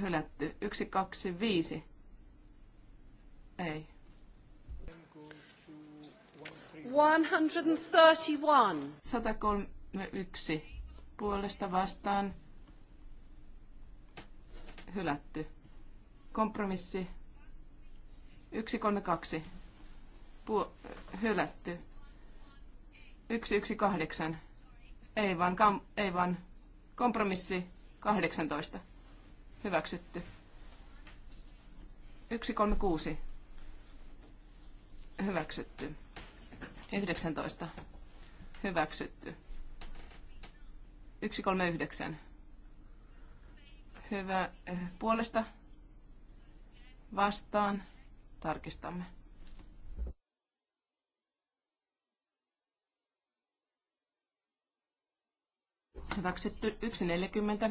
hylätty. Yksi, kaksi, viisi. Ei. 131. 131. Puolesta vastaan hylätty. Kompromissi 132. Puo- hylätty. 118. Ei vaan, kam- ei vaan kompromissi 18 Hyväksytty. 136. Hyväksytty. 19. Hyväksytty. 139. Hyvä. Eh, puolesta vastaan. Tarkistamme. Hyväksytty 140.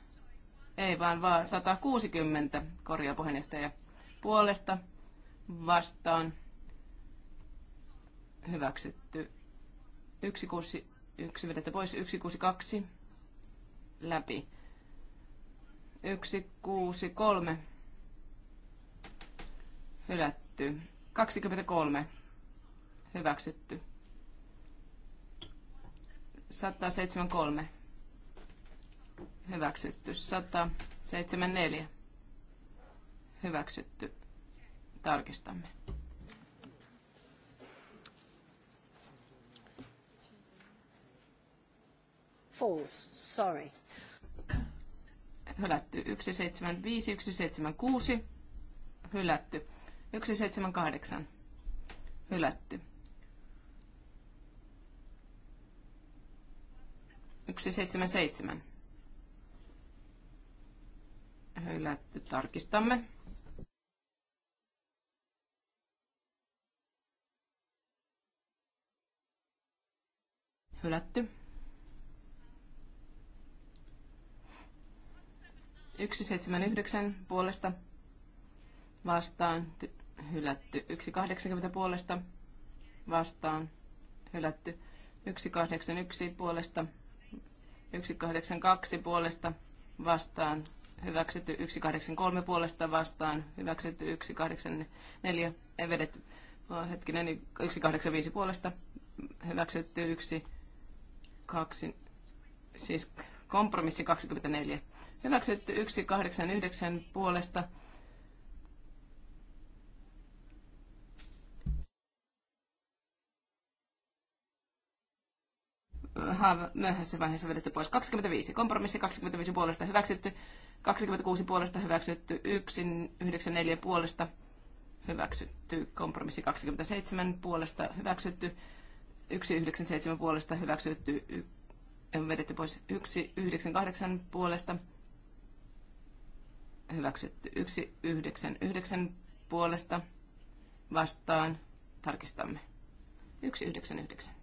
Ei vaan vaan 160 korjaa puheenjohtaja puolesta vastaan hyväksytty. 161 vedettä pois, 162 läpi. 163 hylätty. 23 hyväksytty. 173 Hyväksytty. 174. Hyväksytty. Tarkistamme.
False, sorry.
Hylätty 175, 176. Hylätty. 178. Hylätty. 177 hylätty. Tarkistamme. Hylätty. 179 puolesta vastaan hylätty. 180 puolesta vastaan hylätty. 181 puolesta 182 puolesta vastaan hyväksytty 183 puolesta vastaan, hyväksytty 184, ei vedetty, hetkinen, 185 niin puolesta, hyväksytty 1, 2, siis kompromissi 24, hyväksytty 189 puolesta, myöhäisessä vaiheessa vedetty pois. 25. Kompromissi 25 puolesta hyväksytty. 26 puolesta hyväksytty. 1, 4 puolesta hyväksytty. Kompromissi 27 puolesta hyväksytty. 197 puolesta hyväksytty. Y- vedetty pois. 198 puolesta hyväksytty. 199 puolesta vastaan. Tarkistamme. 199.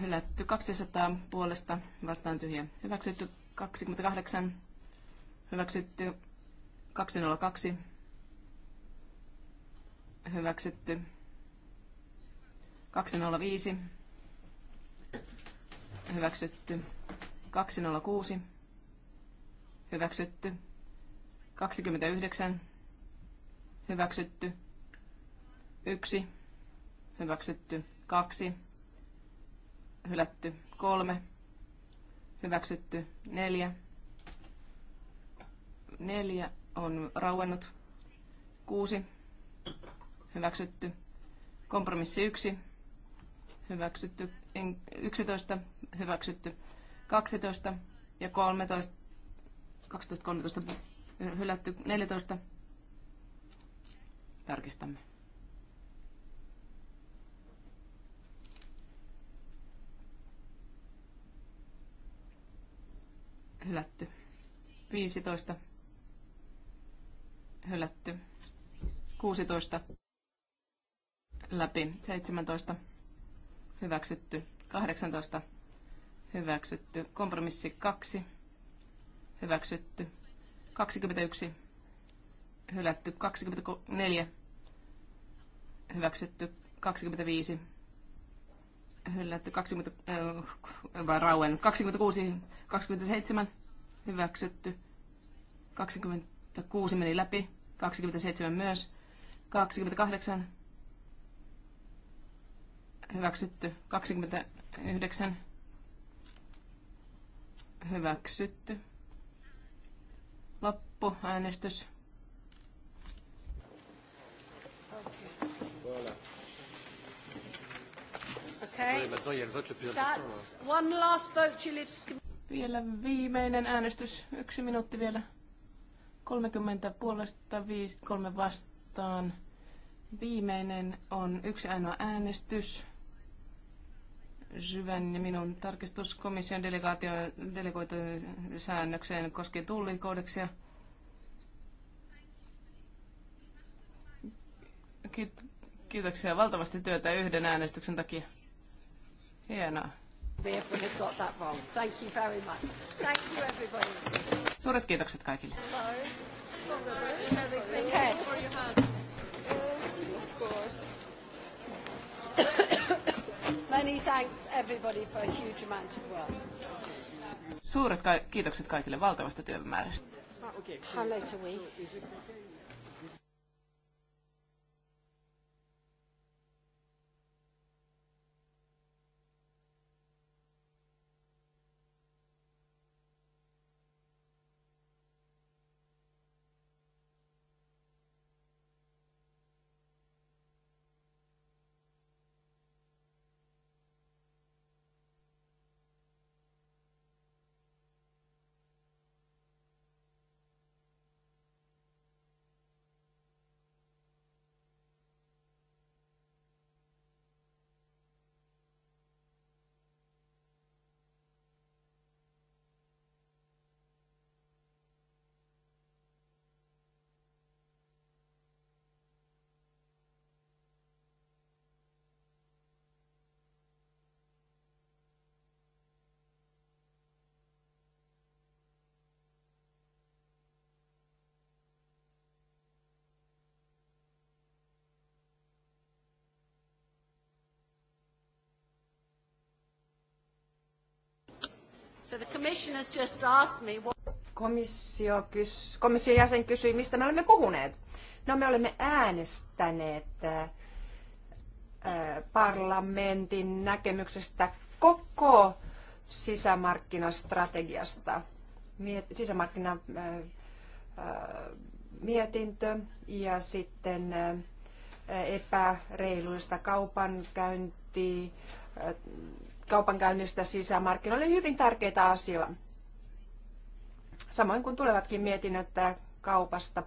hylätty 200 puolesta vastaan tyhjä hyväksytty 28 hyväksytty 202 hyväksytty 205 hyväksytty 206 hyväksytty 29 hyväksytty 1 hyväksytty 2 hylätty kolme, hyväksytty neljä, neljä on rauennut, kuusi, hyväksytty, kompromissi yksi, hyväksytty, yksitoista, hyväksytty, kaksitoista ja kolmetoista, 12, 13 hylätty, neljätoista, tarkistamme. hylätty. 15 hylätty. 16 läpi. 17 hyväksytty. 18 hyväksytty. Kompromissi 2 hyväksytty. 21 hylätty. 24 hyväksytty. 25 hylätty 20, äh, rauen, 26, 27 hyväksytty, 26 meni läpi, 27 myös, 28 hyväksytty, 29 hyväksytty. Loppuäänestys. äänestys. Vielä viimeinen äänestys. Yksi minuutti vielä. 30 puolesta, 5, 3 vastaan. Viimeinen on yksi ainoa äänestys. Syvän ja minun tarkistuskomission delegaatio, delegoitujen säännökseen koskee tullikoodeksia. Kiitoksia valtavasti työtä yhden äänestyksen takia. Hienoa. Suuret kiitokset kaikille. Suuret kiitokset kaikille valtavasta työmäärästä.
How late are we?
Komissio Komission jäsen kysyi, mistä me olemme puhuneet. No me olemme äänestäneet äh, äh, parlamentin näkemyksestä koko sisämarkkinastrategiasta, miet- sisämarkkina, äh, mietintö ja sitten epäreiluista kaupankäyntiä, kaupankäynnistä sisämarkkinoille hyvin tärkeitä asioita. Samoin kuin tulevatkin mietinnöt kaupasta.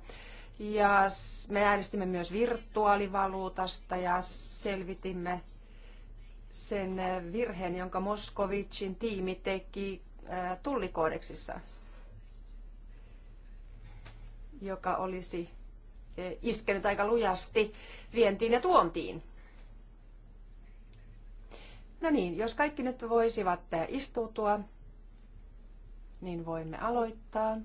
Ja me äänestimme myös virtuaalivaluutasta ja selvitimme sen äh, virheen, jonka Moskovicin tiimi teki äh, tullikoodeksissa, joka olisi äh, iskenyt aika lujasti vientiin ja tuontiin. No niin, jos kaikki nyt voisivat istuutua, niin voimme aloittaa.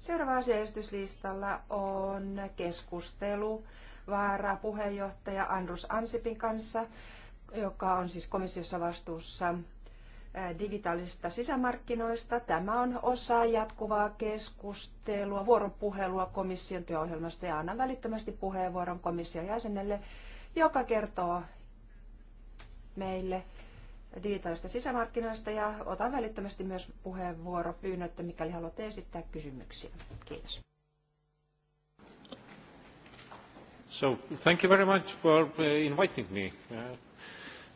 Seuraava asiaistuslistalla on keskustelu vaara puheenjohtaja Andrus Ansipin kanssa, joka on siis komissiossa vastuussa digitaalisista sisämarkkinoista. Tämä on osa jatkuvaa keskustelua, vuoropuhelua komission työohjelmasta ja annan välittömästi puheenvuoron komission jäsenelle, joka kertoo meille digitaalista sisämarkkinoista ja otan välittömästi myös puheenvuoro pyynnöttä, mikäli haluatte esittää kysymyksiä. Kiitos.
So, thank you very much for uh, inviting me. Uh,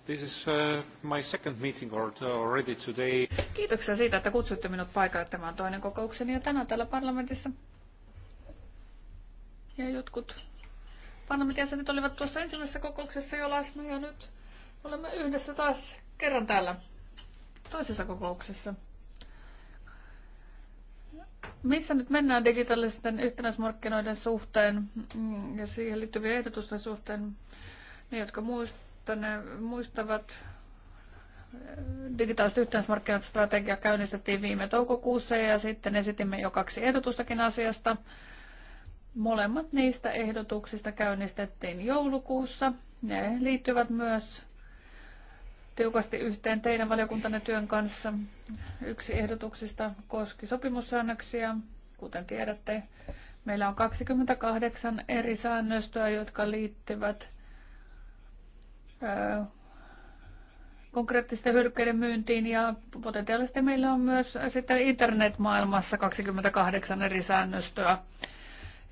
This is uh, my second meeting uh, already today.
Kiitoksia siitä, että kutsuitte minut paikalle. Tämä on toinen kokoukseni ja tänään täällä parlamentissa. Ja jotkut parlamentin jäsenet olivat tuossa ensimmäisessä kokouksessa jo läsnä ja nyt olemme yhdessä taas kerran täällä toisessa kokouksessa. Missä nyt mennään digitaalisten yhtenäismarkkinoiden suhteen mm, ja siihen liittyvien ehdotusten suhteen? Ne, jotka muistavat että ne muistavat digitaaliset yhteismarkkinastrategia käynnistettiin viime toukokuussa ja sitten esitimme jo kaksi ehdotustakin asiasta. Molemmat niistä ehdotuksista käynnistettiin joulukuussa. Ne liittyvät myös tiukasti yhteen teidän valiokuntanne työn kanssa. Yksi ehdotuksista koski sopimussäännöksiä. Kuten tiedätte, meillä on 28 eri säännöstöä, jotka liittyvät konkreettisten hyödykkeiden myyntiin ja potentiaalisesti meillä on myös sitten internetmaailmassa 28 eri säännöstöä.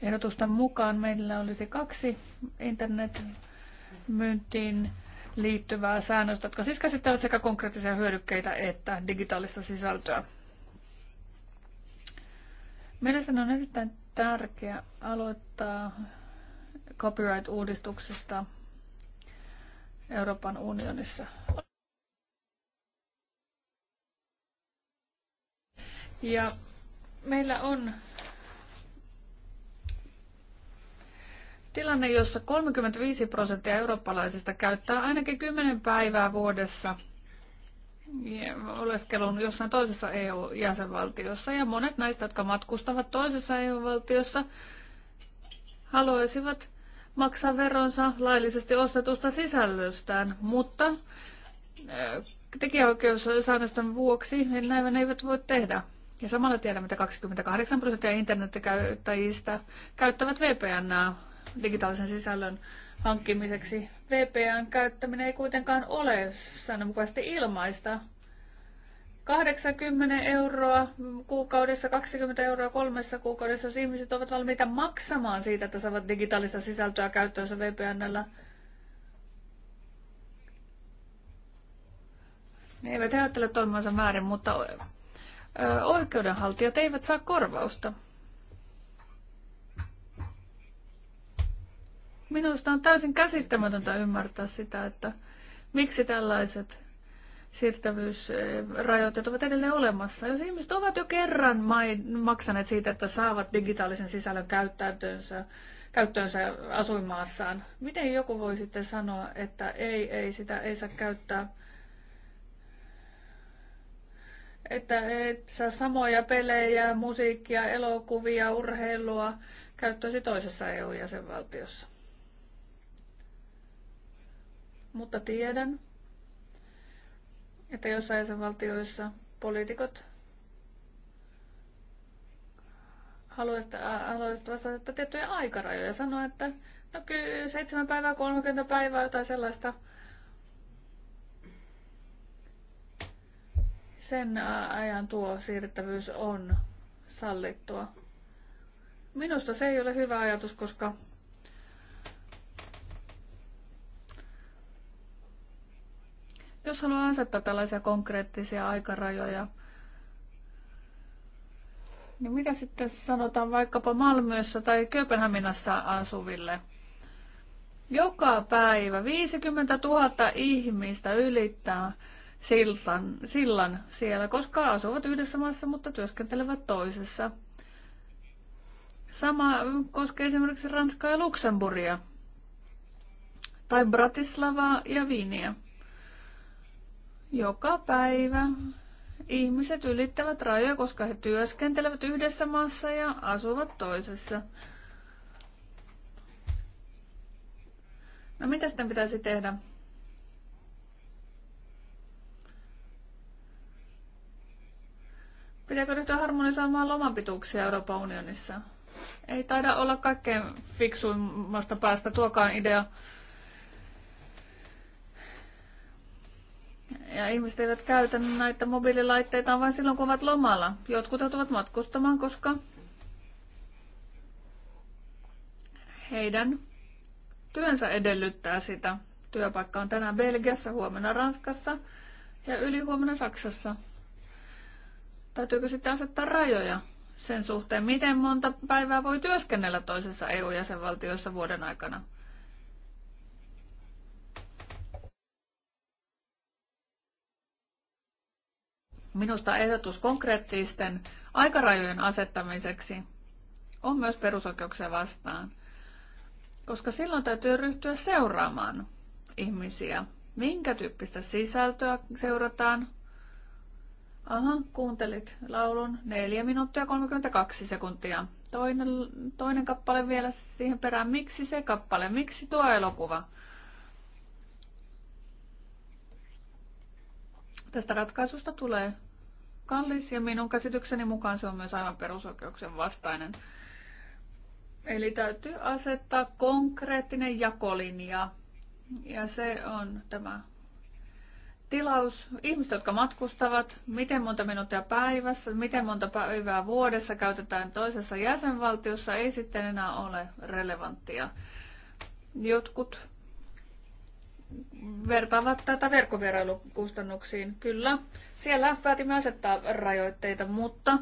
Ehdotusten mukaan meillä olisi kaksi internetmyyntiin liittyvää säännöstä, jotka siis käsittävät sekä konkreettisia hyödykkeitä että digitaalista sisältöä. Mielestäni on erittäin tärkeää aloittaa copyright-uudistuksesta – Euroopan unionissa. Ja meillä on tilanne, jossa 35 prosenttia eurooppalaisista käyttää ainakin 10 päivää vuodessa oleskelun jossain toisessa EU-jäsenvaltiossa. Ja monet näistä, jotka matkustavat toisessa EU-valtiossa, haluaisivat maksaa veronsa laillisesti ostetusta sisällöstään, mutta äh, tekijäoikeussäännösten vuoksi niin näin eivät voi tehdä. Ja samalla tiedämme, että 28 prosenttia internetkäyttäjistä käyttävät VPN digitaalisen sisällön hankkimiseksi. VPN käyttäminen ei kuitenkaan ole säännönmukaisesti ilmaista, 80 euroa kuukaudessa, 20 euroa kolmessa kuukaudessa, jos siis ihmiset ovat valmiita maksamaan siitä, että saavat digitaalista sisältöä käyttöönsä VPNllä, Ne eivät ajattele toimivansa määrin, mutta oikeudenhaltijat eivät saa korvausta. Minusta on täysin käsittämätöntä ymmärtää sitä, että miksi tällaiset siirtävyysrajoitteet ovat edelleen olemassa. Jos ihmiset ovat jo kerran maksaneet siitä, että saavat digitaalisen sisällön käyttäytönsä, käyttöönsä asuinmaassaan, miten joku voi sitten sanoa, että ei, ei sitä ei saa käyttää? Että et saa samoja pelejä, musiikkia, elokuvia, urheilua käyttöisi toisessa EU-jäsenvaltiossa. Mutta tiedän, että jossain jäsenvaltioissa poliitikot haluaisivat vastata tiettyjä aikarajoja ja sanoa, että no kyllä 7 päivää, 30 päivää, jotain sellaista. Sen ajan tuo siirrettävyys on sallittua. Minusta se ei ole hyvä ajatus, koska Jos haluaa asettaa tällaisia konkreettisia aikarajoja, niin mitä sitten sanotaan vaikkapa Malmössä tai Kööpenhaminassa asuville? Joka päivä 50 000 ihmistä ylittää sillan, sillan siellä, koska asuvat yhdessä maassa, mutta työskentelevät toisessa. Sama koskee esimerkiksi Ranskaa ja Luxemburgia, tai Bratislavaa ja Viiniä. Joka päivä ihmiset ylittävät rajoja, koska he työskentelevät yhdessä maassa ja asuvat toisessa. No mitä sitten pitäisi tehdä? Pitääkö ryhtyä harmonisoimaan lomanpituuksia Euroopan unionissa? Ei taida olla kaikkein fiksuimmasta päästä tuokaan idea. Ja ihmiset eivät käytä näitä mobiililaitteita vain silloin, kun ovat lomalla. Jotkut joutuvat matkustamaan, koska heidän työnsä edellyttää sitä. Työpaikka on tänään Belgiassa, huomenna Ranskassa ja ylihuomenna Saksassa. Täytyykö sitten asettaa rajoja sen suhteen, miten monta päivää voi työskennellä toisessa EU-jäsenvaltiossa vuoden aikana? Minusta ehdotus konkreettisten aikarajojen asettamiseksi on myös perusoikeuksia vastaan, koska silloin täytyy ryhtyä seuraamaan ihmisiä, minkä tyyppistä sisältöä seurataan. Aha, kuuntelit laulun 4 minuuttia 32 sekuntia. Toinen, toinen kappale vielä siihen perään. Miksi se kappale? Miksi tuo elokuva? Tästä ratkaisusta tulee kallis ja minun käsitykseni mukaan se on myös aivan perusoikeuksien vastainen. Eli täytyy asettaa konkreettinen jakolinja ja se on tämä tilaus. Ihmiset, jotka matkustavat, miten monta minuuttia päivässä, miten monta päivää vuodessa käytetään toisessa jäsenvaltiossa, ei sitten enää ole relevanttia. Jotkut vertaavat tätä verkkovierailukustannuksiin. Kyllä, siellä päätimme asettaa rajoitteita, mutta,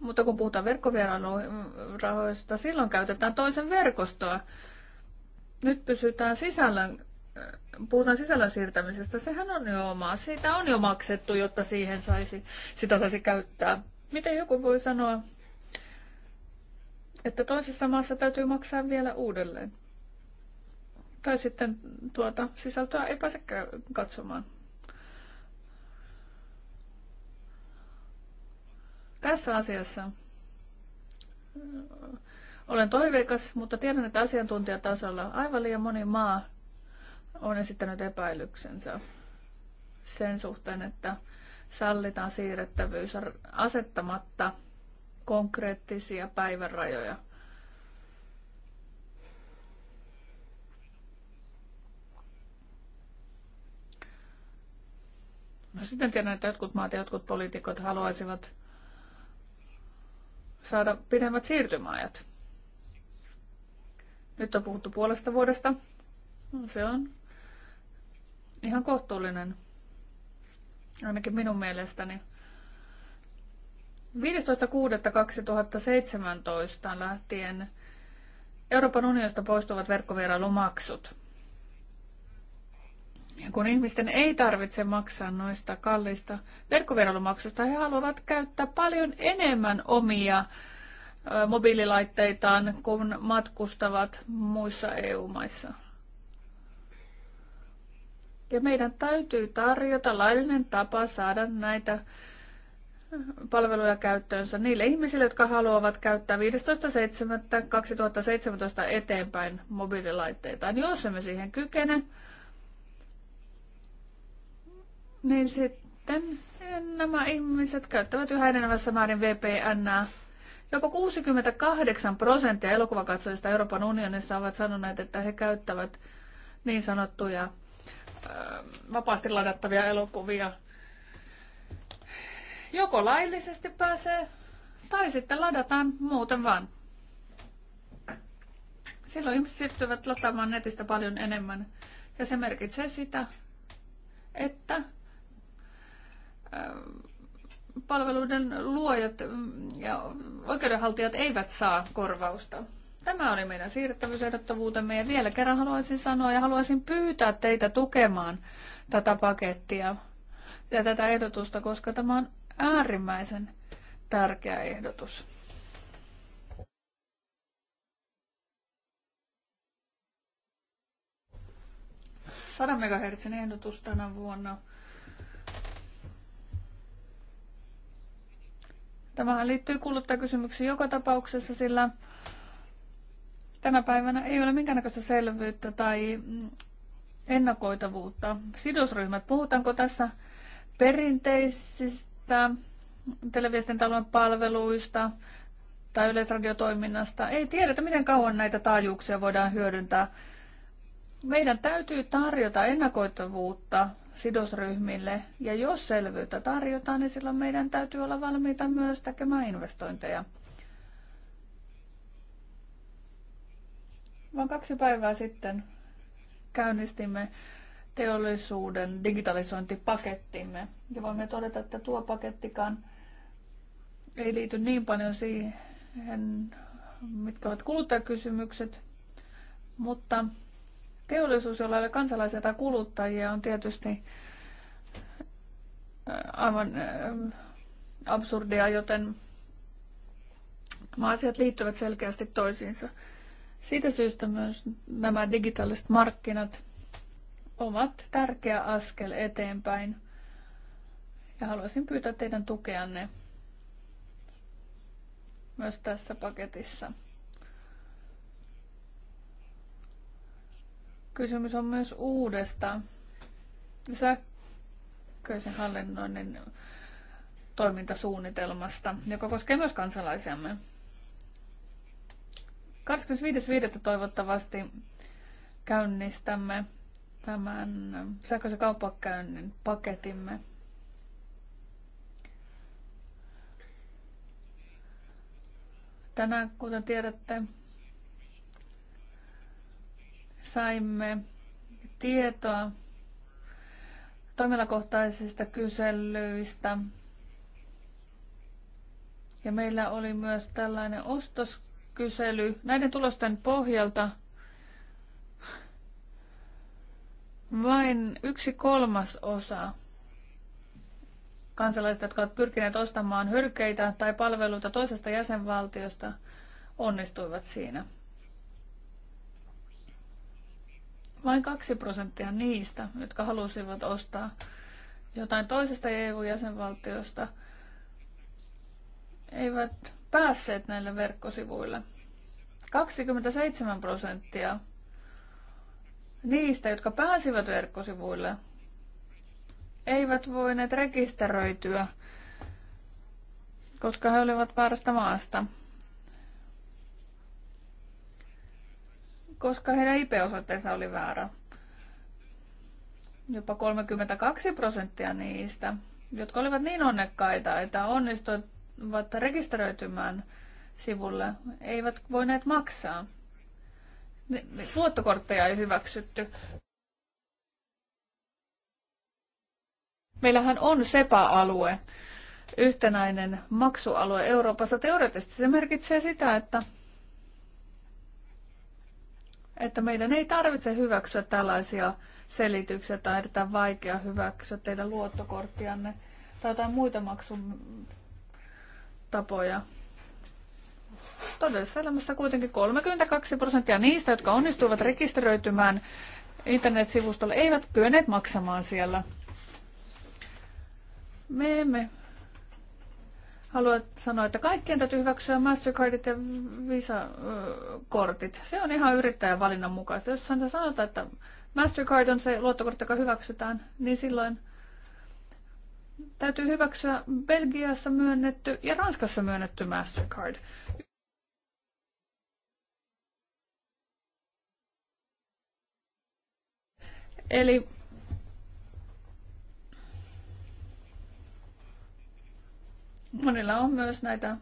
mutta kun puhutaan verkkovierailurahoista, silloin käytetään toisen verkostoa. Nyt pysytään sisällön, puhutaan sisällön siirtämisestä. Sehän on jo omaa. Siitä on jo maksettu, jotta siihen saisi, sitä saisi käyttää. Miten joku voi sanoa, että toisessa maassa täytyy maksaa vielä uudelleen? Tai sitten tuota sisältöä ei pääse katsomaan. Tässä asiassa äh, olen toiveikas, mutta tiedän, että asiantuntijatasolla aivan liian moni maa on esittänyt epäilyksensä sen suhteen, että sallitaan siirrettävyys asettamatta konkreettisia päivärajoja. No sitten tiedän, että jotkut maat ja jotkut poliitikot haluaisivat saada pidemmät siirtymäajat. Nyt on puhuttu puolesta vuodesta. No, se on ihan kohtuullinen, ainakin minun mielestäni. 15.6.2017 lähtien Euroopan unionista poistuvat verkkovierailumaksut kun ihmisten ei tarvitse maksaa noista kalliista verkkoverolomaksusta, he haluavat käyttää paljon enemmän omia mobiililaitteitaan, kun matkustavat muissa EU-maissa. Ja meidän täytyy tarjota laillinen tapa saada näitä palveluja käyttöönsä niille ihmisille, jotka haluavat käyttää 15.7.2017 eteenpäin mobiililaitteitaan, Jos emme siihen kykene, niin sitten eh, nämä ihmiset käyttävät yhä enenevässä määrin VPNää. Jopa 68 prosenttia elokuvakatsojista Euroopan unionissa ovat sanoneet, että he käyttävät niin sanottuja eh, vapaasti ladattavia elokuvia. Joko laillisesti pääsee, tai sitten ladataan muuten vaan. Silloin ihmiset siirtyvät lataamaan netistä paljon enemmän. Ja se merkitsee sitä, että palveluiden luojat ja oikeudenhaltijat eivät saa korvausta. Tämä oli meidän siirrettävyysehdottavuutemme ja vielä kerran haluaisin sanoa ja haluaisin pyytää teitä tukemaan tätä pakettia ja tätä ehdotusta, koska tämä on äärimmäisen tärkeä ehdotus. Sadan megahertsin ehdotus tänä vuonna Tämähän liittyy kuluttajakysymyksiin joka tapauksessa, sillä tänä päivänä ei ole minkäännäköistä selvyyttä tai mm, ennakoitavuutta. Sidosryhmät, puhutaanko tässä perinteisistä televiestintäalueen palveluista tai yleisradiotoiminnasta? Ei tiedetä, miten kauan näitä taajuuksia voidaan hyödyntää meidän täytyy tarjota ennakoitavuutta sidosryhmille, ja jos selvyyttä tarjotaan, niin silloin meidän täytyy olla valmiita myös tekemään investointeja. Vaan kaksi päivää sitten käynnistimme teollisuuden digitalisointipakettimme. Ja voimme todeta, että tuo pakettikaan ei liity niin paljon siihen, mitkä ovat kuluttajakysymykset, mutta Teollisuus, jolla ei ole kansalaisia tai kuluttajia, on tietysti äh, aivan äh, absurdia, joten nämä asiat liittyvät selkeästi toisiinsa. Siitä syystä myös nämä digitaaliset markkinat ovat tärkeä askel eteenpäin. Ja haluaisin pyytää teidän tukeanne myös tässä paketissa. Kysymys on myös uudesta sähköisen hallinnoinnin toimintasuunnitelmasta, joka koskee myös kansalaisiamme. 25.5. toivottavasti käynnistämme tämän sähköisen kauppakäynnin paketimme. Tänään, kuten tiedätte, saimme tietoa toimialakohtaisista kyselyistä. Ja meillä oli myös tällainen ostoskysely. Näiden tulosten pohjalta vain yksi kolmas osa kansalaiset, jotka ovat pyrkineet ostamaan hyrkeitä tai palveluita toisesta jäsenvaltiosta, onnistuivat siinä. Vain kaksi prosenttia niistä, jotka halusivat ostaa jotain toisesta EU-jäsenvaltiosta, eivät päässeet näille verkkosivuille. 27 prosenttia niistä, jotka pääsivät verkkosivuille, eivät voineet rekisteröityä, koska he olivat väärästä maasta. koska heidän IP-osoitteensa oli väärä. Jopa 32 prosenttia niistä, jotka olivat niin onnekkaita, että onnistuivat rekisteröitymään sivulle, eivät voineet maksaa. Luottokortteja ei hyväksytty. Meillähän on SEPA-alue, yhtenäinen maksualue Euroopassa. Teoreettisesti se merkitsee sitä, että että meidän ei tarvitse hyväksyä tällaisia selityksiä tai on vaikea hyväksyä teidän luottokorttianne tai jotain muita maksutapoja. Todellisessa elämässä kuitenkin 32 prosenttia niistä, jotka onnistuivat rekisteröitymään internetsivustolle, eivät kyenneet maksamaan siellä. Me emme haluan sanoa, että kaikkien täytyy hyväksyä Mastercardit ja Visa-kortit. Se on ihan yrittäjän valinnan mukaista. Jos sanotaan, että Mastercard on se luottokortti, joka hyväksytään, niin silloin täytyy hyväksyä Belgiassa myönnetty ja Ranskassa myönnetty Mastercard. Eli Monilla on myös näitä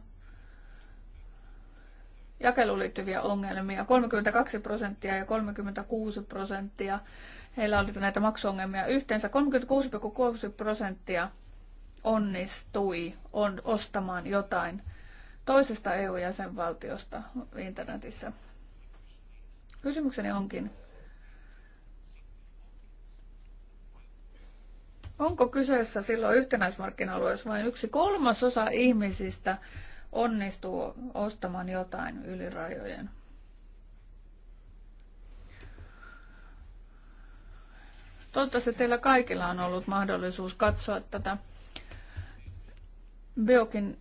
jakeluun liittyviä ongelmia. 32 prosenttia ja 36 prosenttia. Heillä oli näitä maksuongelmia. Yhteensä 36,6 prosenttia onnistui on ostamaan jotain toisesta EU-jäsenvaltiosta internetissä. Kysymykseni onkin, Onko kyseessä silloin yhtenäismarkkina-alue, vain yksi kolmasosa ihmisistä onnistuu ostamaan jotain yli rajojen? Toivottavasti teillä kaikilla on ollut mahdollisuus katsoa tätä Biokin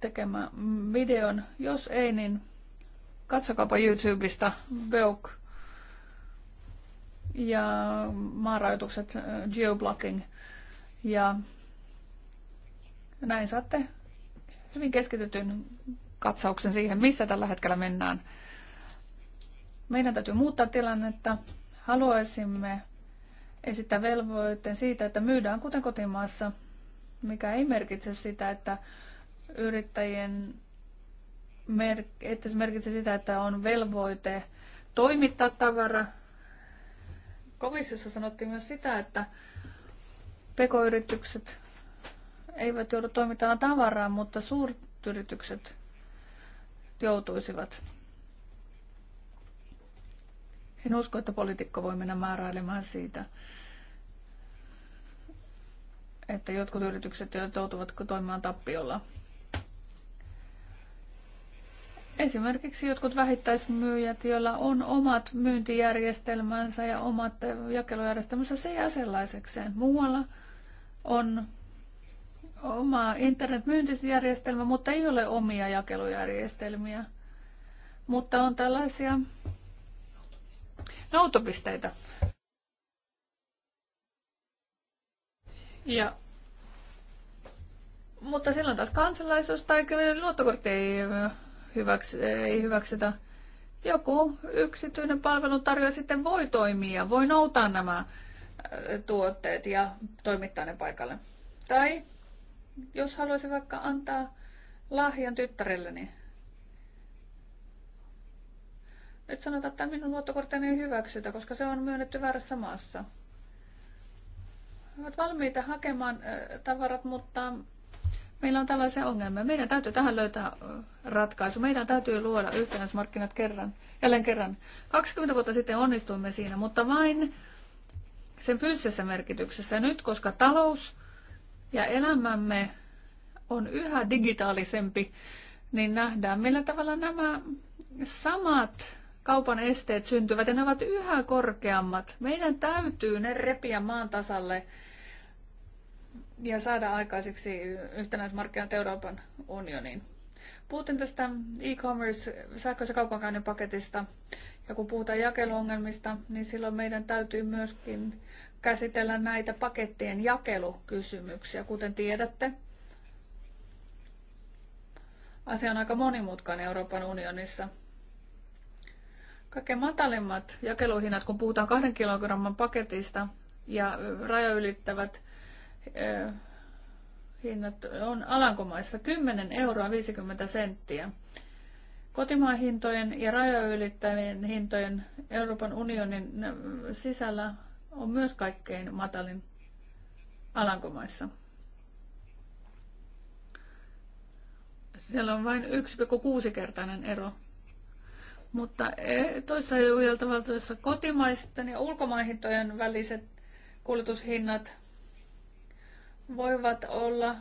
tekemä videon. Jos ei, niin katsokaapa YouTubesta Beok ja maarajoitukset, äh, geoblocking. Ja näin saatte hyvin keskitytyn katsauksen siihen, missä tällä hetkellä mennään. Meidän täytyy muuttaa tilannetta. Haluaisimme esittää velvoitteen siitä, että myydään kuten kotimaassa, mikä ei merkitse sitä, että yrittäjien että se merkitsee sitä, että on velvoite toimittaa tavara Komissiossa sanottiin myös sitä, että pekoyritykset eivät joudu toimittamaan tavaraa, mutta suuryritykset joutuisivat. En usko, että poliitikko voi mennä määräilemään siitä, että jotkut yritykset joutuvat toimimaan tappiolla. Esimerkiksi jotkut vähittäismyyjät, joilla on omat myyntijärjestelmänsä ja omat jakelujärjestelmänsä, se jää sellaisekseen. Muualla on oma internetmyyntijärjestelmä, mutta ei ole omia jakelujärjestelmiä. Mutta on tällaisia noutopisteitä. Ja mutta silloin taas kansalaisuus tai luottokortti ei hyväks, ei hyväksytä. Joku yksityinen palveluntarjoaja sitten voi toimia, voi noutaa nämä äh, tuotteet ja toimittaa ne paikalle. Tai jos haluaisin vaikka antaa lahjan tyttärelleni. Niin nyt sanotaan, että minun luottokorttini ei hyväksytä, koska se on myönnetty väärässä maassa. ovat valmiita hakemaan äh, tavarat, mutta meillä on tällaisia ongelmia. Meidän täytyy tähän löytää ratkaisu. Meidän täytyy luoda yhtenäismarkkinat kerran, jälleen kerran. 20 vuotta sitten onnistuimme siinä, mutta vain sen fyysisessä merkityksessä. Nyt, koska talous ja elämämme on yhä digitaalisempi, niin nähdään, millä tavalla nämä samat kaupan esteet syntyvät ja ne ovat yhä korkeammat. Meidän täytyy ne repiä maan tasalle ja saada aikaiseksi yhtenäismarkkinat Euroopan unioniin. Puhutin tästä e-commerce sähköisen kaupankäynnin paketista ja kun puhutaan jakeluongelmista, niin silloin meidän täytyy myöskin käsitellä näitä pakettien jakelukysymyksiä. Kuten tiedätte, asia on aika monimutkainen Euroopan unionissa. Kaikkein matalimmat jakeluhinnat, kun puhutaan kahden kilogramman paketista ja rajoylittävät ylittävät hinnat on Alankomaissa 10 euroa 50 senttiä. Kotimaan hintojen ja rajoja ylittävien hintojen Euroopan unionin sisällä on myös kaikkein matalin Alankomaissa. Siellä on vain 1,6-kertainen ero. Mutta e, toissa EU-valtioissa kotimaisten ja ulkomaanhintojen väliset kuljetushinnat voivat olla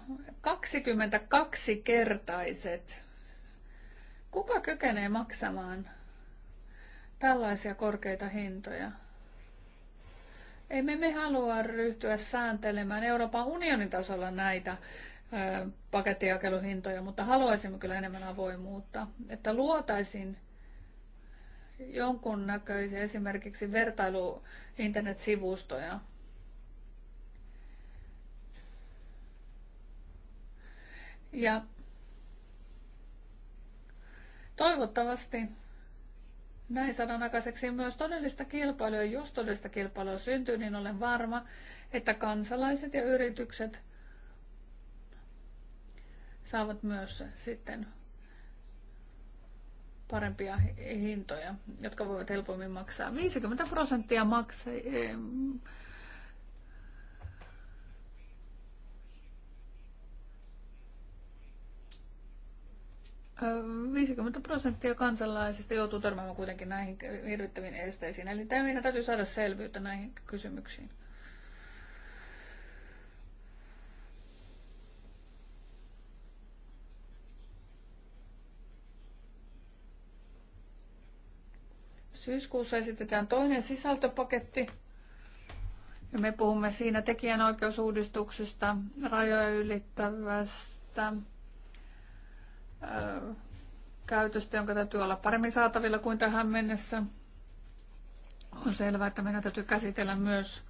22-kertaiset. Kuka kykenee maksamaan tällaisia korkeita hintoja? Emme me halua ryhtyä sääntelemään Euroopan unionin tasolla näitä pakettiakeluhintoja, pakettijakeluhintoja, mutta haluaisimme kyllä enemmän avoimuutta, että luotaisin jonkunnäköisiä esimerkiksi vertailu internetsivustoja, Ja toivottavasti näin sanan aikaiseksi myös todellista kilpailua. Jos todellista kilpailua syntyy, niin olen varma, että kansalaiset ja yritykset saavat myös sitten parempia hintoja, jotka voivat helpommin maksaa. 50 prosenttia maksaa? Eh, 50 prosenttia kansalaisista joutuu törmäämään kuitenkin näihin hirvittäviin esteisiin. Eli meidän täytyy saada selvyyttä näihin kysymyksiin. Syyskuussa esitetään toinen sisältöpaketti, ja me puhumme siinä tekijänoikeusuudistuksesta, rajoja ylittävästä käytöstä, jonka täytyy olla paremmin saatavilla kuin tähän mennessä. On selvää, että meidän täytyy käsitellä myös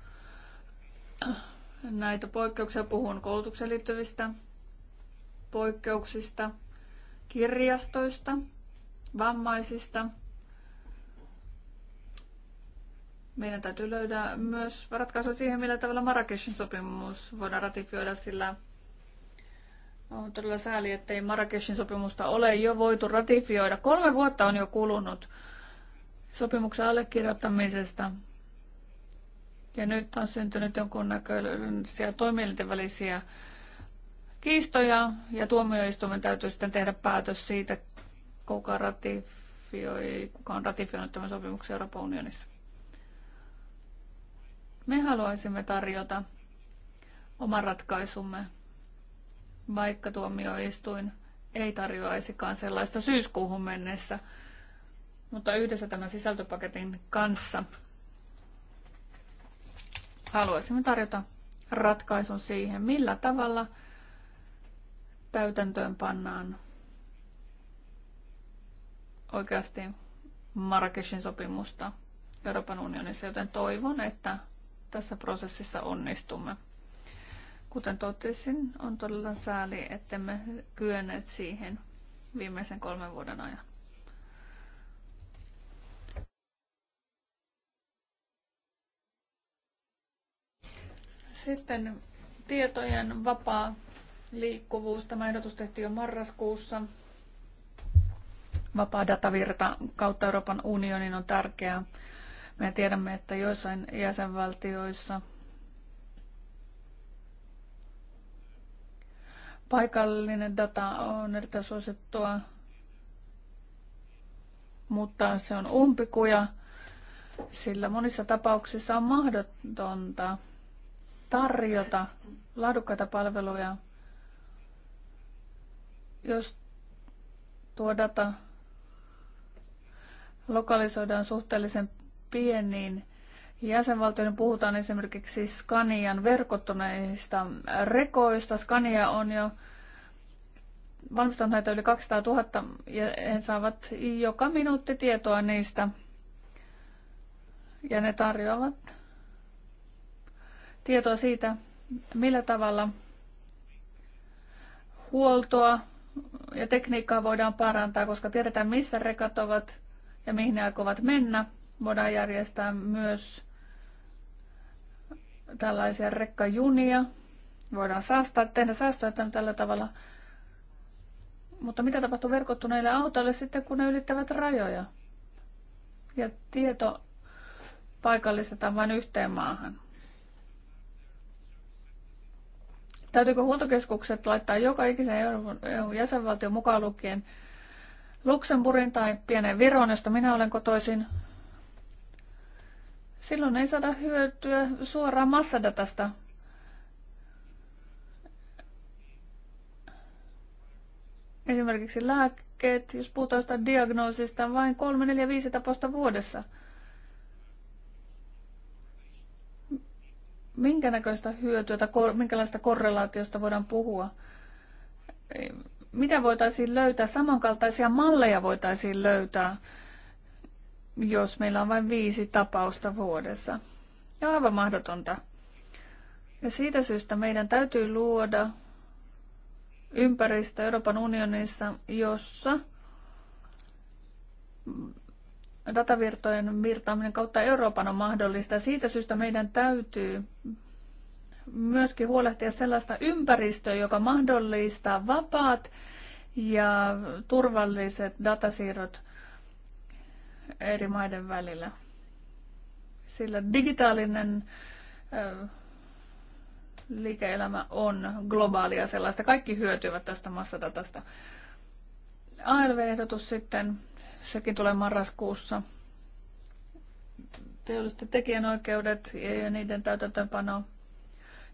näitä poikkeuksia. Puhun koulutukseen liittyvistä poikkeuksista, kirjastoista, vammaisista. Meidän täytyy löydä myös ratkaisu siihen, millä tavalla Marrakeshin sopimus voidaan ratifioida, sillä on todella sääli, ettei Marrakeshin sopimusta ole jo voitu ratifioida. Kolme vuotta on jo kulunut sopimuksen allekirjoittamisesta. Ja nyt on syntynyt jonkunnäköisiä toimielinten välisiä kiistoja ja tuomioistuimen täytyy sitten tehdä päätös siitä, kuka, ratifioi, kuka on ratifioinut tämän sopimuksen Euroopan unionissa. Me haluaisimme tarjota oman ratkaisumme vaikka tuomioistuin ei tarjoaisikaan sellaista syyskuuhun mennessä, mutta yhdessä tämän sisältöpaketin kanssa haluaisimme tarjota ratkaisun siihen, millä tavalla täytäntöön pannaan oikeasti Marrakeshin sopimusta Euroopan unionissa, joten toivon, että tässä prosessissa onnistumme. Kuten totesin, on todella sääli, että me kyenneet siihen viimeisen kolmen vuoden ajan. Sitten tietojen vapaa liikkuvuus. Tämä ehdotus tehtiin jo marraskuussa. Vapaa datavirta kautta Euroopan unionin on tärkeää. Me tiedämme, että joissain jäsenvaltioissa – Paikallinen data on erittäin suosittua, mutta se on umpikuja, sillä monissa tapauksissa on mahdotonta tarjota laadukkaita palveluja, jos tuo data lokalisoidaan suhteellisen pieniin jäsenvaltioiden puhutaan esimerkiksi Scanian verkottuneista rekoista. Scania on jo valmistanut näitä yli 200 000 ja he saavat joka minuutti tietoa niistä. Ja ne tarjoavat tietoa siitä, millä tavalla huoltoa ja tekniikkaa voidaan parantaa, koska tiedetään missä rekat ovat ja mihin ne aikovat mennä. Voidaan järjestää myös tällaisia rekkajunia. Voidaan säästää, tehdä säästöä tällä tavalla. Mutta mitä tapahtuu verkottuneille autoille sitten, kun ne ylittävät rajoja? Ja tieto paikallistetaan vain yhteen maahan. Täytyykö huoltokeskukset laittaa joka ikisen EU-jäsenvaltion mukaan lukien Luxemburgin tai pienen Viron, josta minä olen kotoisin, Silloin ei saada hyötyä suoraan massadatasta. Esimerkiksi lääkkeet, jos puhutaan jostain diagnoosista, vain 3, 4, 5 tapausta vuodessa. Minkä näköistä hyötyä tai minkälaista korrelaatiosta voidaan puhua? Mitä voitaisiin löytää? Samankaltaisia malleja voitaisiin löytää jos meillä on vain viisi tapausta vuodessa. Ja aivan mahdotonta. Ja siitä syystä meidän täytyy luoda ympäristö Euroopan unionissa, jossa datavirtojen virtaaminen kautta Euroopan on mahdollista. Siitä syystä meidän täytyy myöskin huolehtia sellaista ympäristöä, joka mahdollistaa vapaat ja turvalliset datasiirrot – eri maiden välillä. Sillä digitaalinen liike-elämä on globaalia sellaista. Kaikki hyötyvät tästä massadatasta. ALV-ehdotus sitten, sekin tulee marraskuussa. Teollisten tekijänoikeudet ja niiden täytäntöönpano.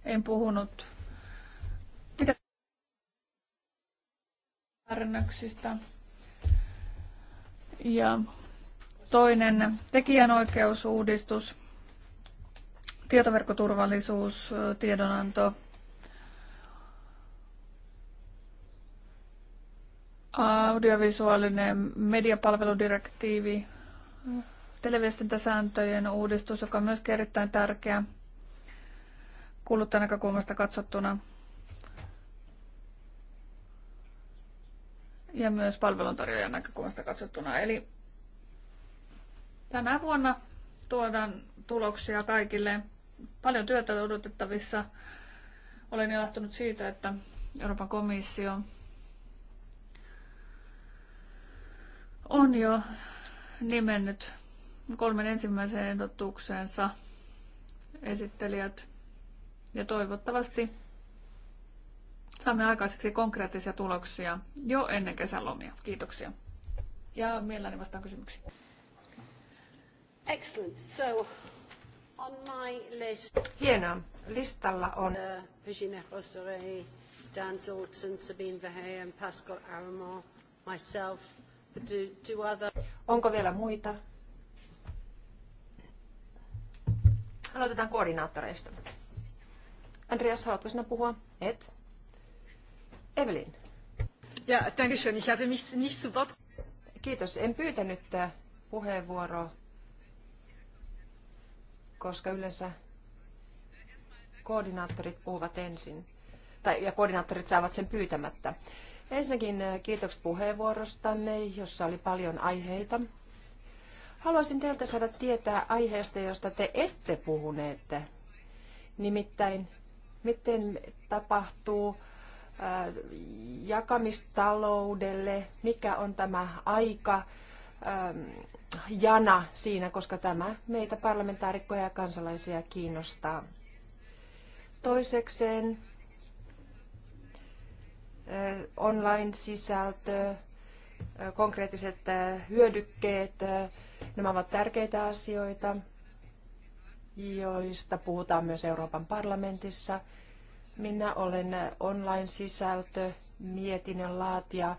En puhunut mitä Ja Toinen tekijänoikeusuudistus, tietoverkkoturvallisuus, tiedonanto, audiovisuaalinen mediapalveludirektiivi, televiestintäsääntöjen uudistus, joka on myös erittäin tärkeä kuluttajan näkökulmasta katsottuna. Ja myös palveluntarjoajan näkökulmasta katsottuna. Eli Tänä vuonna tuodaan tuloksia kaikille. Paljon työtä odotettavissa. Olen ilahtunut siitä, että Euroopan komissio on jo nimennyt kolmen ensimmäiseen ehdotukseensa esittelijät ja toivottavasti saamme aikaiseksi konkreettisia tuloksia jo ennen kesälomia. Kiitoksia. Ja mielelläni vastaan kysymyksiin.
Excellent. So, on my list...
Hienoa.
Listalla on... Uh,
Virginia Rosere, Dan Dalton, Sabine and Pascal Aramon, myself. Do, do other...
Onko vielä muita?
Aloitetaan koordinaattoreista.
Andreas, haluatko sinä puhua? Et. Evelyn. Ja, danke schön. Ich hatte mich nicht zu Wort... Kiitos. En pyytänyt äh, puheenvuoroa koska yleensä koordinaattorit puhuvat ensin, tai, ja koordinaattorit saavat sen pyytämättä. Ensinnäkin äh, kiitokset puheenvuorostanne, jossa oli paljon aiheita. Haluaisin teiltä saada tietää aiheesta, josta te ette puhuneet. Nimittäin, miten tapahtuu äh, jakamistaloudelle, mikä on tämä aika ähm, jana siinä, koska tämä meitä parlamentaarikkoja ja kansalaisia kiinnostaa. Toisekseen eh, online-sisältö, eh, konkreettiset eh, hyödykkeet, nämä ovat tärkeitä asioita, joista puhutaan myös Euroopan parlamentissa. Minä olen online-sisältö mietinnön laatija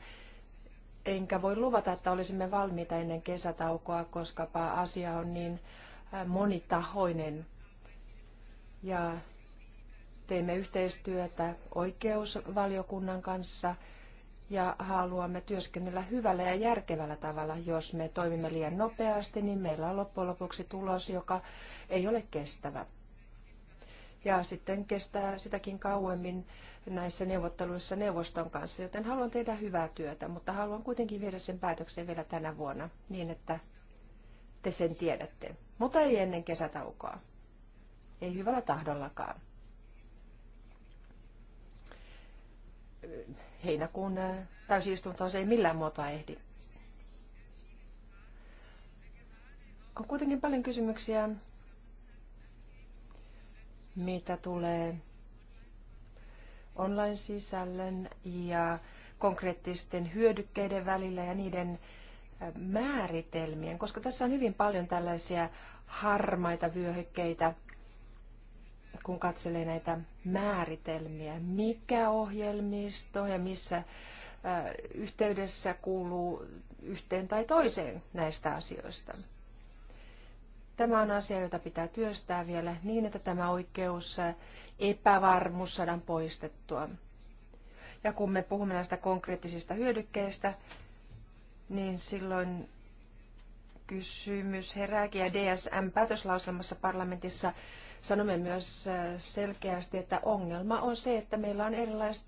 enkä voi luvata, että olisimme valmiita ennen kesätaukoa, koska asia on niin monitahoinen. Ja teemme yhteistyötä oikeusvaliokunnan kanssa ja haluamme työskennellä hyvällä ja järkevällä tavalla. Jos me toimimme liian nopeasti, niin meillä on loppujen lopuksi tulos, joka ei ole kestävä ja sitten kestää sitäkin kauemmin näissä neuvotteluissa neuvoston kanssa, joten haluan tehdä hyvää työtä, mutta haluan kuitenkin viedä sen päätökseen vielä tänä vuonna niin, että te sen tiedätte, mutta ei ennen kesätaukoa, ei hyvällä tahdollakaan. Heinäkuun äh, täysistunto se ei millään muotoa ehdi. On kuitenkin paljon kysymyksiä, mitä tulee online-sisällön ja konkreettisten hyödykkeiden välillä ja niiden määritelmien, koska tässä on hyvin paljon tällaisia harmaita vyöhykkeitä, kun katselee näitä määritelmiä, mikä ohjelmisto ja missä yhteydessä kuuluu yhteen tai toiseen näistä asioista. Tämä on asia, jota pitää työstää vielä niin, että tämä oikeus epävarmuus saadaan poistettua. Ja kun me puhumme näistä konkreettisista hyödykkeistä, niin silloin kysymys herääkin. Ja DSM-päätöslauselmassa parlamentissa sanomme myös selkeästi, että ongelma on se, että meillä on erilaiset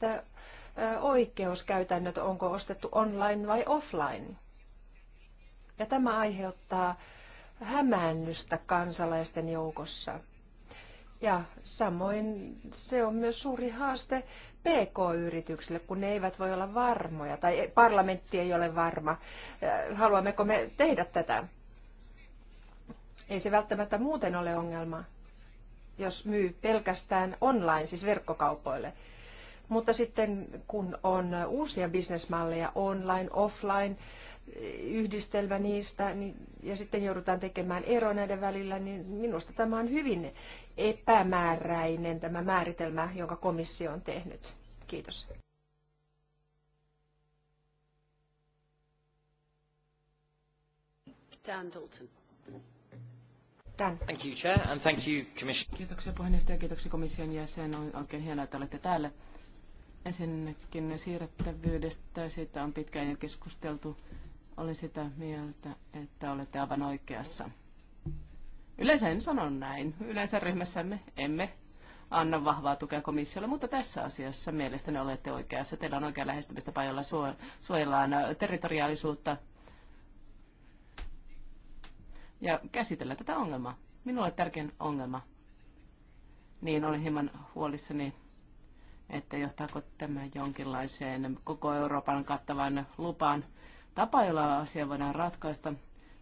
oikeuskäytännöt, onko ostettu online vai offline. Ja tämä aiheuttaa hämäännystä kansalaisten joukossa. Ja samoin se on myös suuri haaste PK-yrityksille, kun ne eivät voi olla varmoja, tai parlamentti ei ole varma, äh, haluammeko me tehdä tätä. Ei se välttämättä muuten ole ongelma, jos myy pelkästään online, siis verkkokaupoille. Mutta sitten kun on uusia bisnesmalleja, online, offline, yhdistelmä niistä niin, ja sitten joudutaan tekemään ero näiden välillä, niin minusta tämä on hyvin epämääräinen tämä määritelmä, jonka komissio on tehnyt. Kiitos.
Dan Dalton.
Dan. Thank you, Chair, and thank you, Commissioner.
Kiitoksia puheenjohtaja, kiitoksia komission jäsen. On oikein hienoa, että olette täällä. Ensinnäkin siirrettävyydestä, siitä on pitkään jo keskusteltu olen sitä mieltä, että olette aivan oikeassa. Yleensä en sano näin. Yleensä ryhmässämme emme anna vahvaa tukea komissiolle, mutta tässä asiassa mielestäni olette oikeassa. Teillä on oikea lähestymistapa, jolla suojellaan territoriaalisuutta ja käsitellä tätä ongelmaa. Minulle tärkein ongelma. Niin olen hieman huolissani, että johtaako tämä jonkinlaiseen koko Euroopan kattavan lupaan tapa, jolla asia voidaan ratkaista,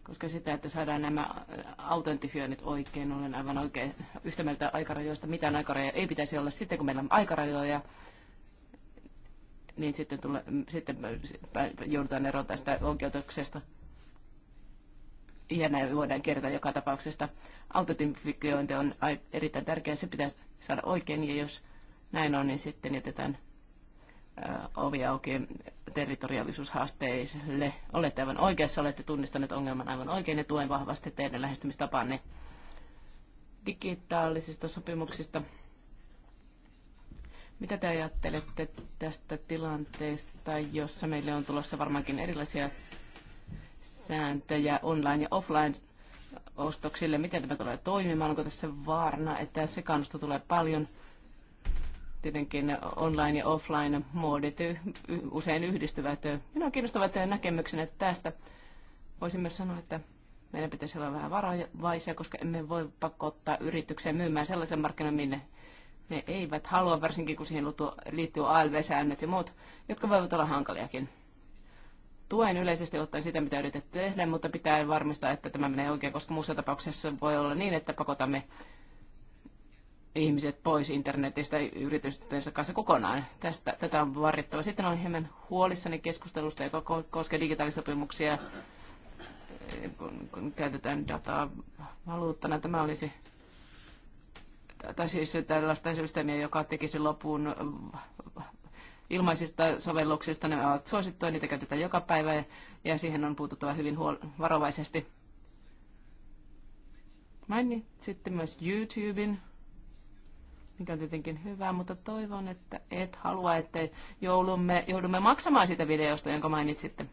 koska sitä, että saadaan nämä autentifioinnit oikein, olen aivan oikein yhtä mieltä aikarajoista. Mitään aikarajoja ei pitäisi olla. Sitten kun meillä on aikarajoja, niin sitten, tule, sitten joudutaan eroon tästä oikeutuksesta. Ja näin voidaan kertoa joka tapauksesta. Autentifiointi on erittäin tärkeää, se pitäisi saada oikein, ja jos näin on, niin sitten jätetään ovi auki territoriaalisuushaasteisille. Olette aivan oikeassa, olette tunnistaneet ongelman aivan oikein ja tuen vahvasti teidän lähestymistapanne digitaalisista sopimuksista. Mitä te ajattelette tästä tilanteesta, jossa meille on tulossa varmaankin erilaisia sääntöjä online ja offline ostoksille? Miten tämä tulee toimimaan? Onko tässä vaarana, että sekaannusta tulee paljon? tietenkin online- ja offline-muodit usein yhdistyvät. Minua kiinnostavat että tästä. Voisimme sanoa, että meidän pitäisi olla vähän varovaisia, koska emme voi pakottaa yrityksiä myymään sellaisen markkinan, minne ne eivät halua, varsinkin kun siihen liittyy ALV-säännöt ja muut, jotka voivat olla hankaliakin. Tuen yleisesti ottaen sitä, mitä yritätte tehdä, mutta pitää varmistaa, että tämä menee oikein, koska muussa tapauksessa voi olla niin, että pakotamme ihmiset pois internetistä yritystensä kanssa kokonaan. Tästä, tätä on varrittava. Sitten olen hieman huolissani keskustelusta, joka koskee digitaalisopimuksia, eh, kun, kun käytetään dataa valuuttana. Tämä olisi tai siis tällaista systeemiä, joka tekisi lopun ilmaisista sovelluksista. Ne ovat suosittuja, niitä käytetään joka päivä ja siihen on puututtava hyvin huol- varovaisesti. Mainitsitte myös YouTuben mikä on tietenkin hyvä, mutta toivon, että et halua, että joulumme, joudumme maksamaan siitä videosta, jonka mainitsitte.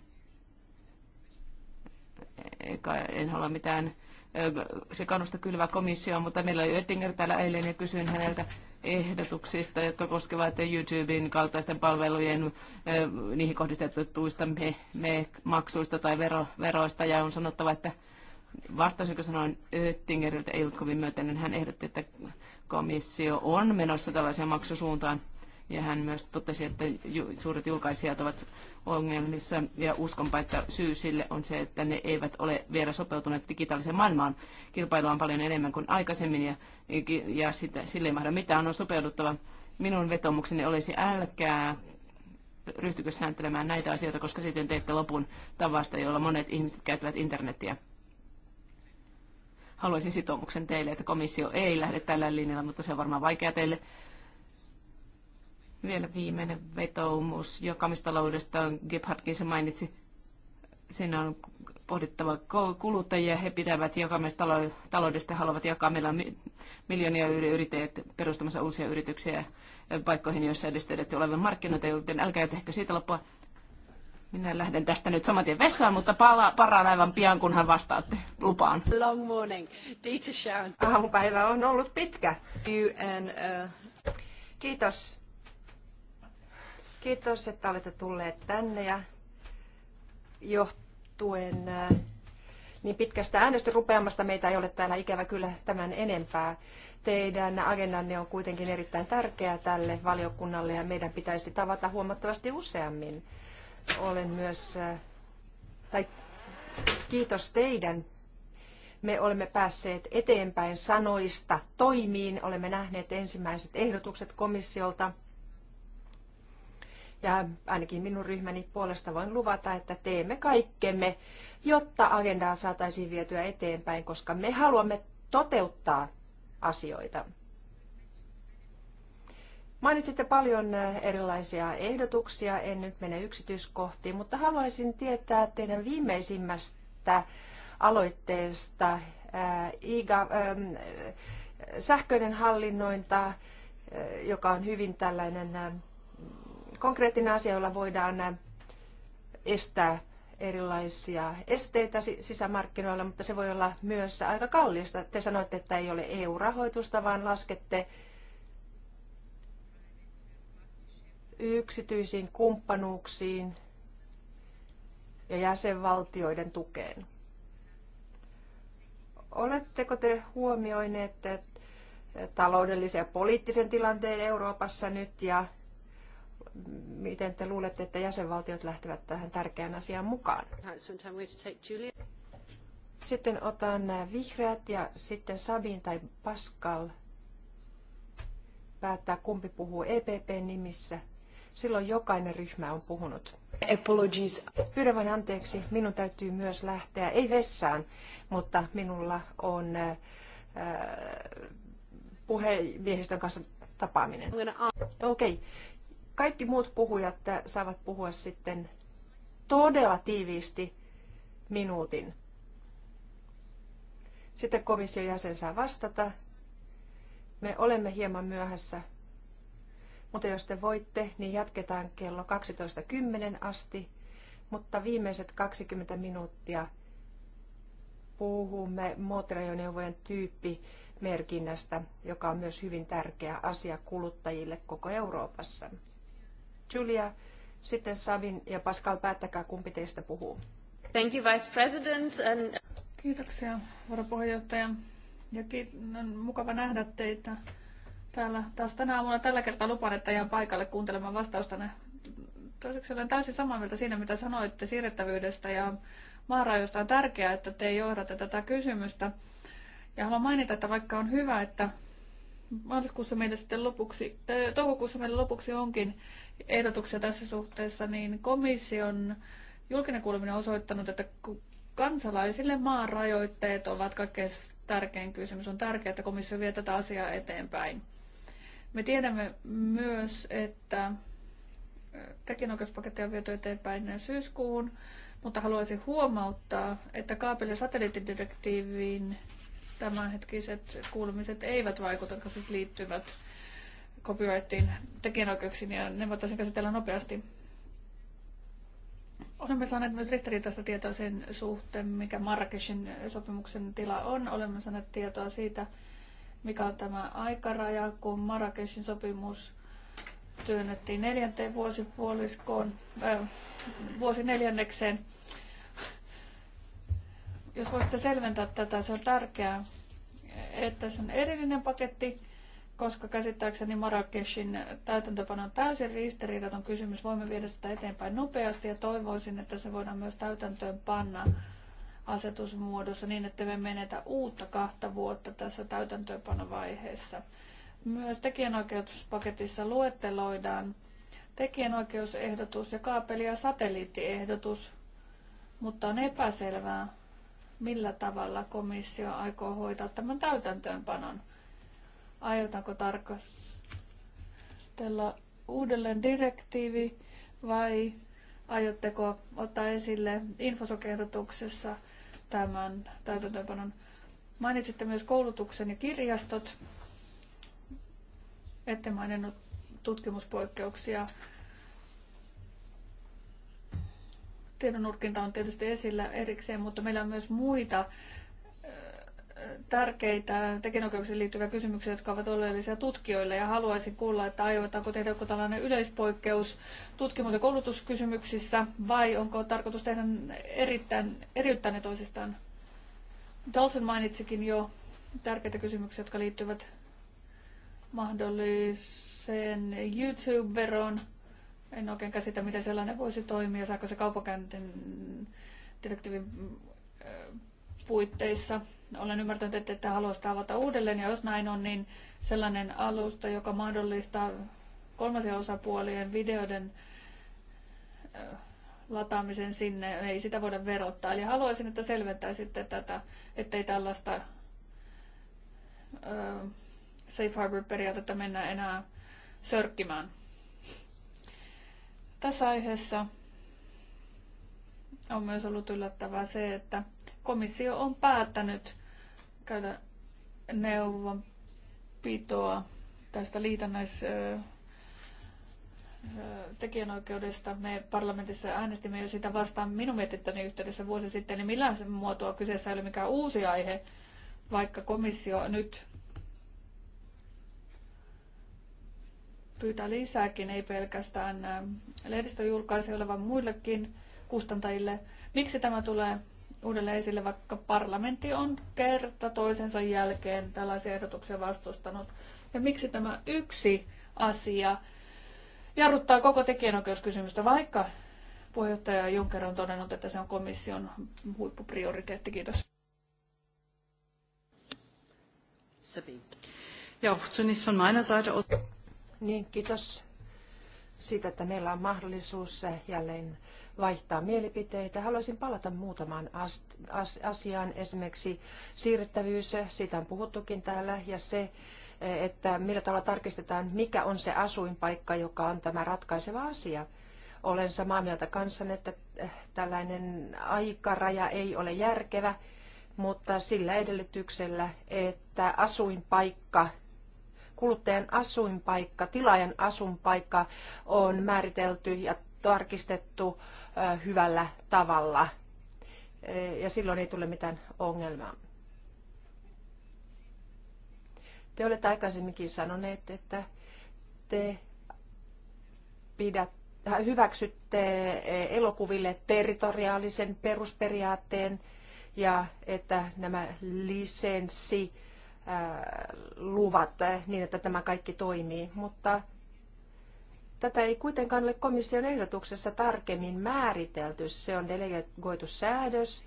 Eikä, en halua mitään Se kannusta kylvää komissio, mutta meillä oli Oettinger täällä eilen ja kysyin häneltä ehdotuksista, jotka koskevat YouTuben kaltaisten palvelujen niihin kohdistettuista me, me maksuista tai vero, veroista ja on sanottava, että vastaus, joka sanoin Oettingeriltä, ei ollut kovin niin Hän ehdotti, että komissio on menossa tällaiseen maksusuuntaan. Ja hän myös totesi, että suuret julkaisijat ovat ongelmissa ja uskonpa, että syy sille on se, että ne eivät ole vielä sopeutuneet digitaaliseen maailmaan. Kilpailua on paljon enemmän kuin aikaisemmin ja, ja sitä, sille ei mahda mitään on sopeuduttava. Minun vetomukseni olisi älkää ryhtykö sääntelemään näitä asioita, koska sitten teette lopun tavasta, jolla monet ihmiset käyttävät internetiä haluaisin sitoumuksen teille, että komissio ei lähde tällä linjalla, mutta se on varmaan vaikea teille. Vielä viimeinen vetoumus jakamistaloudesta on Gebhardkin se mainitsi. Siinä on pohdittava kuluttajia. He pidävät jakamistaloudesta ja haluavat jakaa. Meillä on miljoonia yrittäjät perustamassa uusia yrityksiä paikkoihin, joissa edes olevan markkinoita, joten älkää tehkö siitä loppua minä lähden tästä nyt samantien vessaan, mutta pala, paraan aivan pian, kunhan vastaatte. Lupaan. Long
morning. Teacher Sharon. Aamupäivä on ollut pitkä. You and, uh... Kiitos. Kiitos, että olette tulleet tänne ja johtuen uh, niin pitkästä äänestysrupeamasta meitä ei ole täällä ikävä kyllä tämän enempää. Teidän agendanne on kuitenkin erittäin tärkeä tälle valiokunnalle ja meidän pitäisi tavata huomattavasti useammin olen myös, tai kiitos teidän, me olemme päässeet eteenpäin sanoista toimiin. Olemme nähneet ensimmäiset ehdotukset komissiolta. Ja ainakin minun ryhmäni puolesta voin luvata, että teemme kaikkemme, jotta agendaa saataisiin vietyä eteenpäin, koska me haluamme toteuttaa asioita. Mainitsitte paljon äh, erilaisia ehdotuksia, en nyt mene yksityiskohtiin, mutta haluaisin tietää teidän viimeisimmästä aloitteesta, äh, IGA, äh, sähköinen hallinnointa, äh, joka on hyvin tällainen äh, konkreettinen asia, jolla voidaan äh, estää erilaisia esteitä sisämarkkinoilla, mutta se voi olla myös aika kallista. Te sanoitte, että ei ole EU-rahoitusta, vaan laskette yksityisiin kumppanuuksiin ja jäsenvaltioiden tukeen. Oletteko te huomioineet taloudellisen ja poliittisen tilanteen Euroopassa nyt ja miten te luulette, että jäsenvaltiot lähtevät tähän tärkeään asiaan mukaan? Sitten otan vihreät ja sitten Sabin tai Pascal päättää, kumpi puhuu EPP nimissä Silloin jokainen ryhmä on puhunut. Apologies. Pyydän vain anteeksi, minun täytyy myös lähteä, ei vessaan, mutta minulla on äh, puhemiehistön kanssa tapaaminen. Okei. Okay. Kaikki muut puhujat saavat puhua sitten todella tiiviisti minuutin. Sitten komission jäsen saa vastata. Me olemme hieman myöhässä, mutta jos te voitte, niin jatketaan kello 12.10 asti. Mutta viimeiset 20 minuuttia puhumme moottorajoneuvojen tyyppimerkinnästä, joka on myös hyvin tärkeä asia kuluttajille koko Euroopassa. Julia, sitten Savin ja Pascal, päättäkää kumpi teistä puhuu.
Thank you, Vice President. And... Kiitoksia, varapuheenjohtaja. Ja on mukava nähdä teitä täällä taas tänä aamuna. Tällä kertaa lupaan, että jään paikalle kuuntelemaan vastaustanne. Toiseksi olen täysin samaa mieltä siinä, mitä sanoitte siirrettävyydestä ja maarajoista on tärkeää, että te johdatte tätä kysymystä. Ja haluan mainita, että vaikka on hyvä, että maaliskuussa meillä sitten lopuksi, äh, toukokuussa meillä lopuksi onkin ehdotuksia tässä suhteessa, niin komission julkinen kuuleminen on osoittanut, että kansalaisille maan rajoitteet ovat kaikkein tärkein kysymys. On tärkeää, että komissio vie tätä asiaa eteenpäin. Me tiedämme myös, että äh, tekijänoikeuspaketti on viety eteenpäin syyskuun, mutta haluaisin huomauttaa, että kaapeli- ja satelliittidirektiiviin tämänhetkiset kuulumiset eivät vaikuta, jotka siis liittyvät copyrightiin, tekijänoikeuksiin, ja ne voitaisiin käsitellä nopeasti. Olemme saaneet myös ristiriitaista tietoa sen suhteen, mikä Marrakeshin sopimuksen tila on. Olemme saaneet tietoa siitä, mikä on tämä aikaraja, kun Marrakeshin sopimus työnnettiin neljänteen vuosipuoliskoon, äh, neljännekseen. Jos voisitte selventää tätä, se on tärkeää, että se on erillinen paketti, koska käsittääkseni Marrakeshin täytäntöpano on täysin ristiriidaton kysymys. Voimme viedä sitä eteenpäin nopeasti ja toivoisin, että se voidaan myös täytäntöön panna asetusmuodossa niin, että me menetä uutta kahta vuotta tässä täytäntöönpanovaiheessa. Myös tekijänoikeuspaketissa luetteloidaan tekijänoikeusehdotus ja kaapeli- ja satelliittiehdotus, mutta on epäselvää, millä tavalla komissio aikoo hoitaa tämän täytäntöönpanon. Aiotaanko tarkastella uudelleen direktiivi vai aiotteko ottaa esille infosokehdotuksessa tämän täytäntöönpanon. Mainitsitte myös koulutuksen ja kirjastot. Ette maininnut tutkimuspoikkeuksia. Tiedonurkinta on tietysti esillä erikseen, mutta meillä on myös muita tärkeitä tekijänoikeuksiin liittyviä kysymyksiä, jotka ovat oleellisia tutkijoille ja haluaisin kuulla, että aiotaanko tehdä joku tällainen yleispoikkeus tutkimus- ja koulutuskysymyksissä vai onko tarkoitus tehdä erittäin, eriyttää ne toisistaan. Dalton mainitsikin jo tärkeitä kysymyksiä, jotka liittyvät mahdolliseen YouTube-veroon. En oikein käsitä, miten sellainen voisi toimia, saako se kaupankäynnin direktiivin puitteissa. Olen ymmärtänyt, että ette halua sitä avata uudelleen, ja jos näin on, niin sellainen alusta, joka mahdollistaa kolmansien osapuolien videoiden lataamisen sinne, ei sitä voida verottaa. Eli haluaisin, että selventäisitte tätä, ettei tällaista ö, safe harbor-periaatetta mennä enää sörkkimään. Tässä aiheessa on myös ollut yllättävää se, että komissio on päättänyt käydä neuvonpitoa tästä liitännäis tekijänoikeudesta. Me parlamentissa äänestimme jo sitä vastaan minun mietintöni yhteydessä vuosi sitten, niin millään muotoa kyseessä ei ole mikään uusi aihe, vaikka komissio nyt pyytää lisääkin, ei pelkästään lehdistöjulkaisijoille, vaan muillekin kustantajille. Miksi tämä tulee uudelleen esille, vaikka parlamentti on kerta toisensa jälkeen tällaisia ehdotuksia vastustanut? Ja miksi tämä yksi asia jarruttaa koko tekijänoikeuskysymystä, vaikka puheenjohtaja Juncker on todennut, että se on komission huippuprioriteetti. Kiitos.
Ja, zunächst von meiner Seite aus.
Niin, kiitos siitä, että meillä on mahdollisuus jälleen vaihtaa mielipiteitä. Haluaisin palata muutamaan asiaan, esimerkiksi siirrettävyys, siitä on puhuttukin täällä, ja se, että millä tavalla tarkistetaan, mikä on se asuinpaikka, joka on tämä ratkaiseva asia. Olen samaa mieltä kanssanne, että eh, tällainen aikaraja ei ole järkevä, mutta sillä edellytyksellä, että asuinpaikka kuluttajan asuinpaikka, tilaajan asunpaikka on määritelty ja tarkistettu hyvällä tavalla. E, ja silloin ei tule mitään ongelmaa. Te olette aikaisemminkin sanoneet, että te pidät, äh, hyväksytte e, elokuville territoriaalisen perusperiaatteen ja että nämä lisenssi äh, luvat niin, että tämä kaikki toimii. Mutta Tätä ei kuitenkaan ole komission ehdotuksessa tarkemmin määritelty. Se on delegoitu säädös.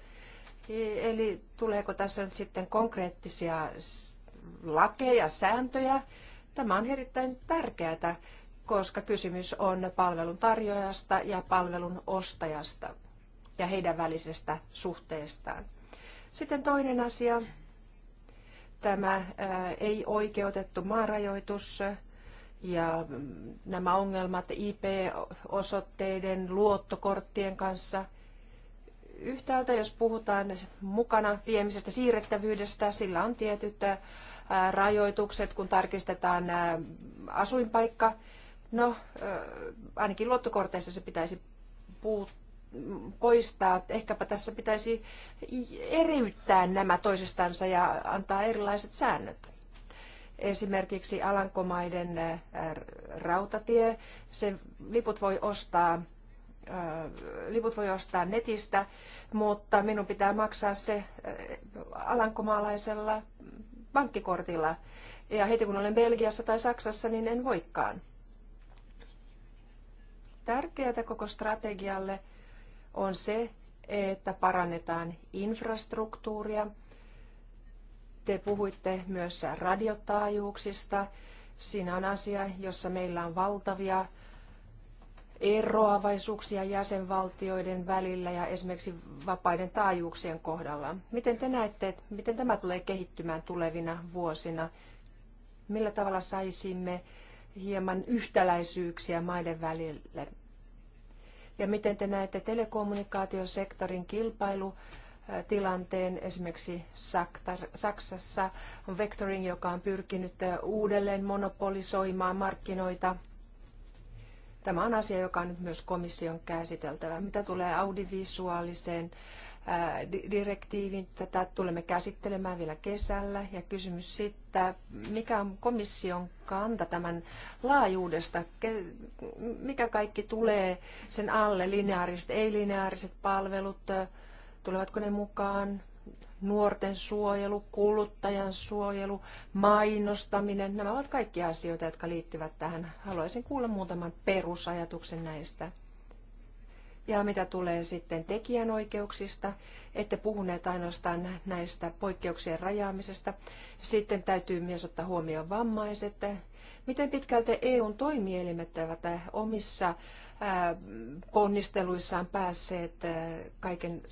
E, eli tuleeko tässä nyt sitten konkreettisia lakeja, sääntöjä? Tämä on erittäin tärkeää, koska kysymys on palvelun tarjoajasta ja palvelun ostajasta ja heidän välisestä suhteestaan. Sitten toinen asia, tämä ei-oikeutettu maarajoitus ja nämä ongelmat IP-osoitteiden, luottokorttien kanssa. Yhtäältä, jos puhutaan mukana viemisestä siirrettävyydestä, sillä on tietyt rajoitukset, kun tarkistetaan asuinpaikka. No, ainakin luottokorteissa se pitäisi puuttua poistaa. Ehkäpä tässä pitäisi eriyttää nämä toisistansa ja antaa erilaiset säännöt. Esimerkiksi Alankomaiden rautatie, se liput voi ostaa liput voi ostaa netistä, mutta minun pitää maksaa se alankomaalaisella pankkikortilla. Ja heti kun olen Belgiassa tai Saksassa, niin en voikaan. Tärkeää koko strategialle on se, että parannetaan infrastruktuuria – te puhuitte myös radiotaajuuksista. Siinä on asia, jossa meillä on valtavia eroavaisuuksia jäsenvaltioiden välillä ja esimerkiksi vapaiden taajuuksien kohdalla. Miten te näette, että miten tämä tulee kehittymään tulevina vuosina? Millä tavalla saisimme hieman yhtäläisyyksiä maiden välille? Ja miten te näette telekommunikaatiosektorin kilpailu? tilanteen. Esimerkiksi Saksassa on Vectoring, joka on pyrkinyt uudelleen monopolisoimaan markkinoita. Tämä on asia, joka on nyt myös komission käsiteltävä. Mitä tulee audivisuaaliseen direktiivin. Tätä tulemme käsittelemään vielä kesällä. Ja kysymys sitten, mikä on komission kanta tämän laajuudesta? Mikä kaikki tulee sen alle? Lineaariset, ei-lineaariset palvelut, tulevatko ne mukaan nuorten suojelu, kuluttajan suojelu, mainostaminen, nämä ovat kaikki asioita, jotka liittyvät tähän. Haluaisin kuulla muutaman perusajatuksen näistä. Ja mitä tulee sitten tekijänoikeuksista, ette puhuneet ainoastaan näistä poikkeuksien rajaamisesta. Sitten täytyy myös ottaa huomioon vammaiset. Miten pitkälti EUn toimielimet ovat omissa ponnisteluissaan päässeet kaiken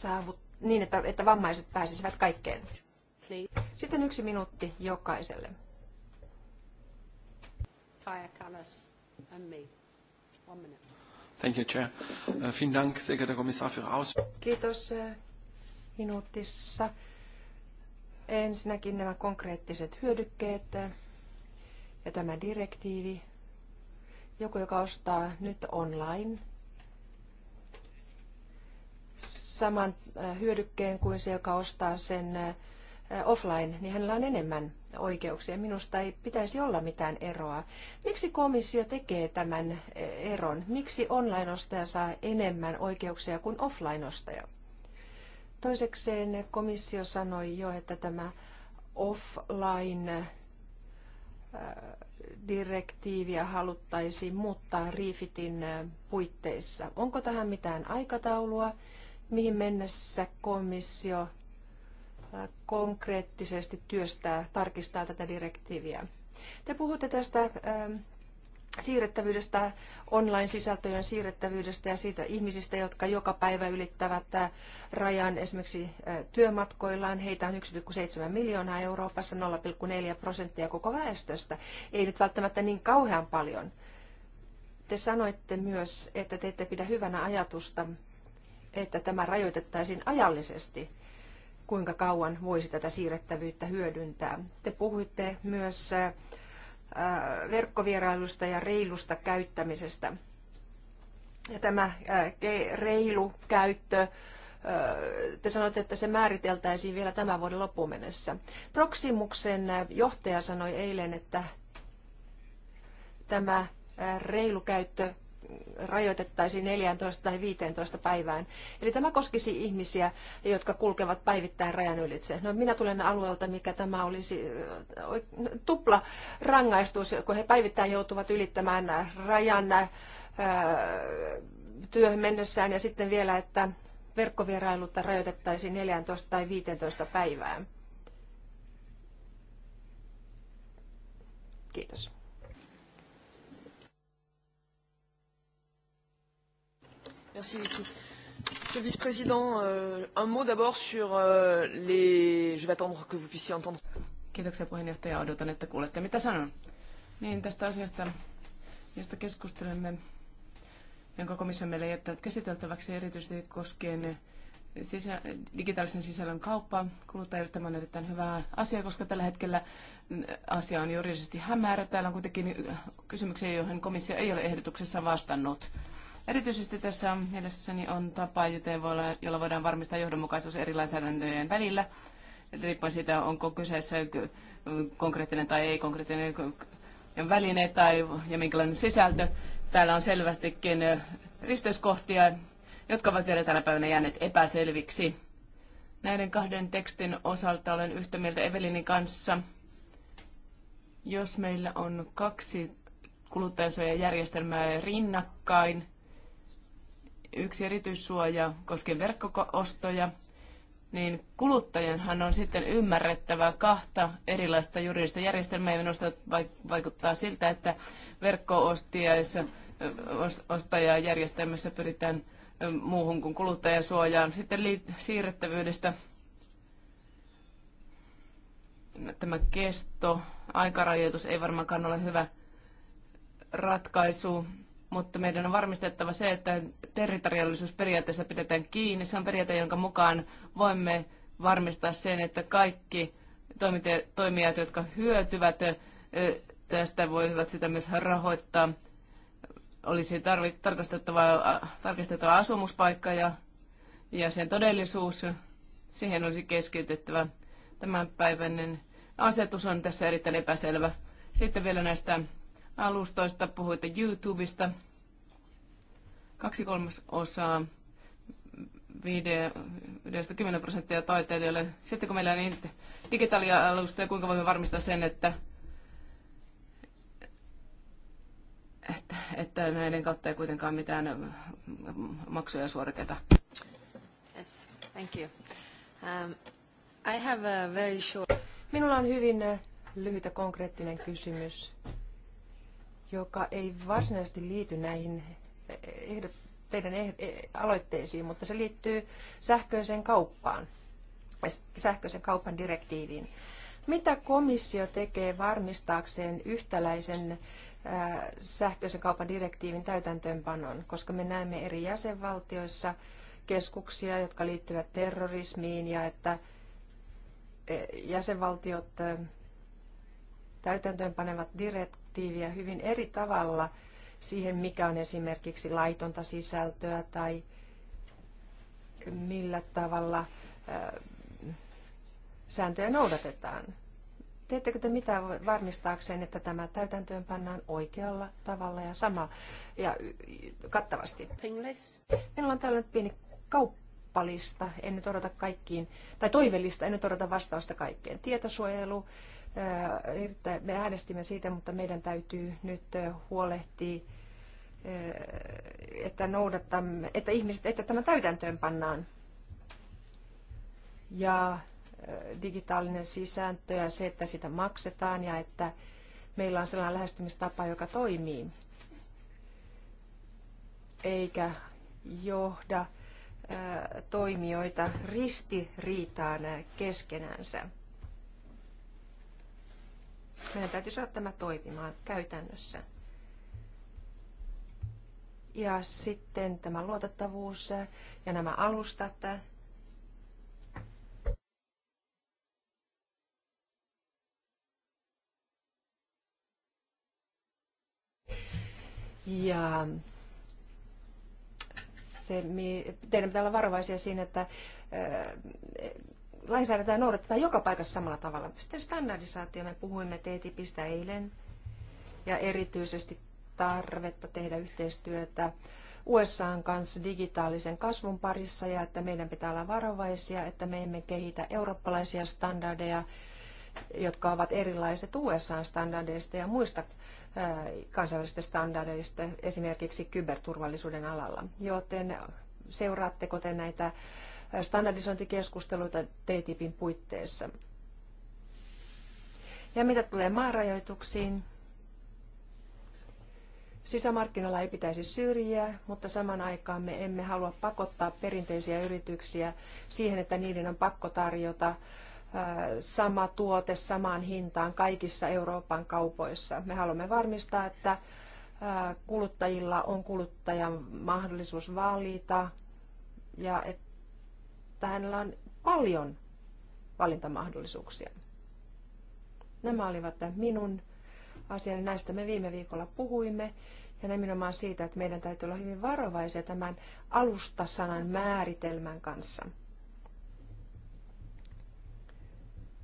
saavut, niin, että, että vammaiset pääsisivät kaikkeen. Sitten yksi minuutti jokaiselle.
Thank you, Chair. Uh, vielen Dank, sehr geehrter Kommissar, für Aus. Kiitos äh, minuutissa.
Ensinnäkin nämä konkreettiset hyödykkeet äh, ja tämä direktiivi. Joku, joka ostaa nyt online saman äh, hyödykkeen kuin se, joka ostaa sen äh, offline, niin hänellä on enemmän oikeuksia. Minusta ei pitäisi olla mitään eroa. Miksi komissio tekee tämän äh, eron? Miksi online-ostaja saa enemmän oikeuksia kuin offline-ostaja? Toisekseen komissio sanoi jo, että tämä offline direktiiviä haluttaisiin muuttaa Riifitin puitteissa. Onko tähän mitään aikataulua? mihin mennessä komissio äh, konkreettisesti työstää, tarkistaa tätä direktiiviä. Te puhutte tästä ähm, siirrettävyydestä, online-sisältöjen siirrettävyydestä ja siitä ihmisistä, jotka joka päivä ylittävät äh, rajan esimerkiksi äh, työmatkoillaan. Heitä on 1,7 miljoonaa Euroopassa, 0,4 prosenttia koko väestöstä. Ei nyt välttämättä niin kauhean paljon. Te sanoitte myös, että te ette pidä hyvänä ajatusta, että tämä rajoitettaisiin ajallisesti, kuinka kauan voisi tätä siirrettävyyttä hyödyntää. Te puhuitte myös äh, verkkovierailusta ja reilusta käyttämisestä. Ja tämä äh, reilu käyttö, äh, te sanoitte, että se määriteltäisiin vielä tämän vuoden loppuun mennessä. Proximuksen johtaja sanoi eilen, että tämä reilu käyttö rajoitettaisiin 14 tai 15 päivään. Eli tämä koskisi ihmisiä, jotka kulkevat päivittäin rajan ylitse. No, minä tulen alueelta, mikä tämä olisi tupla rangaistus, kun he päivittäin joutuvat ylittämään rajan työhön mennessään ja sitten vielä, että verkkovierailutta rajoitettaisiin 14 tai 15 päivään. Kiitos.
Merci Vicky. Monsieur le Vice-président, euh, un mot d'abord sur euh, les... Je vais attendre que vous puissiez entendre. Kiitoksia puheenjohtaja. Odotan, että kuulette mitä sanon. Niin, tästä asiasta, josta keskustelemme, jonka komissio meille jättää käsiteltäväksi erityisesti koskien eh, sisä, digitaalisen sisällön kauppaa. Kuluttajille tämä on erittäin hyvä asia, koska tällä hetkellä mm, asia on juridisesti hämärä. Täällä on kuitenkin eh, kysymyksiä, joihin komissio ei ole ehdotuksessa vastannut. Erityisesti tässä mielessäni on tapa, jolla voidaan varmistaa johdonmukaisuus eri lainsäädäntöjen välillä, riippuen siitä, onko kyseessä konkreettinen tai ei-konkreettinen väline tai, ja minkälainen sisältö. Täällä on selvästikin risteyskohtia, jotka ovat vielä tänä päivänä jääneet epäselviksi. Näiden kahden tekstin osalta olen yhtä mieltä Evelinin kanssa. Jos meillä on kaksi kuluttajansuojajärjestelmää rinnakkain, yksi erityissuoja koskee verkkoostoja, niin kuluttajanhan on sitten ymmärrettävä kahta erilaista juridista järjestelmää. Ja minusta vaikuttaa siltä, että verkko-ostajajärjestelmässä pyritään muuhun kuin kuluttajasuojaan. Sitten siirrettävyydestä tämä kesto, aikarajoitus ei varmaankaan ole hyvä ratkaisu mutta meidän on varmistettava se, että territoriallisuusperiaatteesta pidetään kiinni. Se on periaate, jonka mukaan voimme varmistaa sen, että kaikki toimijat, jotka hyötyvät tästä, voivat sitä myös rahoittaa. Olisi tarkastettava, tarkastettava asumuspaikka ja, ja sen todellisuus. Siihen olisi keskityttävä tämänpäiväinen asetus on tässä erittäin epäselvä. Sitten vielä näistä alustoista, puhuitte YouTubesta. Kaksi kolmasosaa video, 10 prosenttia taiteilijoille. Sitten kun meillä on niin digitaalia alustoja, kuinka voimme varmistaa sen, että, että, että näiden kautta ei kuitenkaan mitään maksuja suoriteta?
Yes, thank you. Um, I have a very short...
Minulla on hyvin lyhyt ja konkreettinen kysymys joka ei varsinaisesti liity näihin eh, ehdot, teidän eh, eh, aloitteisiin, mutta se liittyy sähköiseen kauppaan, sähköisen kaupan direktiiviin. Mitä komissio tekee varmistaakseen yhtäläisen sähköisen kaupan direktiivin täytäntöönpanon, koska me näemme eri jäsenvaltioissa keskuksia, jotka liittyvät terrorismiin ja että jäsenvaltiot täytäntöönpanevat direktiiviä hyvin eri tavalla siihen, mikä on esimerkiksi laitonta sisältöä tai millä tavalla sääntöjä noudatetaan. Teettekö te mitään varmistaakseen, että tämä täytäntöön pannaan oikealla tavalla ja sama ja kattavasti? Meillä on nyt pieni kauppalista, en nyt odota kaikkiin, tai toivellista, en nyt odota vastausta kaikkeen. Tietosuojelu, Äh, me äänestimme siitä, mutta meidän täytyy nyt äh, huolehtia, äh, että noudattamme, että ihmiset, että tämä täytäntöön pannaan. Ja digitaalinen sisääntö ja se, että sitä maksetaan ja että meillä on sellainen lähestymistapa, joka toimii, eikä johda toimijoita ristiriitaan keskenänsä. Meidän täytyy saada tämä toimimaan käytännössä. Ja sitten tämä luotettavuus ja nämä alustat. Ja se, teidän pitää olla varovaisia siinä, että lainsäädäntöä noudatetaan joka paikassa samalla tavalla. Sitten standardisaatio, me puhuimme TTIPistä eilen ja erityisesti tarvetta tehdä yhteistyötä USAn kanssa digitaalisen kasvun parissa ja että meidän pitää olla varovaisia, että me emme kehitä eurooppalaisia standardeja, jotka ovat erilaiset USA-standardeista ja muista kansainvälisistä standardeista, esimerkiksi kyberturvallisuuden alalla. Joten seuraatteko te näitä standardisointikeskusteluita TTIPin puitteissa. Ja mitä tulee maarajoituksiin, sisämarkkinoilla ei pitäisi syrjiä, mutta saman aikaan me emme halua pakottaa perinteisiä yrityksiä siihen, että niiden on pakko tarjota sama tuote samaan hintaan kaikissa Euroopan kaupoissa. Me haluamme varmistaa, että kuluttajilla on kuluttajan mahdollisuus valita ja että että hänellä on paljon valintamahdollisuuksia. Nämä olivat minun asiani. Näistä me viime viikolla puhuimme ja nimenomaan siitä, että meidän täytyy olla hyvin varovaisia tämän alustasanan määritelmän kanssa.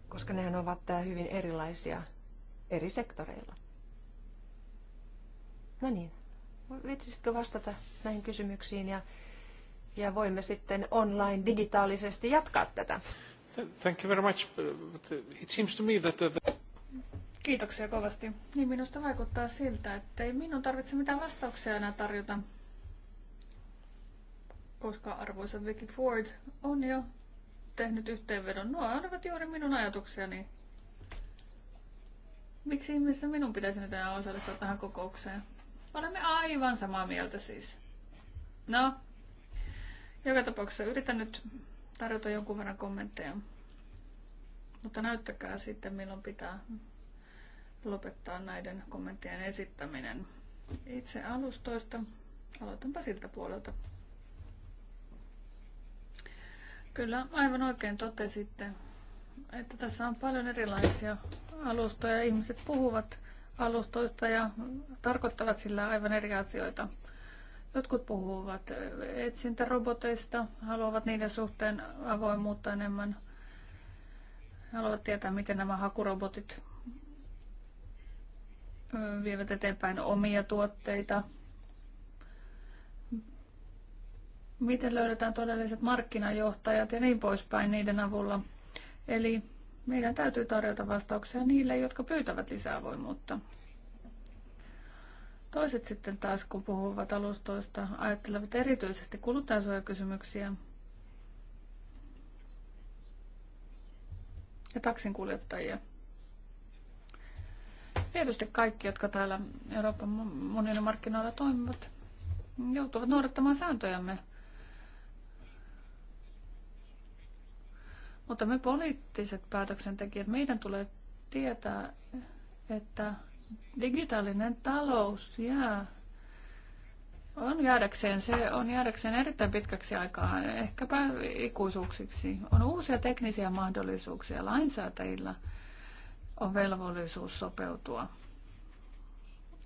Koska nehän ovat hyvin erilaisia eri sektoreilla. No niin, vitsisitkö vastata näihin kysymyksiin ja ja voimme
sitten online digitaalisesti jatkaa tätä.
Thank you very much. It seems to me that the...
Kiitoksia kovasti. Niin minusta vaikuttaa siltä, että ei minun tarvitse mitään vastauksia enää tarjota, koska arvoisa Vicky Ford on jo tehnyt yhteenvedon. Nuo olivat juuri minun ajatuksiani. Miksi ihmisessä minun pitäisi nyt enää osallistua tähän kokoukseen? Olemme aivan samaa mieltä siis. No, joka tapauksessa yritän nyt tarjota jonkun verran kommentteja. Mutta näyttäkää sitten, milloin pitää lopettaa näiden kommenttien esittäminen. Itse alustoista aloitanpa siltä puolelta. Kyllä, aivan oikein totesitte, että tässä on paljon erilaisia alustoja. Ihmiset puhuvat alustoista ja tarkoittavat sillä aivan eri asioita. Jotkut puhuvat etsintäroboteista, haluavat niiden suhteen avoimuutta enemmän, haluavat tietää, miten nämä hakurobotit vievät eteenpäin omia tuotteita, miten löydetään todelliset markkinajohtajat ja niin poispäin niiden avulla. Eli meidän täytyy tarjota vastauksia niille, jotka pyytävät lisää avoimuutta. Toiset sitten taas, kun puhuvat alustoista, ajattelevat erityisesti kuluttajansuojakysymyksiä ja taksinkuljettajia. Tietysti kaikki, jotka täällä Euroopan unionin markkinoilla toimivat, joutuvat noudattamaan sääntöjämme. Mutta me poliittiset päätöksentekijät, meidän tulee tietää, että digitaalinen talous jää, on jäädäkseen, se on jäädäkseen erittäin pitkäksi aikaa, ehkäpä ikuisuuksiksi. On uusia teknisiä mahdollisuuksia lainsäätäjillä on velvollisuus sopeutua.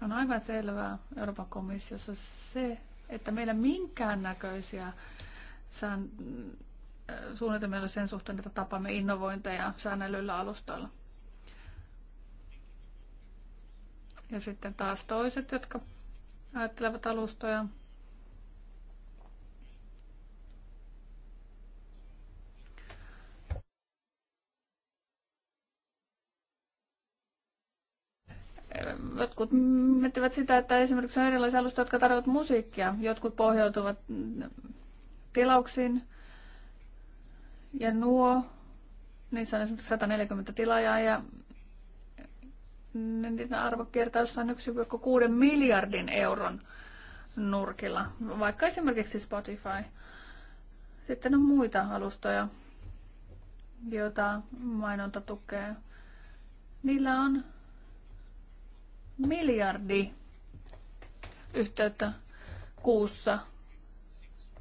On aivan selvää Euroopan komissiossa se, että meillä minkäännäköisiä sään, suunnitelmia sen suhteen, että tapamme innovointeja säännellyillä alustoilla. Ja sitten taas toiset, jotka ajattelevat alustoja. Jotkut miettivät sitä, että esimerkiksi on erilaisia alustoja, jotka tarjoavat musiikkia. Jotkut pohjautuvat tilauksiin. Ja nuo, niissä on esimerkiksi 140 tilaajaa ja niiden arvo kiertää jossain 1,6 miljardin euron nurkilla, vaikka esimerkiksi Spotify. Sitten on muita alustoja, joita mainonta tukee. Niillä on miljardi yhteyttä kuussa,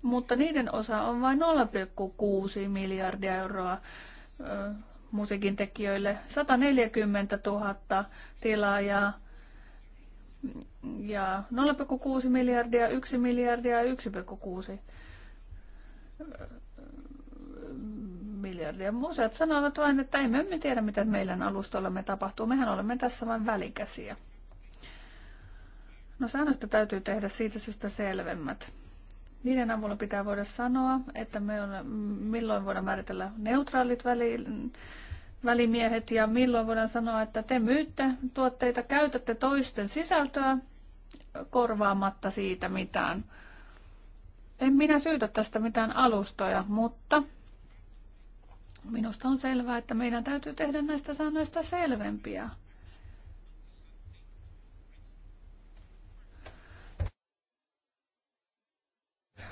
mutta niiden osa on vain 0,6 miljardia euroa musiikin tekijöille 140 000 tilaajaa ja 0,6 miljardia, 1 miljardia ja 1,6 miljardia. Museot sanovat vain, että emme me tiedä, mitä meidän me tapahtuu. Mehän olemme tässä vain välikäsiä. No säännöstä täytyy tehdä siitä syystä selvemmät. Niiden avulla pitää voida sanoa, että me on, milloin voidaan määritellä neutraalit väliin välimiehet ja milloin voidaan sanoa, että te myytte tuotteita, käytätte toisten sisältöä korvaamatta siitä mitään. En minä syytä tästä mitään alustoja, mutta minusta on selvää, että meidän täytyy tehdä näistä sanoista selvempiä.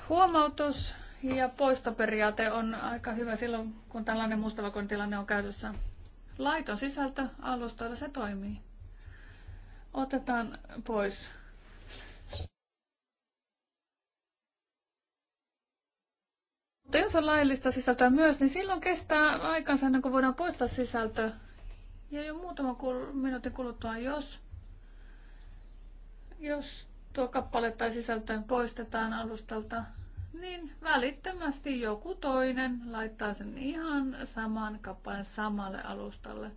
Huomautus ja poistoperiaate on aika hyvä silloin, kun tällainen mustavalkoinen tilanne on käytössä. Laiton sisältö alustoilla se toimii. Otetaan pois. Mutta jos on laillista sisältöä myös, niin silloin kestää aikansa ennen kuin voidaan poistaa sisältö. Ja jo muutama minuutin kuluttua, jos, jos tuo kappale tai sisältö poistetaan alustalta, niin välittömästi joku toinen laittaa sen ihan saman kappaleen samalle alustalle.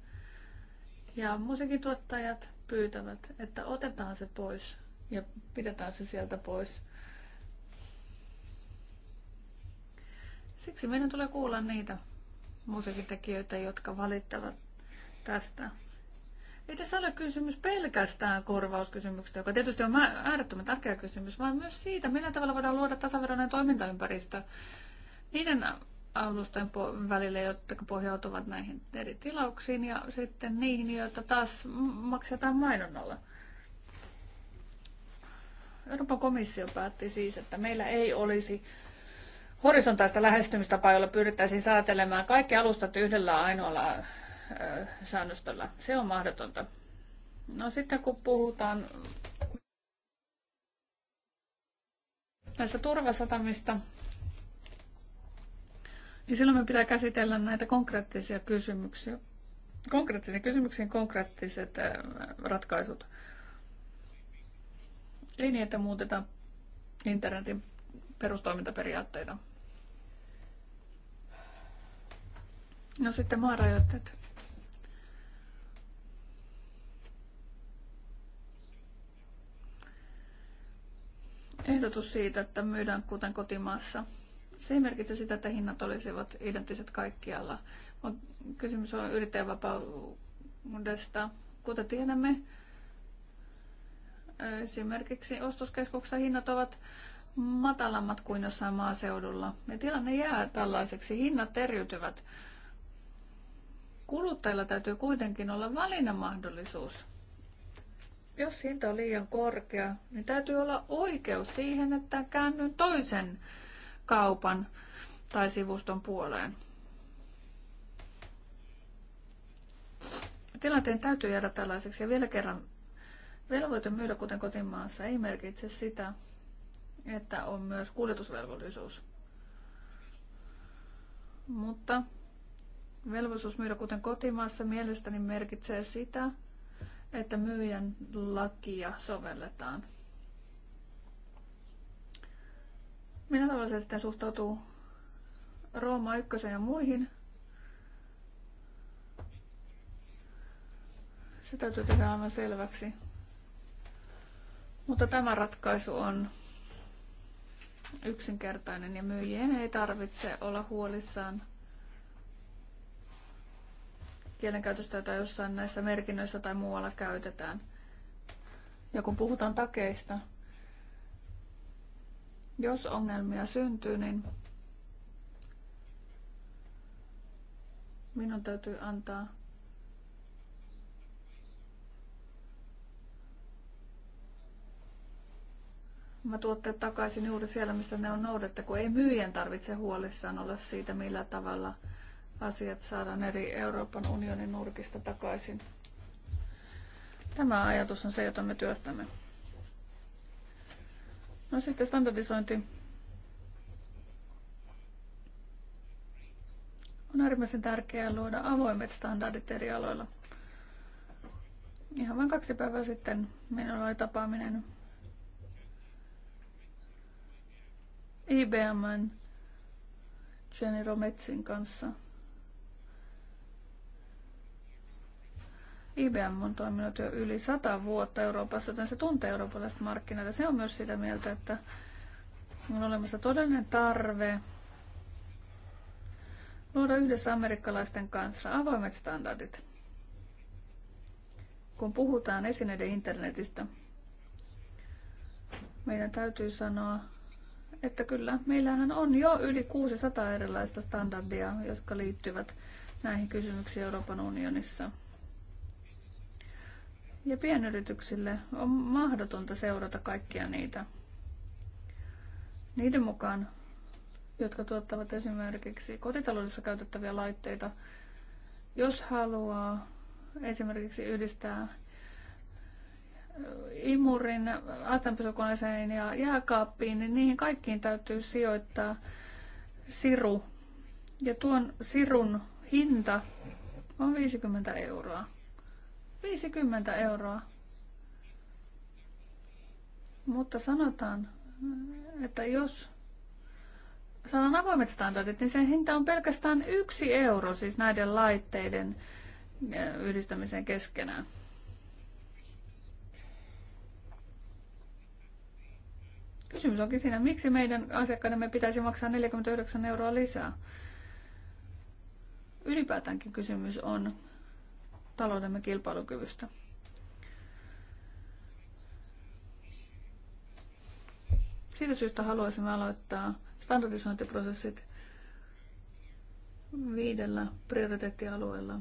Ja musiikintuottajat pyytävät, että otetaan se pois ja pidetään se sieltä pois. Siksi meidän tulee kuulla niitä musiikintekijöitä, jotka valittavat tästä ei tässä ole kysymys pelkästään korvauskysymyksestä, joka tietysti on äärettömän tärkeä kysymys, vaan myös siitä, millä tavalla voidaan luoda tasaveroinen toimintaympäristö niiden alusten välille, jotka pohjautuvat näihin eri tilauksiin ja sitten niihin, joita taas maksetaan mainonnalla. Euroopan komissio päätti siis, että meillä ei olisi horisontaista lähestymistapaa, jolla pyrittäisiin säätelemään kaikki alustat yhdellä ainoalla Äh, säännöstöllä. Se on mahdotonta. No sitten kun puhutaan näistä turvasatamista, niin silloin me pitää käsitellä näitä konkreettisia kysymyksiä. Konkreettisiin kysymyksiin konkreettiset äh, ratkaisut. Ei niin, että muutetaan internetin perustoimintaperiaatteita. No sitten maarajoitteet. ehdotus siitä, että myydään kuten kotimaassa. Se ei merkitse sitä, että hinnat olisivat identtiset kaikkialla, vaan kysymys on yrittäjävapaudesta. Kuten tiedämme, esimerkiksi ostoskeskuksessa hinnat ovat matalammat kuin jossain maaseudulla. Ja tilanne jää tällaiseksi, hinnat eriytyvät. Kuluttajilla täytyy kuitenkin olla valinnan mahdollisuus. Jos hinta on liian korkea, niin täytyy olla oikeus siihen, että käännyn toisen kaupan tai sivuston puoleen. Tilanteen täytyy jäädä tällaiseksi. Ja vielä kerran, velvoite myydä kuten kotimaassa ei merkitse sitä, että on myös kuljetusvelvollisuus. Mutta velvollisuus myydä kuten kotimaassa mielestäni merkitsee sitä, että myyjän lakia sovelletaan. Millä tavalla se sitten suhtautuu Rooma 1 ja muihin? Se täytyy tehdä aivan selväksi. Mutta tämä ratkaisu on yksinkertainen ja myyjien ei tarvitse olla huolissaan kielenkäytöstä, jota jossain näissä merkinnöissä tai muualla käytetään. Ja kun puhutaan takeista, jos ongelmia syntyy, niin minun täytyy antaa mä tuotteet takaisin juuri siellä, missä ne on noudattu, kun ei myyjän tarvitse huolissaan olla siitä, millä tavalla – asiat saadaan eri Euroopan unionin nurkista takaisin. Tämä ajatus on se, jota me työstämme. No sitten standardisointi. On äärimmäisen tärkeää luoda avoimet standardit eri aloilla. Ihan vain kaksi päivää sitten minulla oli tapaaminen IBMn Jenny Rometsin kanssa – IBM on toiminut jo yli sata vuotta Euroopassa, joten se tuntee eurooppalaiset markkinat. Ja se on myös sitä mieltä, että on olemassa todellinen tarve luoda yhdessä amerikkalaisten kanssa avoimet standardit. Kun puhutaan esineiden internetistä, meidän täytyy sanoa, että kyllä, meillähän on jo yli 600 erilaista standardia, jotka liittyvät näihin kysymyksiin Euroopan unionissa. Ja pienyrityksille on mahdotonta seurata kaikkia niitä. Niiden mukaan, jotka tuottavat esimerkiksi kotitaloudessa käytettäviä laitteita, jos haluaa esimerkiksi yhdistää imurin, astanpysukoneeseen ja jääkaappiin, niin niihin kaikkiin täytyy sijoittaa siru. Ja tuon sirun hinta on 50 euroa. 50 euroa. Mutta sanotaan, että jos sanon avoimet standardit, niin sen hinta on pelkästään yksi euro, siis näiden laitteiden yhdistämiseen keskenään. Kysymys onkin siinä, miksi meidän asiakkaidemme pitäisi maksaa 49 euroa lisää. Ylipäätäänkin kysymys on taloudemme kilpailukyvystä. Siitä syystä haluaisimme aloittaa standardisointiprosessit viidellä prioriteettialueella,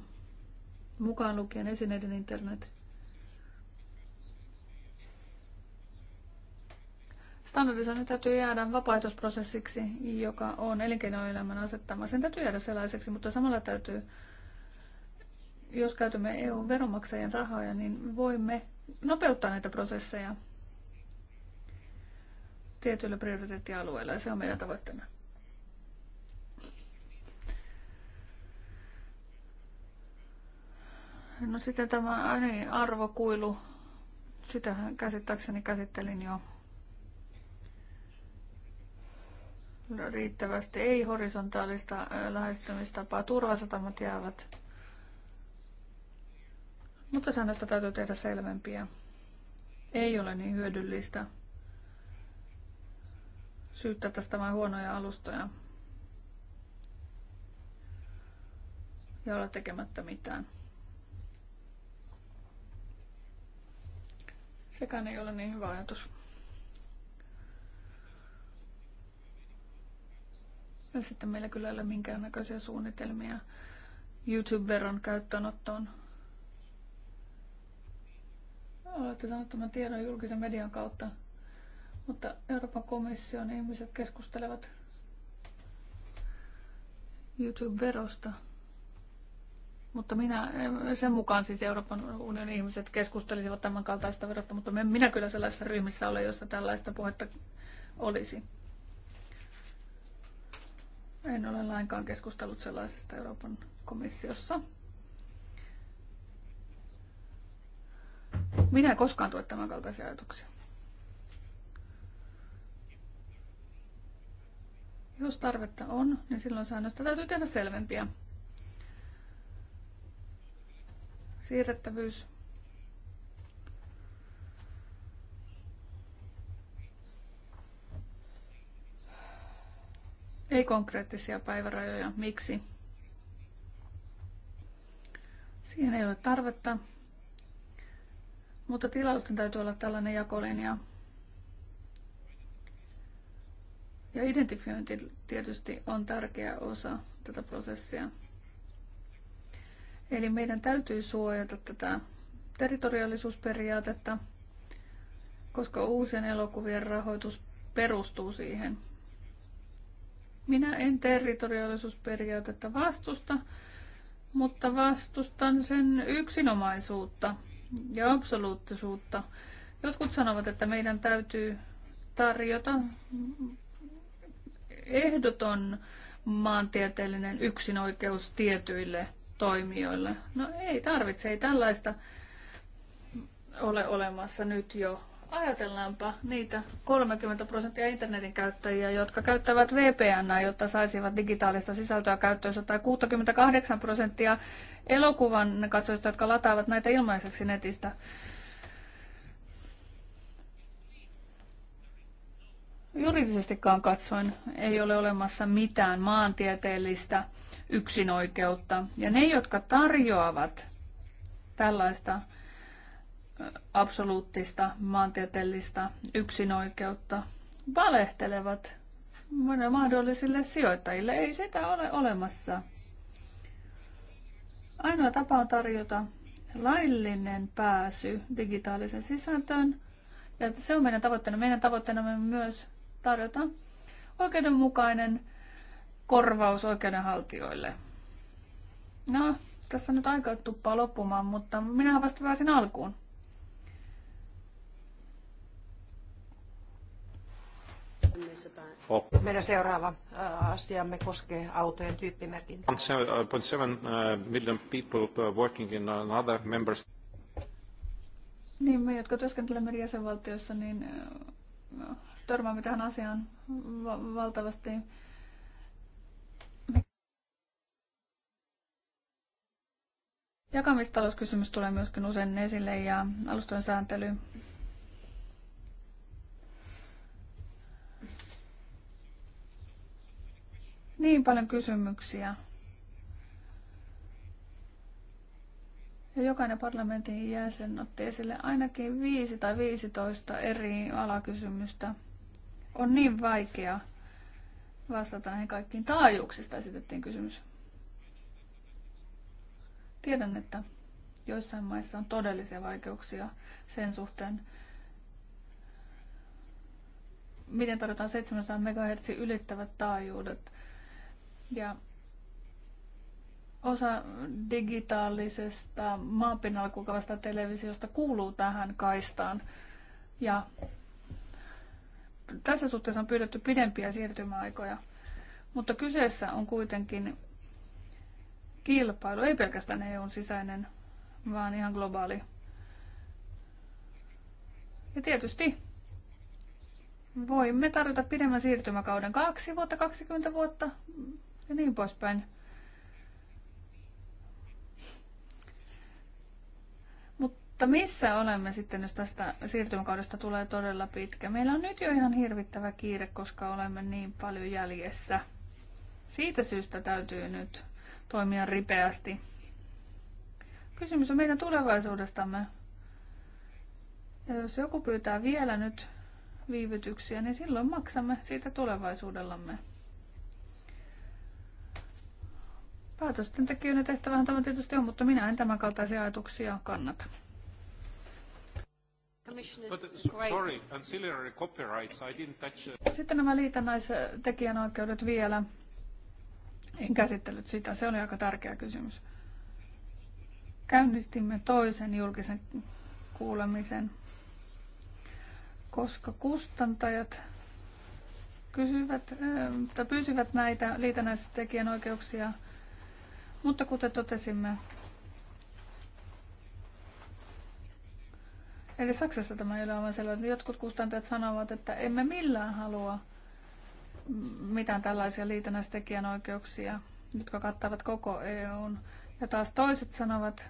mukaan lukien esineiden internet. Standardisointi täytyy jäädä vapaaehtoisprosessiksi, joka on elinkeinoelämän asettama. Sen täytyy jäädä sellaiseksi, mutta samalla täytyy jos käytämme EUn veronmaksajien rahoja, niin voimme nopeuttaa näitä prosesseja tietyillä prioriteettialueilla ja se on meidän tavoitteena. No sitten tämä niin, arvokuilu, sitä käsittääkseni käsittelin jo riittävästi. Ei horisontaalista lähestymistapaa, turvasatamat jäävät mutta säännöstä täytyy tehdä selvempiä. Ei ole niin hyödyllistä syyttää tästä vain huonoja alustoja ja olla tekemättä mitään. Sekään ei ole niin hyvä ajatus. Ja sitten meillä kyllä ei ole minkäännäköisiä suunnitelmia YouTube-veron käyttöönottoon olette saaneet tämän tiedon julkisen median kautta, mutta Euroopan komission ihmiset keskustelevat YouTube-verosta. Mutta minä, sen mukaan siis Euroopan unionin ihmiset keskustelisivat tämän kaltaista verosta, mutta minä kyllä sellaisessa ryhmissä ole, jossa tällaista puhetta olisi. En ole lainkaan keskustellut sellaisesta Euroopan komissiossa. Minä en koskaan tue tämän kaltaisia ajatuksia. Jos tarvetta on, niin silloin säännöstä täytyy tehdä selvempiä. Siirrettävyys. Ei konkreettisia päivärajoja. Miksi? Siihen ei ole tarvetta. Mutta tilausten täytyy olla tällainen jakolinja. Ja identifiointi tietysti on tärkeä osa tätä prosessia. Eli meidän täytyy suojata tätä territoriaalisuusperiaatetta, koska uusien elokuvien rahoitus perustuu siihen. Minä en territoriaalisuusperiaatetta vastusta, mutta vastustan sen yksinomaisuutta – ja absoluuttisuutta. Jotkut sanovat, että meidän täytyy tarjota ehdoton maantieteellinen yksinoikeus tietyille toimijoille. No ei tarvitse, ei tällaista ole olemassa nyt jo Ajatellaanpa niitä 30 prosenttia internetin käyttäjiä, jotka käyttävät VPN, jotta saisivat digitaalista sisältöä käyttöönsä, tai 68 prosenttia elokuvan katsojista, jotka lataavat näitä ilmaiseksi netistä. Juridisestikaan katsoen ei ole olemassa mitään maantieteellistä yksinoikeutta. Ja ne, jotka tarjoavat tällaista absoluuttista maantieteellistä yksinoikeutta valehtelevat mahdollisille sijoittajille. Ei sitä ole olemassa. Ainoa tapa on tarjota laillinen pääsy digitaalisen sisältöön. Ja se on meidän tavoitteena. Meidän tavoitteenamme myös tarjota oikeudenmukainen korvaus oikeudenhaltijoille. No, tässä on nyt aika tuppaa loppumaan, mutta minä vasta pääsin alkuun. Meidän seuraava äh, asiamme koskee autojen tyyppimerkintää.
1.7 äh, äh, million people working in another member
Niin, me jotka työskentelemme eri jäsenvaltiossa, niin törmäämme tähän asiaan va- valtavasti. Jakamistalouskysymys tulee myöskin usein esille ja alustojen sääntely niin paljon kysymyksiä. Ja jokainen parlamentin jäsen otti esille ainakin 5 tai 15 eri alakysymystä. On niin vaikea vastata näihin kaikkiin taajuuksista esitettiin kysymys. Tiedän, että joissain maissa on todellisia vaikeuksia sen suhteen, miten tarjotaan 700 MHz ylittävät taajuudet ja osa digitaalisesta maapinnalla kulkevasta televisiosta kuuluu tähän kaistaan. Ja tässä suhteessa on pyydetty pidempiä siirtymäaikoja, mutta kyseessä on kuitenkin kilpailu, ei pelkästään EUn sisäinen, vaan ihan globaali. Ja tietysti voimme tarjota pidemmän siirtymäkauden kaksi vuotta, 20 vuotta, ja niin poispäin. Mutta missä olemme sitten, jos tästä siirtymäkaudesta tulee todella pitkä? Meillä on nyt jo ihan hirvittävä kiire, koska olemme niin paljon jäljessä. Siitä syystä täytyy nyt toimia ripeästi. Kysymys on meidän tulevaisuudestamme. Ja jos joku pyytää vielä nyt viivytyksiä, niin silloin maksamme siitä tulevaisuudellamme. Päätösten tekijöiden tehtävähän tämä tietysti on, mutta minä en tämän kaltaisia ajatuksia kannata.
Uh, uh,
Sitten nämä liitännäistekijänoikeudet vielä. En käsitellyt sitä, se oli aika tärkeä kysymys. Käynnistimme toisen julkisen kuulemisen, koska kustantajat kysyivät, tai pyysivät näitä liitännäistekijänoikeuksia mutta kuten totesimme, Eli Saksassa tämä ei ole aivan sellainen. Jotkut kustantajat sanovat, että emme millään halua mitään tällaisia liitännäistekijänoikeuksia, oikeuksia, jotka kattavat koko EUn. Ja taas toiset sanovat,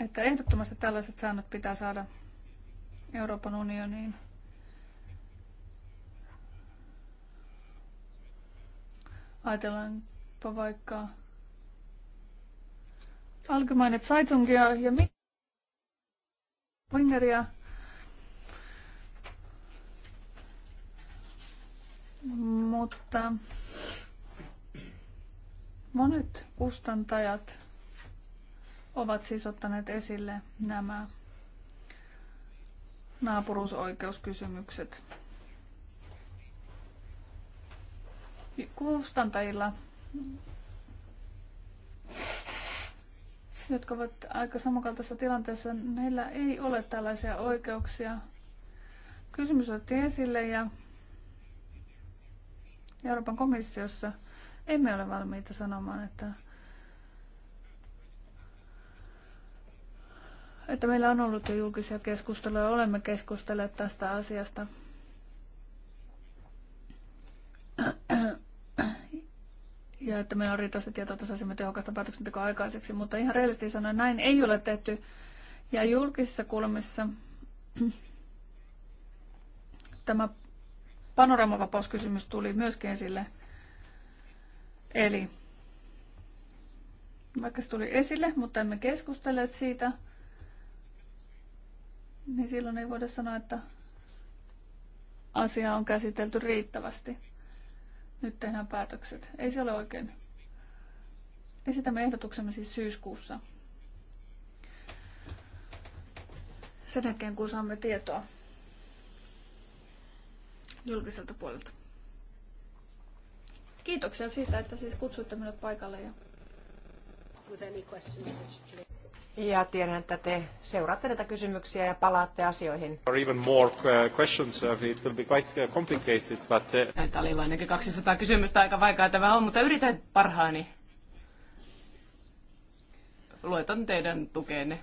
että ehdottomasti tällaiset säännöt pitää saada Euroopan unioniin. Ajatellaanpa vaikka Allgemeine Zeitungia ja Wingeria. Mutta monet kustantajat ovat siis ottaneet esille nämä naapuruusoikeuskysymykset. kustantajilla, jotka ovat aika samankaltaisessa tilanteessa, heillä ei ole tällaisia oikeuksia. Kysymys otettiin esille ja Euroopan komissiossa emme ole valmiita sanomaan, että, että meillä on ollut jo julkisia keskusteluja, olemme keskustelleet tästä asiasta. ja että meillä on riittävästi tietoa, että saisimme tehokasta päätöksentekoa aikaiseksi, mutta ihan rehellisesti sanoen näin ei ole tehty. Ja julkisissa kulmissa tämä panoramavapauskysymys tuli myöskin esille. Eli vaikka se tuli esille, mutta emme keskustelleet siitä, niin silloin ei voida sanoa, että asia on käsitelty riittävästi nyt tehdään päätökset. Ei se ole oikein. Esitämme ehdotuksemme siis syyskuussa. Sen jälkeen, kun saamme tietoa julkiselta puolelta. Kiitoksia siitä, että siis kutsuitte minut paikalle. Ja...
Ja tiedän, että te seuraatte näitä kysymyksiä ja palaatte asioihin.
Or even more uh, questions, uh, it will be quite uh, complicated, but... Näitä oli vain 200 kysymystä, aika vaikea tämä on, mutta yritän parhaani. Luetan teidän tukeenne.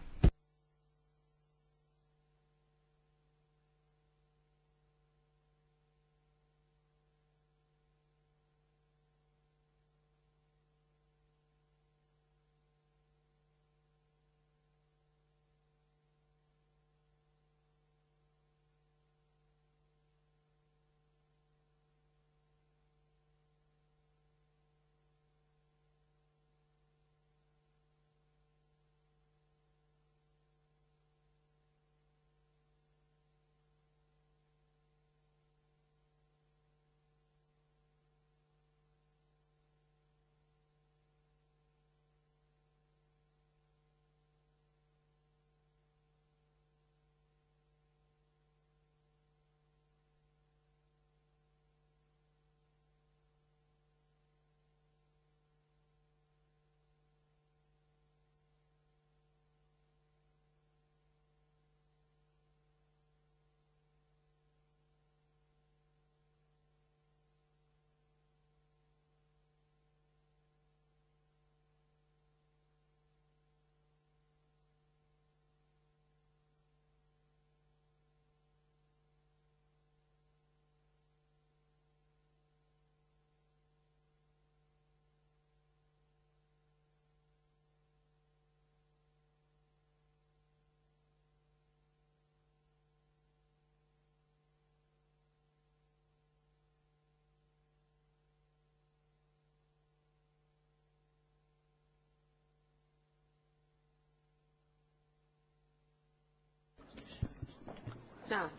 Now,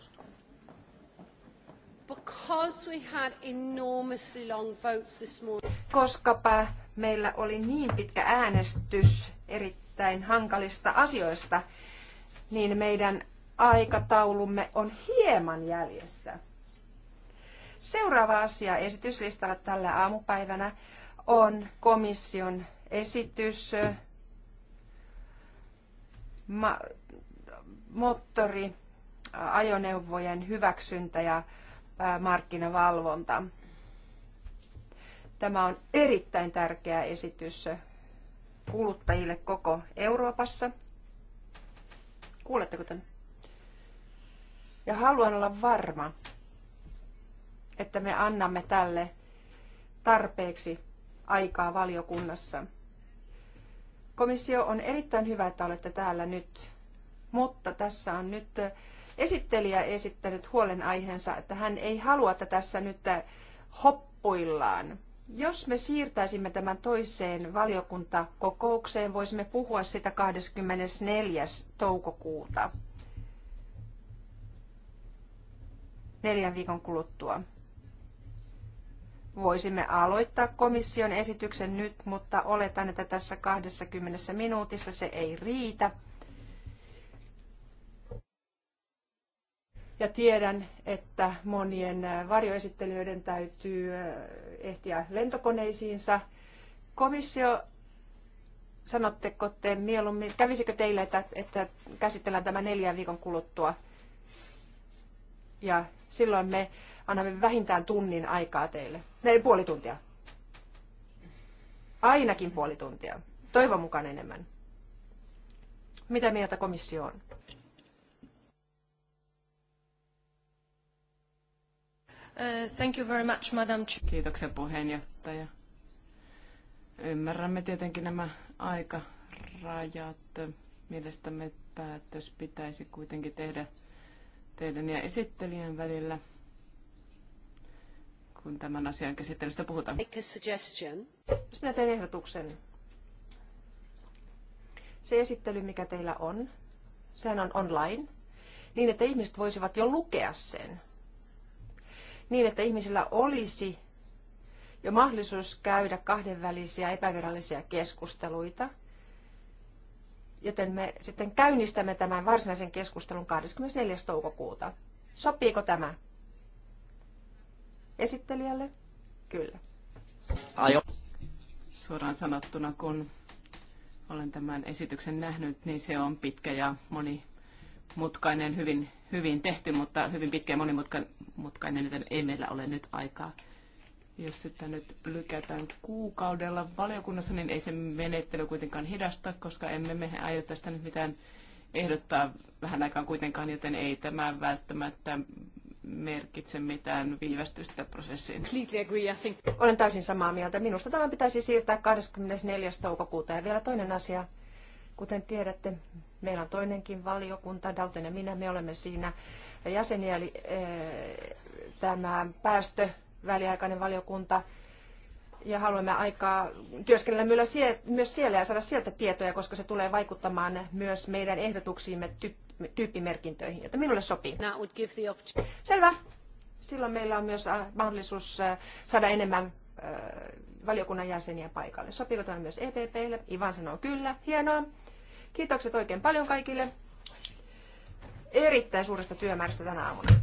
because we had enormously long votes this morning.
Koskapa meillä oli niin pitkä äänestys erittäin hankalista asioista, niin meidän aikataulumme on hieman jäljessä. Seuraava asia esityslistalla tällä aamupäivänä on komission esitys ma- ajoneuvojen hyväksyntä ja markkinavalvonta. Tämä on erittäin tärkeä esitys kuluttajille koko Euroopassa. Kuuletteko tämän? Ja haluan olla varma, että me annamme tälle tarpeeksi aikaa valiokunnassa. Komissio on erittäin hyvä, että olette täällä nyt, mutta tässä on nyt esittelijä esittänyt huolenaiheensa, että hän ei halua, että tässä nyt äh, hoppuillaan. Jos me siirtäisimme tämän toiseen valiokuntakokoukseen, voisimme puhua sitä 24. toukokuuta. Neljän viikon kuluttua. Voisimme aloittaa komission esityksen nyt, mutta oletan, että tässä 20 minuutissa se ei riitä Ja tiedän, että monien äh, varjoesittelijöiden täytyy äh, ehtiä lentokoneisiinsa. Komissio, sanotteko te mieluummin, kävisikö teille, että, että käsitellään tämä neljän viikon kuluttua? Ja silloin me annamme vähintään tunnin aikaa teille. Ne puoli tuntia. Ainakin puoli tuntia. Toivon mukaan enemmän. Mitä mieltä komissio on?
Uh, thank you very much, Madam Kiitoksia puheenjohtaja. Ymmärrämme tietenkin nämä aikarajat. Mielestämme päätös pitäisi kuitenkin tehdä teidän ja esittelijän välillä, kun tämän asian käsittelystä puhutaan. Jos minä teen ehdotuksen.
Se esittely, mikä teillä on, sehän on online, niin että ihmiset voisivat jo lukea sen niin, että ihmisillä olisi jo mahdollisuus käydä kahdenvälisiä epävirallisia keskusteluita. Joten me sitten käynnistämme tämän varsinaisen keskustelun 24. toukokuuta.
Sopiiko tämä? Esittelijälle? Kyllä. Ajo. Suoraan sanottuna, kun olen tämän esityksen nähnyt, niin se on pitkä ja moni monimutkainen, hyvin, hyvin tehty, mutta hyvin pitkä ja monimutkainen, joten ei meillä ole nyt aikaa. Jos sitä nyt lykätään kuukaudella valiokunnassa, niin ei se menettely kuitenkaan hidasta, koska emme me aio tästä nyt mitään ehdottaa vähän aikaan kuitenkaan, joten ei tämä välttämättä merkitse mitään viivästystä prosessiin.
Olen täysin samaa mieltä. Minusta tämä pitäisi siirtää 24. toukokuuta. Ja vielä toinen asia. Kuten tiedätte, meillä on toinenkin valiokunta, Dalton ja minä, me olemme siinä jäseniä, eli eh, tämä päästö, väliaikainen valiokunta, ja haluamme aikaa työskennellä myös siellä ja saada sieltä tietoja, koska se tulee vaikuttamaan myös meidän ehdotuksiimme tyyppimerkintöihin, joita minulle sopii. Selvä. Silloin meillä on myös eh, mahdollisuus eh, saada enemmän valiokunnan jäseniä paikalle. Sopiiko tämä myös EPPlle? Ivan sanoo kyllä. Hienoa. Kiitokset oikein paljon kaikille erittäin suuresta työmäärästä tänä aamuna.